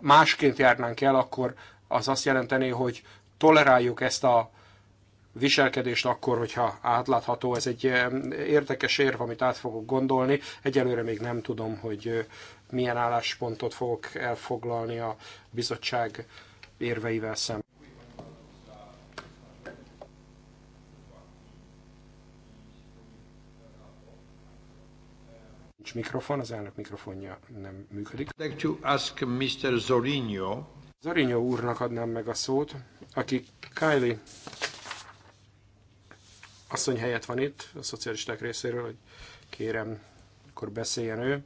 másként járnánk el, akkor az azt jelenteni, hogy toleráljuk ezt a viselkedést akkor, hogyha átlátható. Ez egy érdekes érv, amit át fogok gondolni. Egyelőre még nem tudom, hogy milyen álláspontot fogok elfoglalni a bizottság érveivel szemben. Nincs mikrofon, az elnök mikrofonja nem működik. I'd like to ask Mr. Zorinho. Zorinho úrnak adnám meg a szót, aki Kylie asszony helyett van itt, a szocialisták részéről, hogy kérem, akkor beszéljen ő.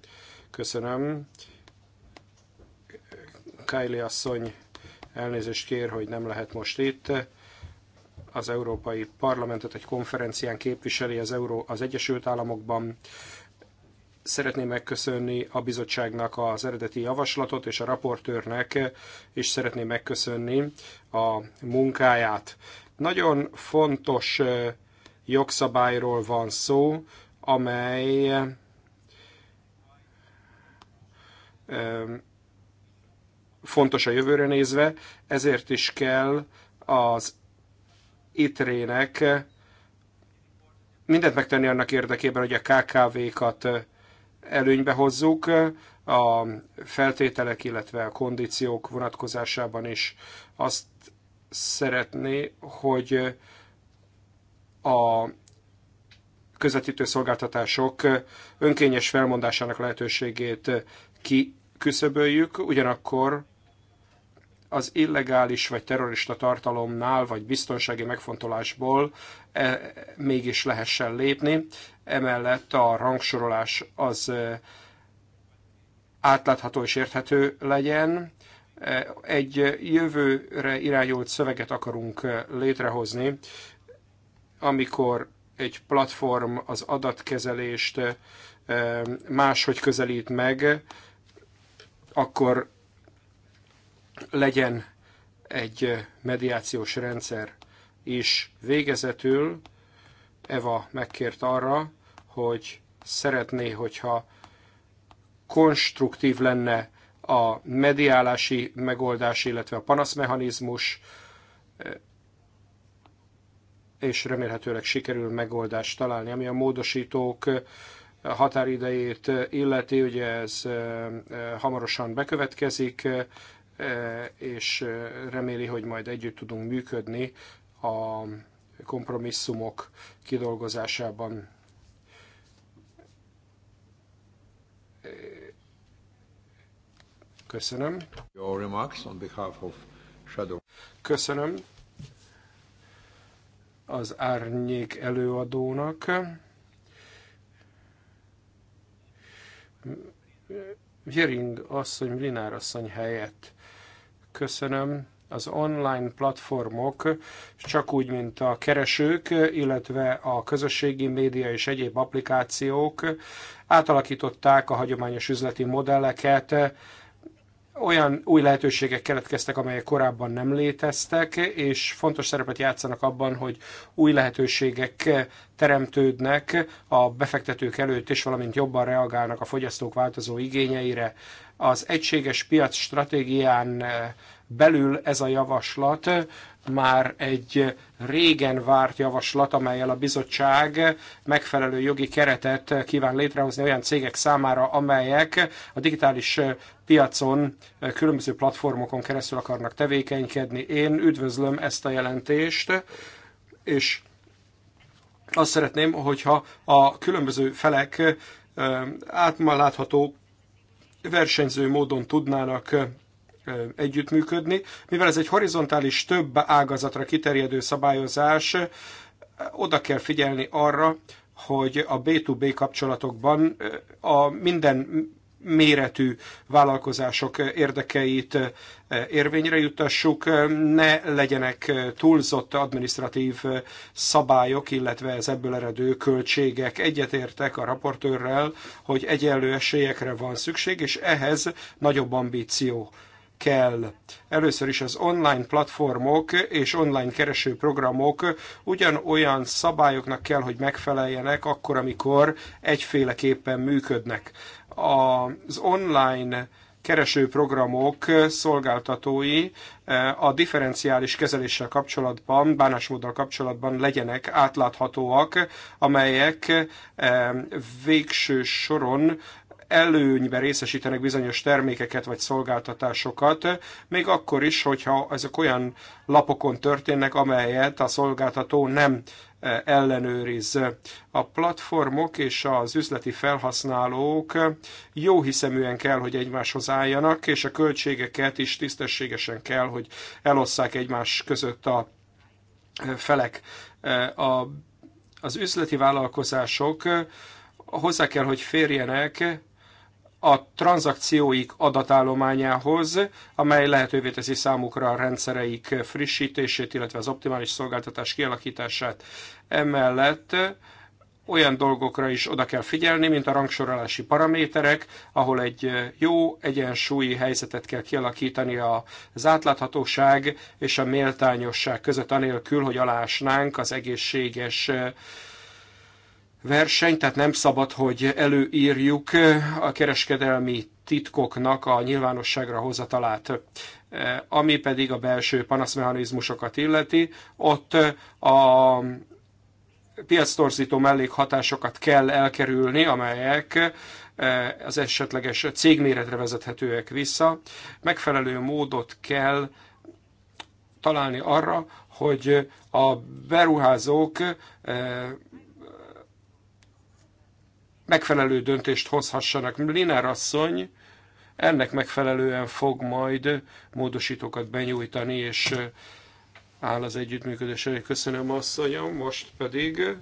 Köszönöm. Kylie asszony elnézést kér, hogy nem lehet most itt. Az Európai Parlamentet egy konferencián képviseli az, Euró, az Egyesült Államokban. Szeretném megköszönni a bizottságnak az eredeti javaslatot, és a raportőrnek és szeretném megköszönni a munkáját. Nagyon fontos jogszabályról van szó, amely fontos a jövőre nézve, ezért is kell az itre nek mindent megtenni annak érdekében, hogy a KKV-kat előnybe hozzuk a feltételek, illetve a kondíciók vonatkozásában is azt szeretné, hogy a közvetítő szolgáltatások önkényes felmondásának lehetőségét kiküszöböljük, ugyanakkor az illegális vagy terrorista tartalomnál, vagy biztonsági megfontolásból e, mégis lehessen lépni, emellett a rangsorolás az átlátható és érthető legyen. Egy jövőre irányult szöveget akarunk létrehozni, amikor egy platform az adatkezelést máshogy közelít meg, akkor legyen egy mediációs rendszer is végezetül Eva megkért arra, hogy szeretné, hogyha konstruktív lenne a mediálási megoldás, illetve a panaszmechanizmus, és remélhetőleg sikerül megoldást találni. Ami a módosítók határidejét illeti, ugye ez hamarosan bekövetkezik, és reméli, hogy majd együtt tudunk működni a kompromisszumok kidolgozásában Köszönöm. Your remarks on behalf of Shadow. Köszönöm az árnyék előadónak. Viering asszony, Linár asszony helyett. Köszönöm az online platformok csak úgy, mint a keresők, illetve a közösségi média és egyéb applikációk átalakították a hagyományos üzleti modelleket, olyan új lehetőségek keletkeztek, amelyek korábban nem léteztek, és fontos szerepet játszanak abban, hogy új lehetőségek teremtődnek a befektetők előtt, és valamint jobban reagálnak a fogyasztók változó igényeire. Az egységes piac stratégián belül ez a javaslat már egy régen várt javaslat, amelyel a bizottság megfelelő jogi keretet kíván létrehozni olyan cégek számára, amelyek a digitális piacon különböző platformokon keresztül akarnak tevékenykedni. Én üdvözlöm ezt a jelentést, és azt szeretném, hogyha a különböző felek látható versenyző módon tudnának együttműködni. Mivel ez egy horizontális több ágazatra kiterjedő szabályozás, oda kell figyelni arra, hogy a B2B kapcsolatokban a minden méretű vállalkozások érdekeit érvényre juttassuk, ne legyenek túlzott administratív szabályok, illetve az ebből eredő költségek. Egyetértek a raportőrrel, hogy egyenlő esélyekre van szükség, és ehhez nagyobb ambíció kell. Először is az online platformok és online keresőprogramok ugyanolyan szabályoknak kell, hogy megfeleljenek akkor, amikor egyféleképpen működnek. Az online keresőprogramok szolgáltatói eh, a differenciális kezeléssel kapcsolatban, bánásmóddal kapcsolatban legyenek átláthatóak, amelyek eh, végső soron előnybe részesítenek bizonyos termékeket vagy szolgáltatásokat, még akkor is, hogyha ezek olyan lapokon történnek, amelyet a szolgáltató nem e, ellenőriz. A platformok és az üzleti felhasználók jó hiszeműen kell, hogy egymáshoz álljanak, és a költségeket is tisztességesen kell, hogy elosszák egymás között a e, felek. E, a, az üzleti vállalkozások hozzá kell, hogy férjenek a tranzakcióik adatállományához, amely lehetővé teszi számukra a rendszereik frissítését, illetve az optimális szolgáltatás kialakítását. Emellett olyan dolgokra is oda kell figyelni, mint a rangsorolási paraméterek, ahol egy jó egyensúlyi helyzetet kell kialakítani az átláthatóság és a méltányosság között, anélkül, hogy alásnánk az egészséges verseny, tehát nem szabad, hogy előírjuk a kereskedelmi titkoknak a nyilvánosságra hozatalát. Ami pedig a belső panaszmechanizmusokat illeti, ott a piactorzító mellékhatásokat kell elkerülni, amelyek e, az esetleges cégméretre vezethetőek vissza. Megfelelő módot kell találni arra, hogy a beruházók e, megfelelő döntést hozhassanak. Linár asszony ennek megfelelően fog majd módosítókat benyújtani, és áll az együttműködés elé. Köszönöm, asszonyom. Most pedig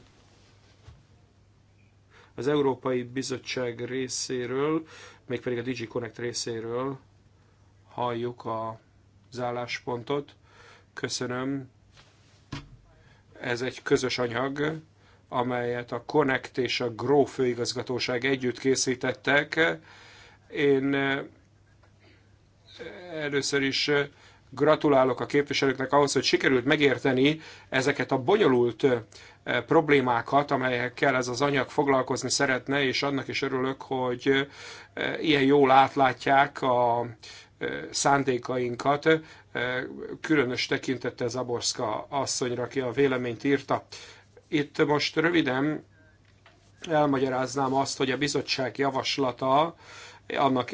az Európai Bizottság részéről, mégpedig a DigiConnect Connect részéről halljuk a álláspontot. Köszönöm. Ez egy közös anyag, amelyet a Connect és a Grow főigazgatóság együtt készítettek. Én eh, először is eh, gratulálok a képviselőknek ahhoz, hogy sikerült megérteni ezeket a bonyolult eh, problémákat, amelyekkel ez az anyag foglalkozni szeretne, és annak is örülök, hogy ilyen jól átlátják a szándékainkat, különös tekintettel Zaborska asszonyra, aki a véleményt írta. Itt most röviden elmagyaráznám azt, hogy a bizottság javaslata, annak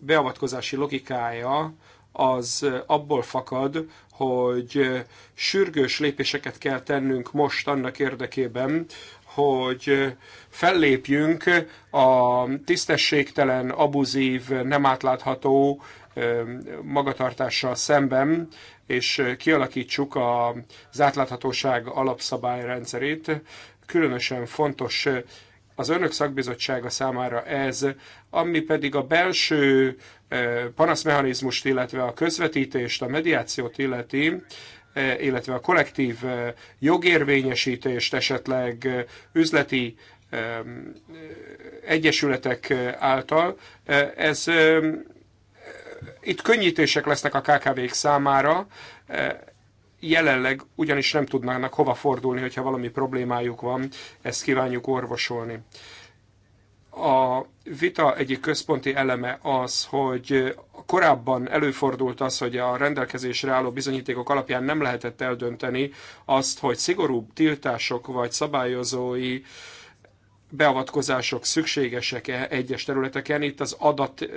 beavatkozási logikája az abból fakad, hogy sürgős lépéseket kell tennünk most annak érdekében, hogy fellépjünk a tisztességtelen, abuzív, nem átlátható magatartással szemben, és kialakítsuk az átláthatóság alapszabályrendszerét. Különösen fontos az önök szakbizottsága számára ez, ami pedig a belső panaszmechanizmust, illetve a közvetítést, a mediációt illeti, illetve a kollektív jogérvényesítést, esetleg üzleti egyesületek által. Ez itt könnyítések lesznek a KKV-k számára, e, jelenleg ugyanis nem tudnának hova fordulni, hogyha valami problémájuk van, ezt kívánjuk orvosolni. A vita egyik központi eleme az, hogy korábban előfordult az, hogy a rendelkezésre álló bizonyítékok alapján nem lehetett eldönteni azt, hogy szigorúbb tiltások vagy szabályozói beavatkozások szükségesek-e egyes területeken. Itt az adat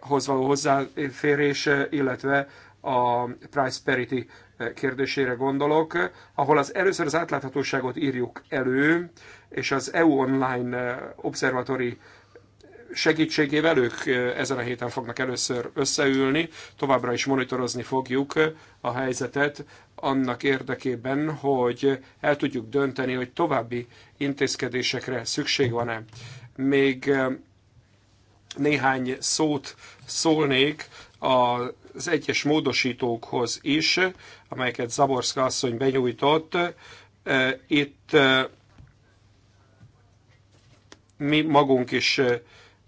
hoz való hozzáférés, illetve a price parity kérdésére gondolok, ahol az először az átláthatóságot írjuk elő, és az EU Online Observatory segítségével ők ezen a héten fognak először összeülni, továbbra is monitorozni fogjuk a helyzetet annak érdekében, hogy el tudjuk dönteni, hogy további intézkedésekre szükség van-e. Még néhány szót szólnék az egyes módosítókhoz is, amelyeket Zaborszka asszony benyújtott. Itt mi magunk is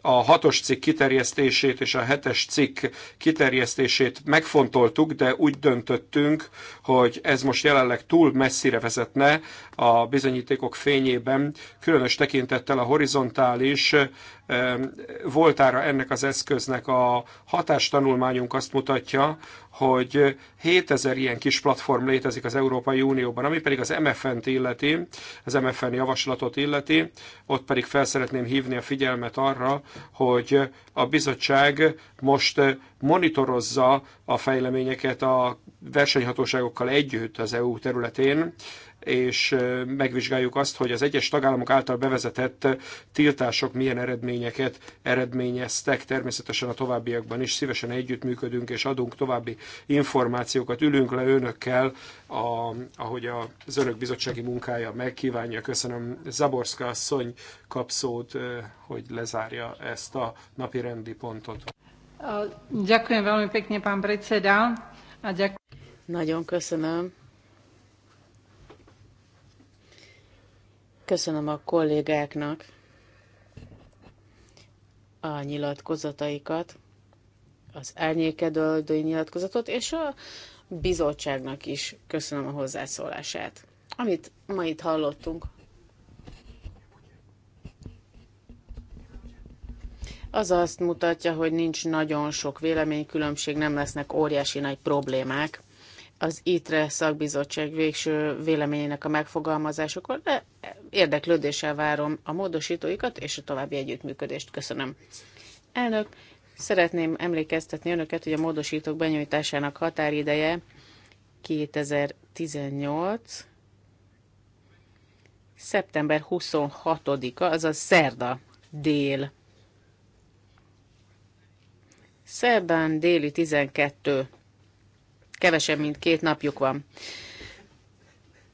a hatos cikk kiterjesztését és a hetes cikk kiterjesztését megfontoltuk, de úgy döntöttünk, hogy ez most jelenleg túl messzire vezetne a bizonyítékok fényében, különös tekintettel a horizontális voltára ennek az eszköznek a hatástanulmányunk azt mutatja, hogy 7000 ilyen kis platform létezik az Európai Unióban, ami pedig az MFN-t illeti, az MFN javaslatot illeti, ott pedig felszeretném hívni a figyelmet arra, hogy a bizottság most monitorozza a fejleményeket a versenyhatóságokkal együtt az EU területén, és megvizsgáljuk azt, hogy az egyes tagállamok által bevezetett tiltások milyen eredményeket eredményeztek. Természetesen a továbbiakban is szívesen együttműködünk és adunk további információkat. Ülünk le önökkel, a, ahogy az önök bizottsági munkája megkívánja. Köszönöm Zaborszka asszony kapszót, hogy lezárja ezt a napi rendi pontot. Ďakujem veľmi pekne, pán predseda. A Nagyon köszönöm. Köszönöm a kollégáknak a nyilatkozataikat, az árnyékedöldői nyilatkozatot, és a bizottságnak is köszönöm a hozzászólását. Amit ma itt hallottunk, az azt mutatja, hogy nincs nagyon sok véleménykülönbség, nem lesznek óriási nagy problémák az ITRE szakbizottság végső véleményének a megfogalmazásokon, de érdeklődéssel várom a módosítóikat és a további együttműködést. Köszönöm. Elnök, szeretném emlékeztetni önöket, hogy a módosítók benyújtásának határideje 2018. szeptember 26-a, azaz szerda dél Szebán déli 12. Kevesebb, mint két napjuk van.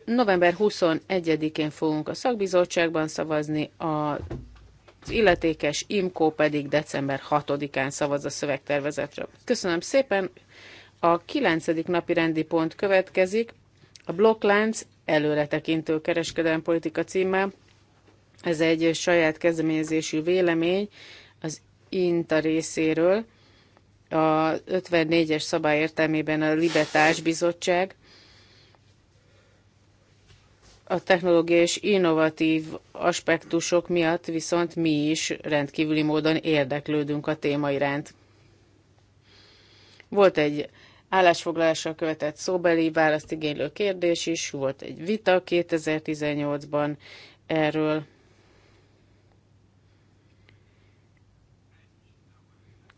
November 21-én fogunk a szakbizottságban szavazni, az illetékes IMKO pedig december 6-án szavaz a szövegtervezetről. Köszönöm szépen! A 9. napi rendi pont következik, a blokklánc előretekintő kereskedelmi politika címmel. Ez egy saját kezdeményezésű vélemény az INTA részéről a 54-es szabály értelmében a Libetás Bizottság a technológiai és innovatív aspektusok miatt viszont mi is rendkívüli módon érdeklődünk a téma iránt. Volt egy állásfoglalással követett szóbeli választigénylő kérdés is, volt egy vita 2018-ban erről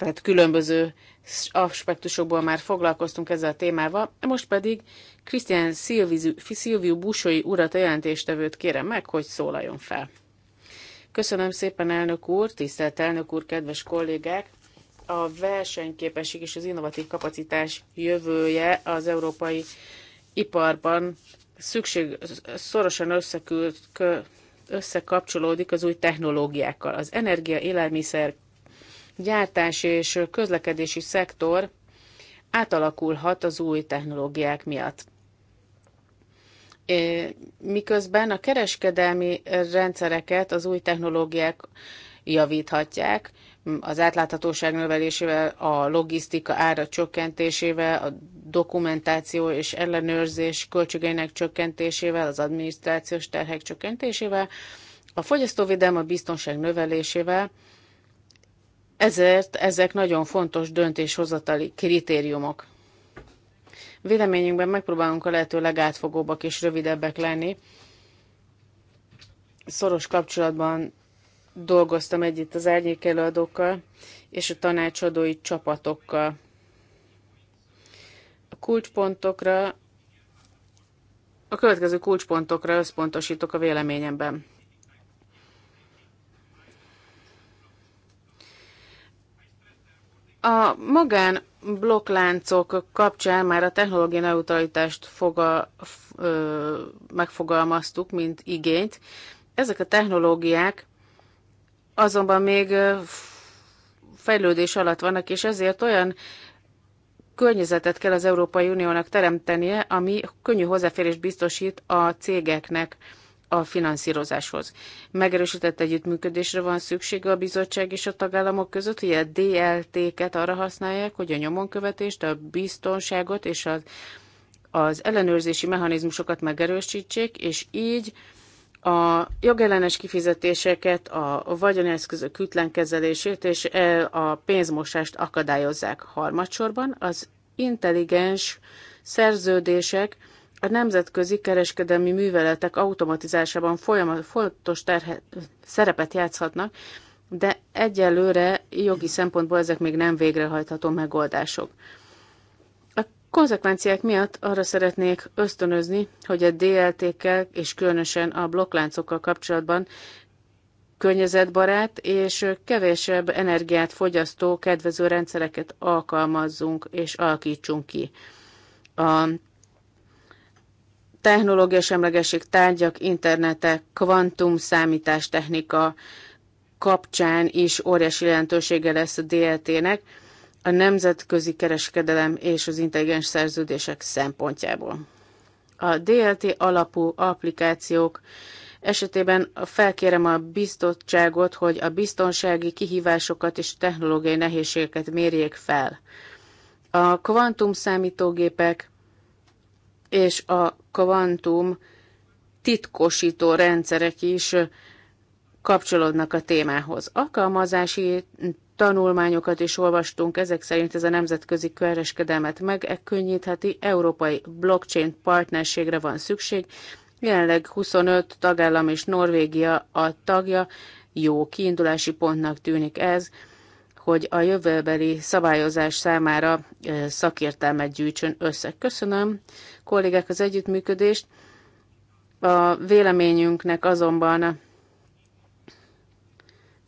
tehát különböző aspektusokból már foglalkoztunk ezzel a témával, most pedig Krisztián Szilviu Busoi urat a jelentéstevőt kérem meg, hogy szólaljon fel. Köszönöm szépen, elnök úr, tisztelt elnök úr, kedves kollégák! A versenyképesség és az innovatív kapacitás jövője az európai iparban szükség szorosan összekült, összekapcsolódik az új technológiákkal. Az energia, élelmiszer, gyártás és közlekedési szektor átalakulhat az új technológiák miatt. Miközben a kereskedelmi rendszereket az új technológiák javíthatják, az átláthatóság növelésével, a logisztika ára csökkentésével, a dokumentáció és ellenőrzés költségeinek csökkentésével, az adminisztrációs terhek csökkentésével, a fogyasztóvédelem a biztonság növelésével, ezért ezek nagyon fontos döntéshozatali kritériumok. Véleményünkben megpróbálunk a lehető legátfogóbbak és rövidebbek lenni. Szoros kapcsolatban dolgoztam együtt az árnyékelőadókkal és a tanácsadói csapatokkal. A kulcspontokra, a következő kulcspontokra összpontosítok a véleményemben. A magán blokkláncok kapcsán már a technológiai neutralitást foga, ö, megfogalmaztuk, mint igényt. Ezek a technológiák azonban még fejlődés alatt vannak, és ezért olyan környezetet kell az Európai Uniónak teremtenie, ami könnyű hozzáférés biztosít a cégeknek a finanszírozáshoz. Megerősített együttműködésre van szüksége a bizottság és a tagállamok között, hogy a DLT-ket arra használják, hogy a nyomonkövetést, a biztonságot és az, az ellenőrzési mechanizmusokat megerősítsék, és így a jogellenes kifizetéseket, a vagyoneszközök ütlenkezelését és e, a pénzmosást akadályozzák. Harmadsorban az intelligens szerződések a nemzetközi kereskedelmi műveletek automatizásában folyamat, fontos terhe, szerepet játszhatnak, de egyelőre jogi szempontból ezek még nem végrehajtható megoldások. A konzekvenciák miatt arra szeretnék ösztönözni, hogy a DLT-kkel és különösen a blokkláncokkal kapcsolatban környezetbarát és kevésebb energiát fogyasztó kedvező rendszereket alkalmazzunk és alakítsunk ki. A technológia semlegesség, tárgyak, internete, kvantum számítástechnika kapcsán is óriási jelentősége lesz a DLT-nek a nemzetközi kereskedelem és az intelligens szerződések szempontjából. A DLT alapú applikációk esetében felkérem a biztottságot, hogy a biztonsági kihívásokat és technológiai nehézségeket mérjék fel. A kvantum számítógépek és a kvantum titkosító rendszerek is kapcsolódnak a témához. Alkalmazási tanulmányokat is olvastunk, ezek szerint ez a nemzetközi kereskedelmet megkönnyítheti, európai blockchain partnerségre van szükség, jelenleg 25 tagállam és Norvégia a tagja, jó kiindulási pontnak tűnik ez, hogy a jövőbeli szabályozás számára szakértelmet gyűjtsön össze. Köszönöm, kollégák, az együttműködést. A véleményünknek azonban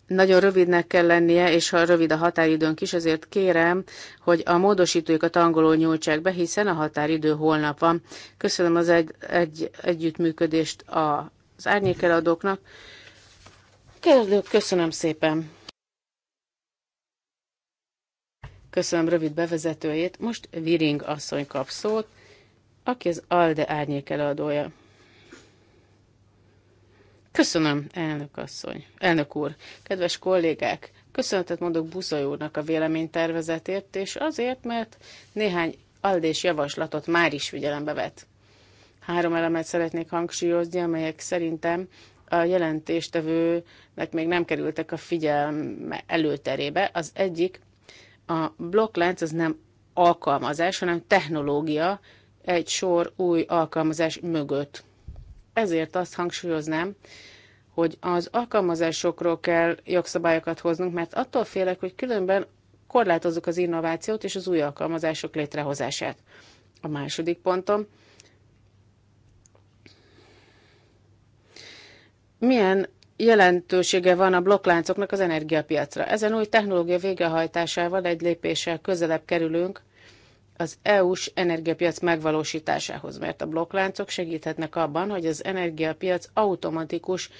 nagyon rövidnek kell lennie, és ha rövid a határidőnk is, ezért kérem, hogy a módosítóikat angolul nyújtsák be, hiszen a határidő holnap van. Köszönöm az egy, egy, együttműködést az árnyékeladóknak. Kérdők, köszönöm szépen! Köszönöm rövid bevezetőjét. Most Viring asszony kap szót, aki az ALDE árnyék eladója. Köszönöm, elnök asszony, elnök úr, kedves kollégák! Köszönetet mondok Buszai úrnak a véleménytervezetért, és azért, mert néhány aldés javaslatot már is figyelembe vett. Három elemet szeretnék hangsúlyozni, amelyek szerintem a jelentéstevőnek még nem kerültek a figyelme előterébe. Az egyik a blokklánc az nem alkalmazás, hanem technológia egy sor új alkalmazás mögött. Ezért azt hangsúlyoznám, hogy az alkalmazásokról kell jogszabályokat hoznunk, mert attól félek, hogy különben korlátozzuk az innovációt és az új alkalmazások létrehozását. A második pontom, milyen jelentősége van a blokkláncoknak az energiapiacra. Ezen új technológia végrehajtásával egy lépéssel közelebb kerülünk az EU-s energiapiac megvalósításához, mert a blokkláncok segíthetnek abban, hogy az energiapiac automatikus,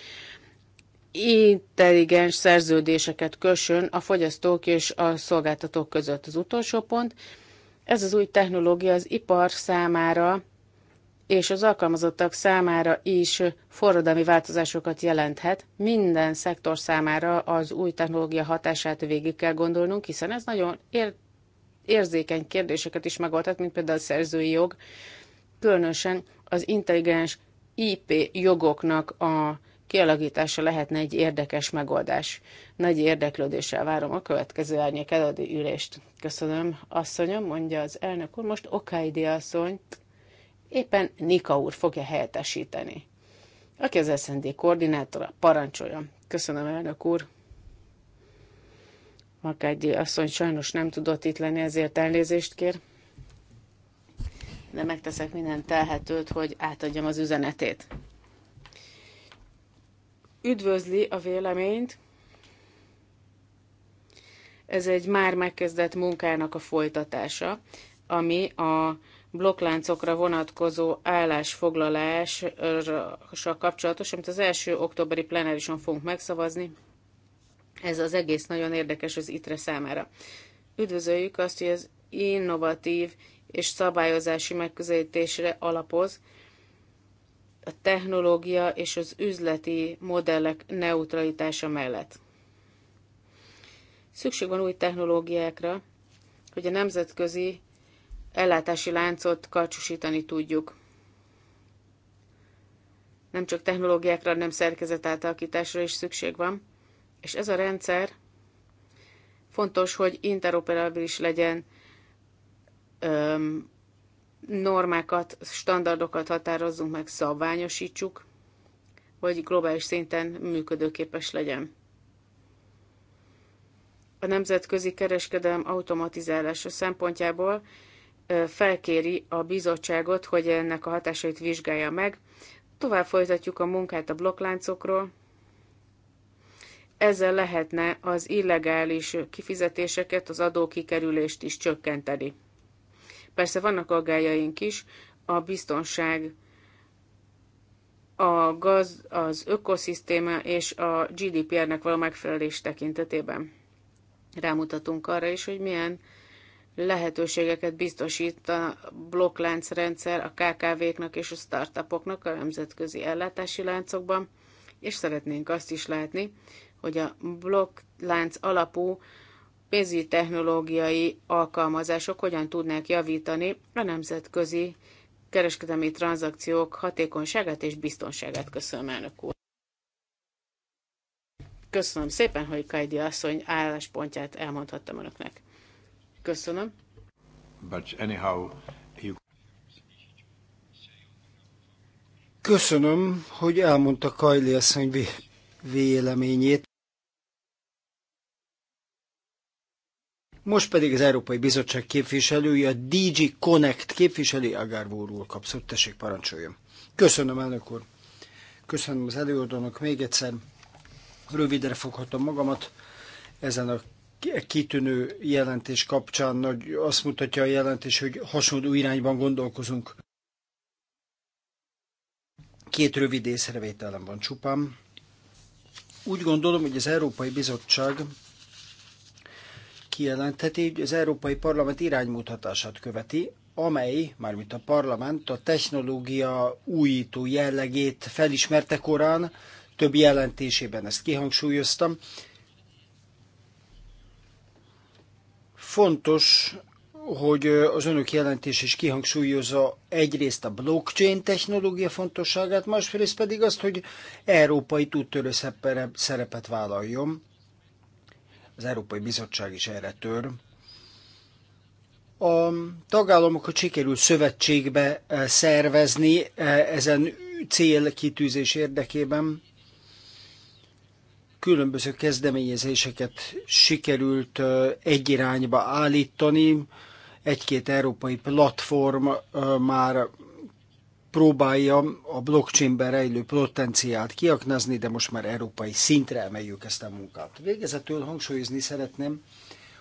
intelligens szerződéseket kössön a fogyasztók és a szolgáltatók között. Az utolsó pont, ez az új technológia az ipar számára és az alkalmazottak számára is forradalmi változásokat jelenthet. Minden szektor számára az új technológia hatását végig kell gondolnunk, hiszen ez nagyon ér- érzékeny kérdéseket is megoldhat, mint például a szerzői jog, különösen az intelligens IP jogoknak a kialakítása lehetne egy érdekes megoldás. Nagy érdeklődéssel várom a következő árnyék előadó ülést. Köszönöm, asszonyom, mondja az elnök úr. Most Okaidi asszony éppen Nika úr fogja helyettesíteni. Aki az SZND koordinátora, parancsolja. Köszönöm, elnök úr. Makágyi asszony sajnos nem tudott itt lenni, ezért elnézést kér. De megteszek minden telhetőt, hogy átadjam az üzenetét. Üdvözli a véleményt. Ez egy már megkezdett munkának a folytatása, ami a blokkláncokra vonatkozó állásfoglalással kapcsolatos, amit az első októberi plenárison fogunk megszavazni. Ez az egész nagyon érdekes az ITRE számára. Üdvözöljük azt, hogy az innovatív és szabályozási megközelítésre alapoz, a technológia és az üzleti modellek neutralitása mellett. Szükség van új technológiákra, hogy a nemzetközi ellátási láncot karcsúsítani tudjuk. Nem csak technológiákra, hanem szerkezet átalakításra is szükség van, és ez a rendszer fontos, hogy interoperabilis legyen, öm, normákat, standardokat határozzunk meg, szabványosítsuk, hogy globális szinten működőképes legyen. A nemzetközi kereskedelem automatizálása szempontjából felkéri a bizottságot, hogy ennek a hatásait vizsgálja meg. Tovább folytatjuk a munkát a blokkláncokról. Ezzel lehetne az illegális kifizetéseket, az adókikerülést is csökkenteni. Persze vannak aggájaink is, a biztonság, a gaz, az ökoszisztéma és a GDPR-nek való megfelelés tekintetében. Rámutatunk arra is, hogy milyen lehetőségeket biztosít a blokklánc rendszer a KKV-knak és a startupoknak a nemzetközi ellátási láncokban, és szeretnénk azt is látni, hogy a blokklánc alapú pénzügyi technológiai alkalmazások hogyan tudnák javítani a nemzetközi kereskedelmi tranzakciók hatékonyságát és biztonságát. Köszönöm, elnök úr. Köszönöm szépen, hogy Kajdi asszony álláspontját elmondhattam önöknek. Köszönöm. But anyhow, you... Köszönöm, hogy elmondta Kajli asszony véleményét. Most pedig az Európai Bizottság képviselője, a DG Connect képviselő Agárvóról kapszott. Tessék, parancsoljon. Köszönöm, elnök úr. Köszönöm az előadónak még egyszer. Rövidre foghatom magamat ezen a kitűnő jelentés kapcsán nagy, azt mutatja a jelentés, hogy hasonló irányban gondolkozunk. Két rövid észrevételem van csupán. Úgy gondolom, hogy az Európai Bizottság kijelentheti, hogy az Európai Parlament iránymutatását követi, amely, mármint a parlament, a technológia újító jellegét felismerte korán, több jelentésében ezt kihangsúlyoztam, Fontos, hogy az önök jelentés is kihangsúlyozza egyrészt a blockchain technológia fontosságát, másrészt pedig azt, hogy európai úttörő szerepet vállaljon. Az Európai Bizottság is erre tör. A tagállamokat sikerül szövetségbe szervezni ezen célkitűzés érdekében, különböző kezdeményezéseket sikerült egy irányba állítani, egy-két európai platform már próbálja a blockchain-ben rejlő potenciált kiaknázni, de most már európai szintre emeljük ezt a munkát. Végezetül hangsúlyozni szeretném,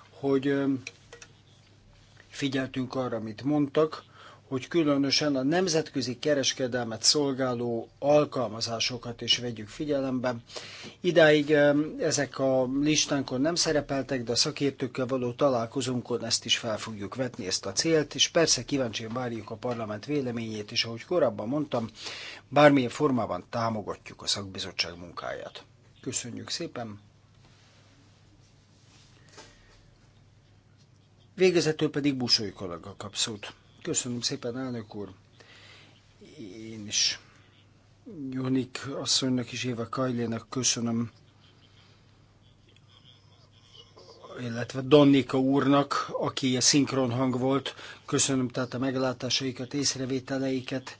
hogy figyeltünk arra, amit mondtak, hogy különösen a nemzetközi kereskedelmet szolgáló alkalmazásokat is vegyük figyelembe. Idáig ezek a listánkon nem szerepeltek, de a szakértőkkel való találkozónkon ezt is fel fogjuk vetni, ezt a célt, és persze kíváncsian várjuk a parlament véleményét, és ahogy korábban mondtam, bármilyen formában támogatjuk a szakbizottság munkáját. Köszönjük szépen! Végezetül pedig Busoly kollega kap szót. Köszönöm szépen, elnök úr. Én is Jónik asszonynak és Éva Kajlének köszönöm, illetve Donnika úrnak, aki a hang volt, köszönöm tehát a meglátásaikat, észrevételeiket,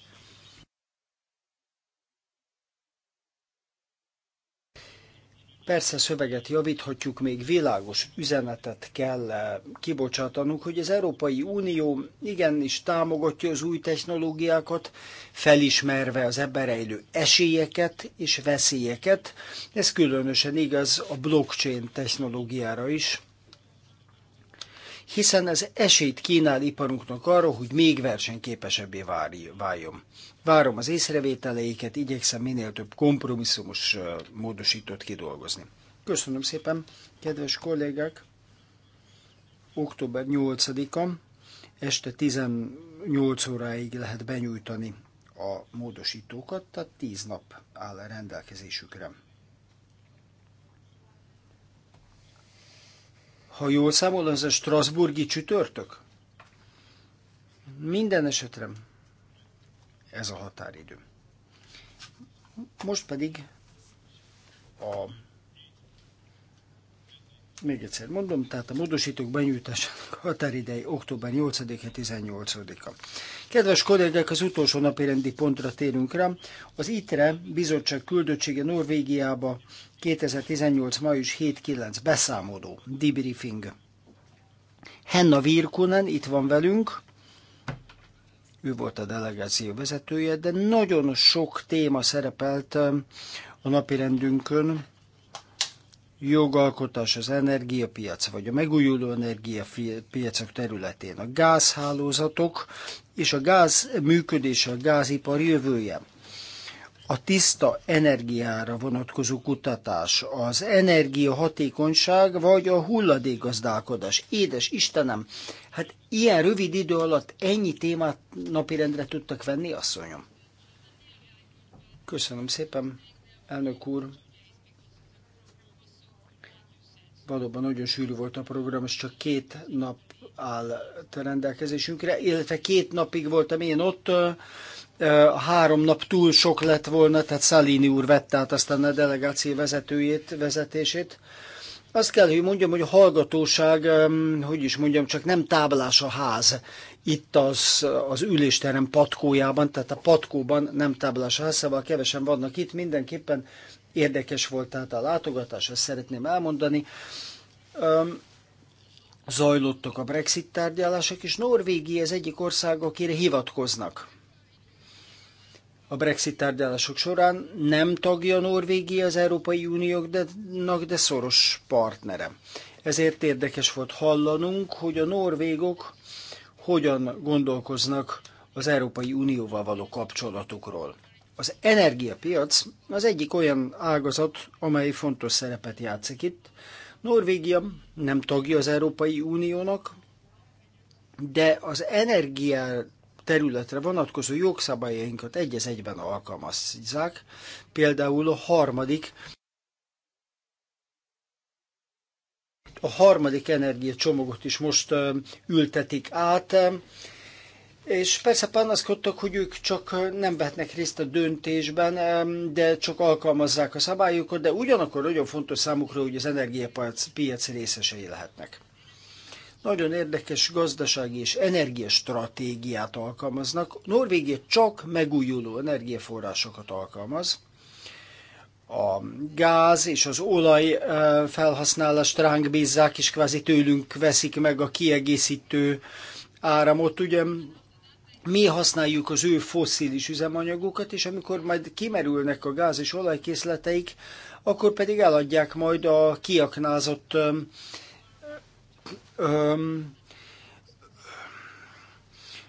Persze szöveget javíthatjuk, még világos üzenetet kell eh, kibocsátanunk, hogy az Európai Unió igenis támogatja az új technológiákat, felismerve az ebben rejlő esélyeket és veszélyeket. Ez különösen igaz a blockchain technológiára is hiszen ez esélyt kínál iparunknak arra, hogy még versenyképesebbé váljon. Várom az észrevételeiket, igyekszem minél több kompromisszumos módosítót kidolgozni. Köszönöm szépen, kedves kollégák! Október 8-a este 18 óráig lehet benyújtani a módosítókat, tehát 10 nap áll a rendelkezésükre. Ha jól számolom, ez a Strasburgi csütörtök? Minden esetre ez a határidő. Most pedig a még egyszer mondom, tehát a módosítók benyújtásának határidei október 8-e 18-a. Kedves kollégák, az utolsó napi rendi pontra térünk rá. Az ITRE bizottság küldöttsége Norvégiába 2018. május 7-9 beszámoló, debriefing. Henna Virkunen itt van velünk, ő volt a delegáció vezetője, de nagyon sok téma szerepelt a napirendünkön, jogalkotás az energiapiac vagy a megújuló energiapiacok területén, a gázhálózatok és a gáz működése, a gázipar jövője. A tiszta energiára vonatkozó kutatás, az energiahatékonyság vagy a hulladékgazdálkodás. Édes Istenem, hát ilyen rövid idő alatt ennyi témát napirendre tudtak venni, asszonyom. Köszönöm szépen, elnök úr valóban nagyon sűrű volt a program, és csak két nap áll rendelkezésünkre, illetve két napig voltam én ott, három nap túl sok lett volna, tehát Szalini úr vette át aztán a delegáció vezetőjét, vezetését. Azt kell, hogy mondjam, hogy a hallgatóság, hogy is mondjam, csak nem táblás a ház. Itt az, az ülésterem patkójában, tehát a patkóban nem táblás a ház, szóval kevesen vannak itt. Mindenképpen Érdekes volt tehát a látogatás, ezt szeretném elmondani. Um, zajlottak a Brexit tárgyalások, és Norvégia az egyik ország, akire hivatkoznak. A Brexit tárgyalások során nem tagja Norvégia az Európai Uniónak, de szoros partnere. Ezért érdekes volt hallanunk, hogy a norvégok hogyan gondolkoznak az Európai Unióval való kapcsolatukról. Az energiapiac az egyik olyan ágazat, amely fontos szerepet játszik itt. Norvégia nem tagja az Európai Uniónak, de az energia területre vonatkozó jogszabályainkat egy az egyben alkalmazzák. Például a harmadik a harmadik energiacsomagot is most ültetik át, és persze panaszkodtak, hogy ők csak nem vetnek részt a döntésben, de csak alkalmazzák a szabályokat, de ugyanakkor nagyon fontos számukra, hogy az energiapiac részesei lehetnek. Nagyon érdekes gazdasági és energiastratégiát alkalmaznak. Norvégia csak megújuló energiaforrásokat alkalmaz. A gáz és az olaj felhasználást ránk bízzák, és kvázi tőlünk veszik meg a kiegészítő áramot, ugye mi használjuk az ő fosszilis üzemanyagokat, és amikor majd kimerülnek a gáz és olajkészleteik, akkor pedig eladják majd a kiaknázott öm, öm,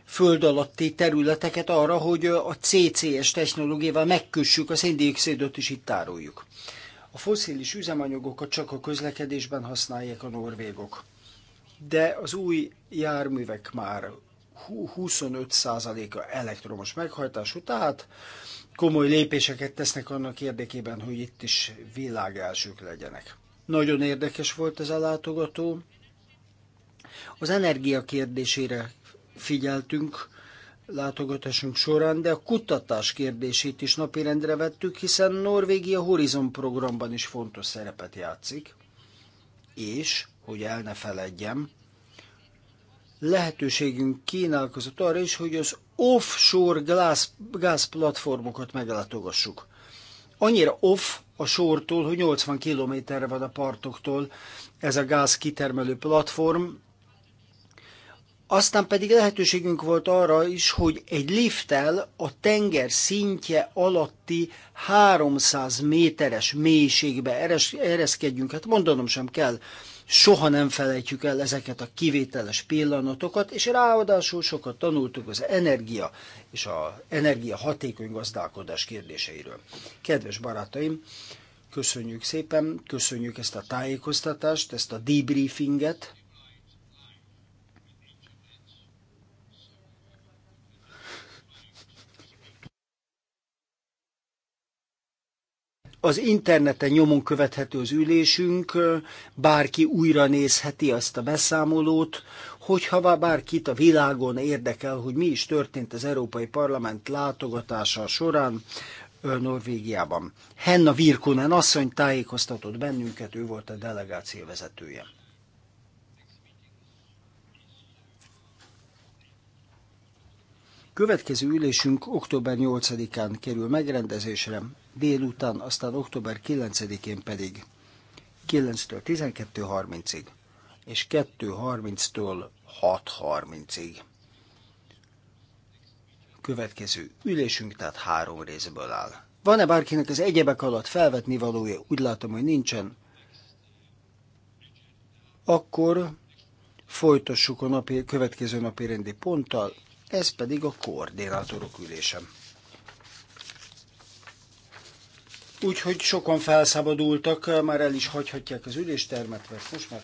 föld alatti területeket arra, hogy a CCS technológiával megkössük a széndiokszidot, és itt tároljuk. A foszilis üzemanyagokat csak a közlekedésben használják a norvégok. De az új járművek már 25%-a elektromos meghajtású, tehát komoly lépéseket tesznek annak érdekében, hogy itt is világelsők legyenek. Nagyon érdekes volt ez a látogató. Az energia kérdésére figyeltünk látogatásunk során, de a kutatás kérdését is napirendre vettük, hiszen Norvégia Horizon programban is fontos szerepet játszik. És, hogy el ne feledjem, lehetőségünk kínálkozott arra is, hogy az offshore gáz, gázplatformokat meglátogassuk. Annyira off a sortól, hogy 80 kilométerre van a partoktól ez a gáz kitermelő platform, aztán pedig lehetőségünk volt arra is, hogy egy lifttel a tenger szintje alatti 300 méteres mélységbe ereszkedjünk. Hát mondanom sem kell, Soha nem felejtjük el ezeket a kivételes pillanatokat, és ráadásul sokat tanultuk az energia és a energia hatékony gazdálkodás kérdéseiről. Kedves barátaim, köszönjük szépen, köszönjük ezt a tájékoztatást, ezt a debriefinget, az interneten nyomon követhető az ülésünk, bárki újra nézheti azt a beszámolót, hogyha bárkit a világon érdekel, hogy mi is történt az Európai Parlament látogatása során Norvégiában. Henna Virkunen asszony tájékoztatott bennünket, ő volt a delegáció vezetője. Következő ülésünk október 8-án kerül megrendezésre, délután, aztán október 9-én pedig 9-től 12.30-ig, és 2.30-től 6.30-ig. Következő ülésünk tehát három részből áll. Van-e bárkinek az egyebek alatt felvetni valója? Úgy látom, hogy nincsen. Akkor folytassuk a napi, következő napi rendi ponttal, ez pedig a koordinátorok ülésem. Úgyhogy sokan felszabadultak, már el is hagyhatják az üléstermet, mert most már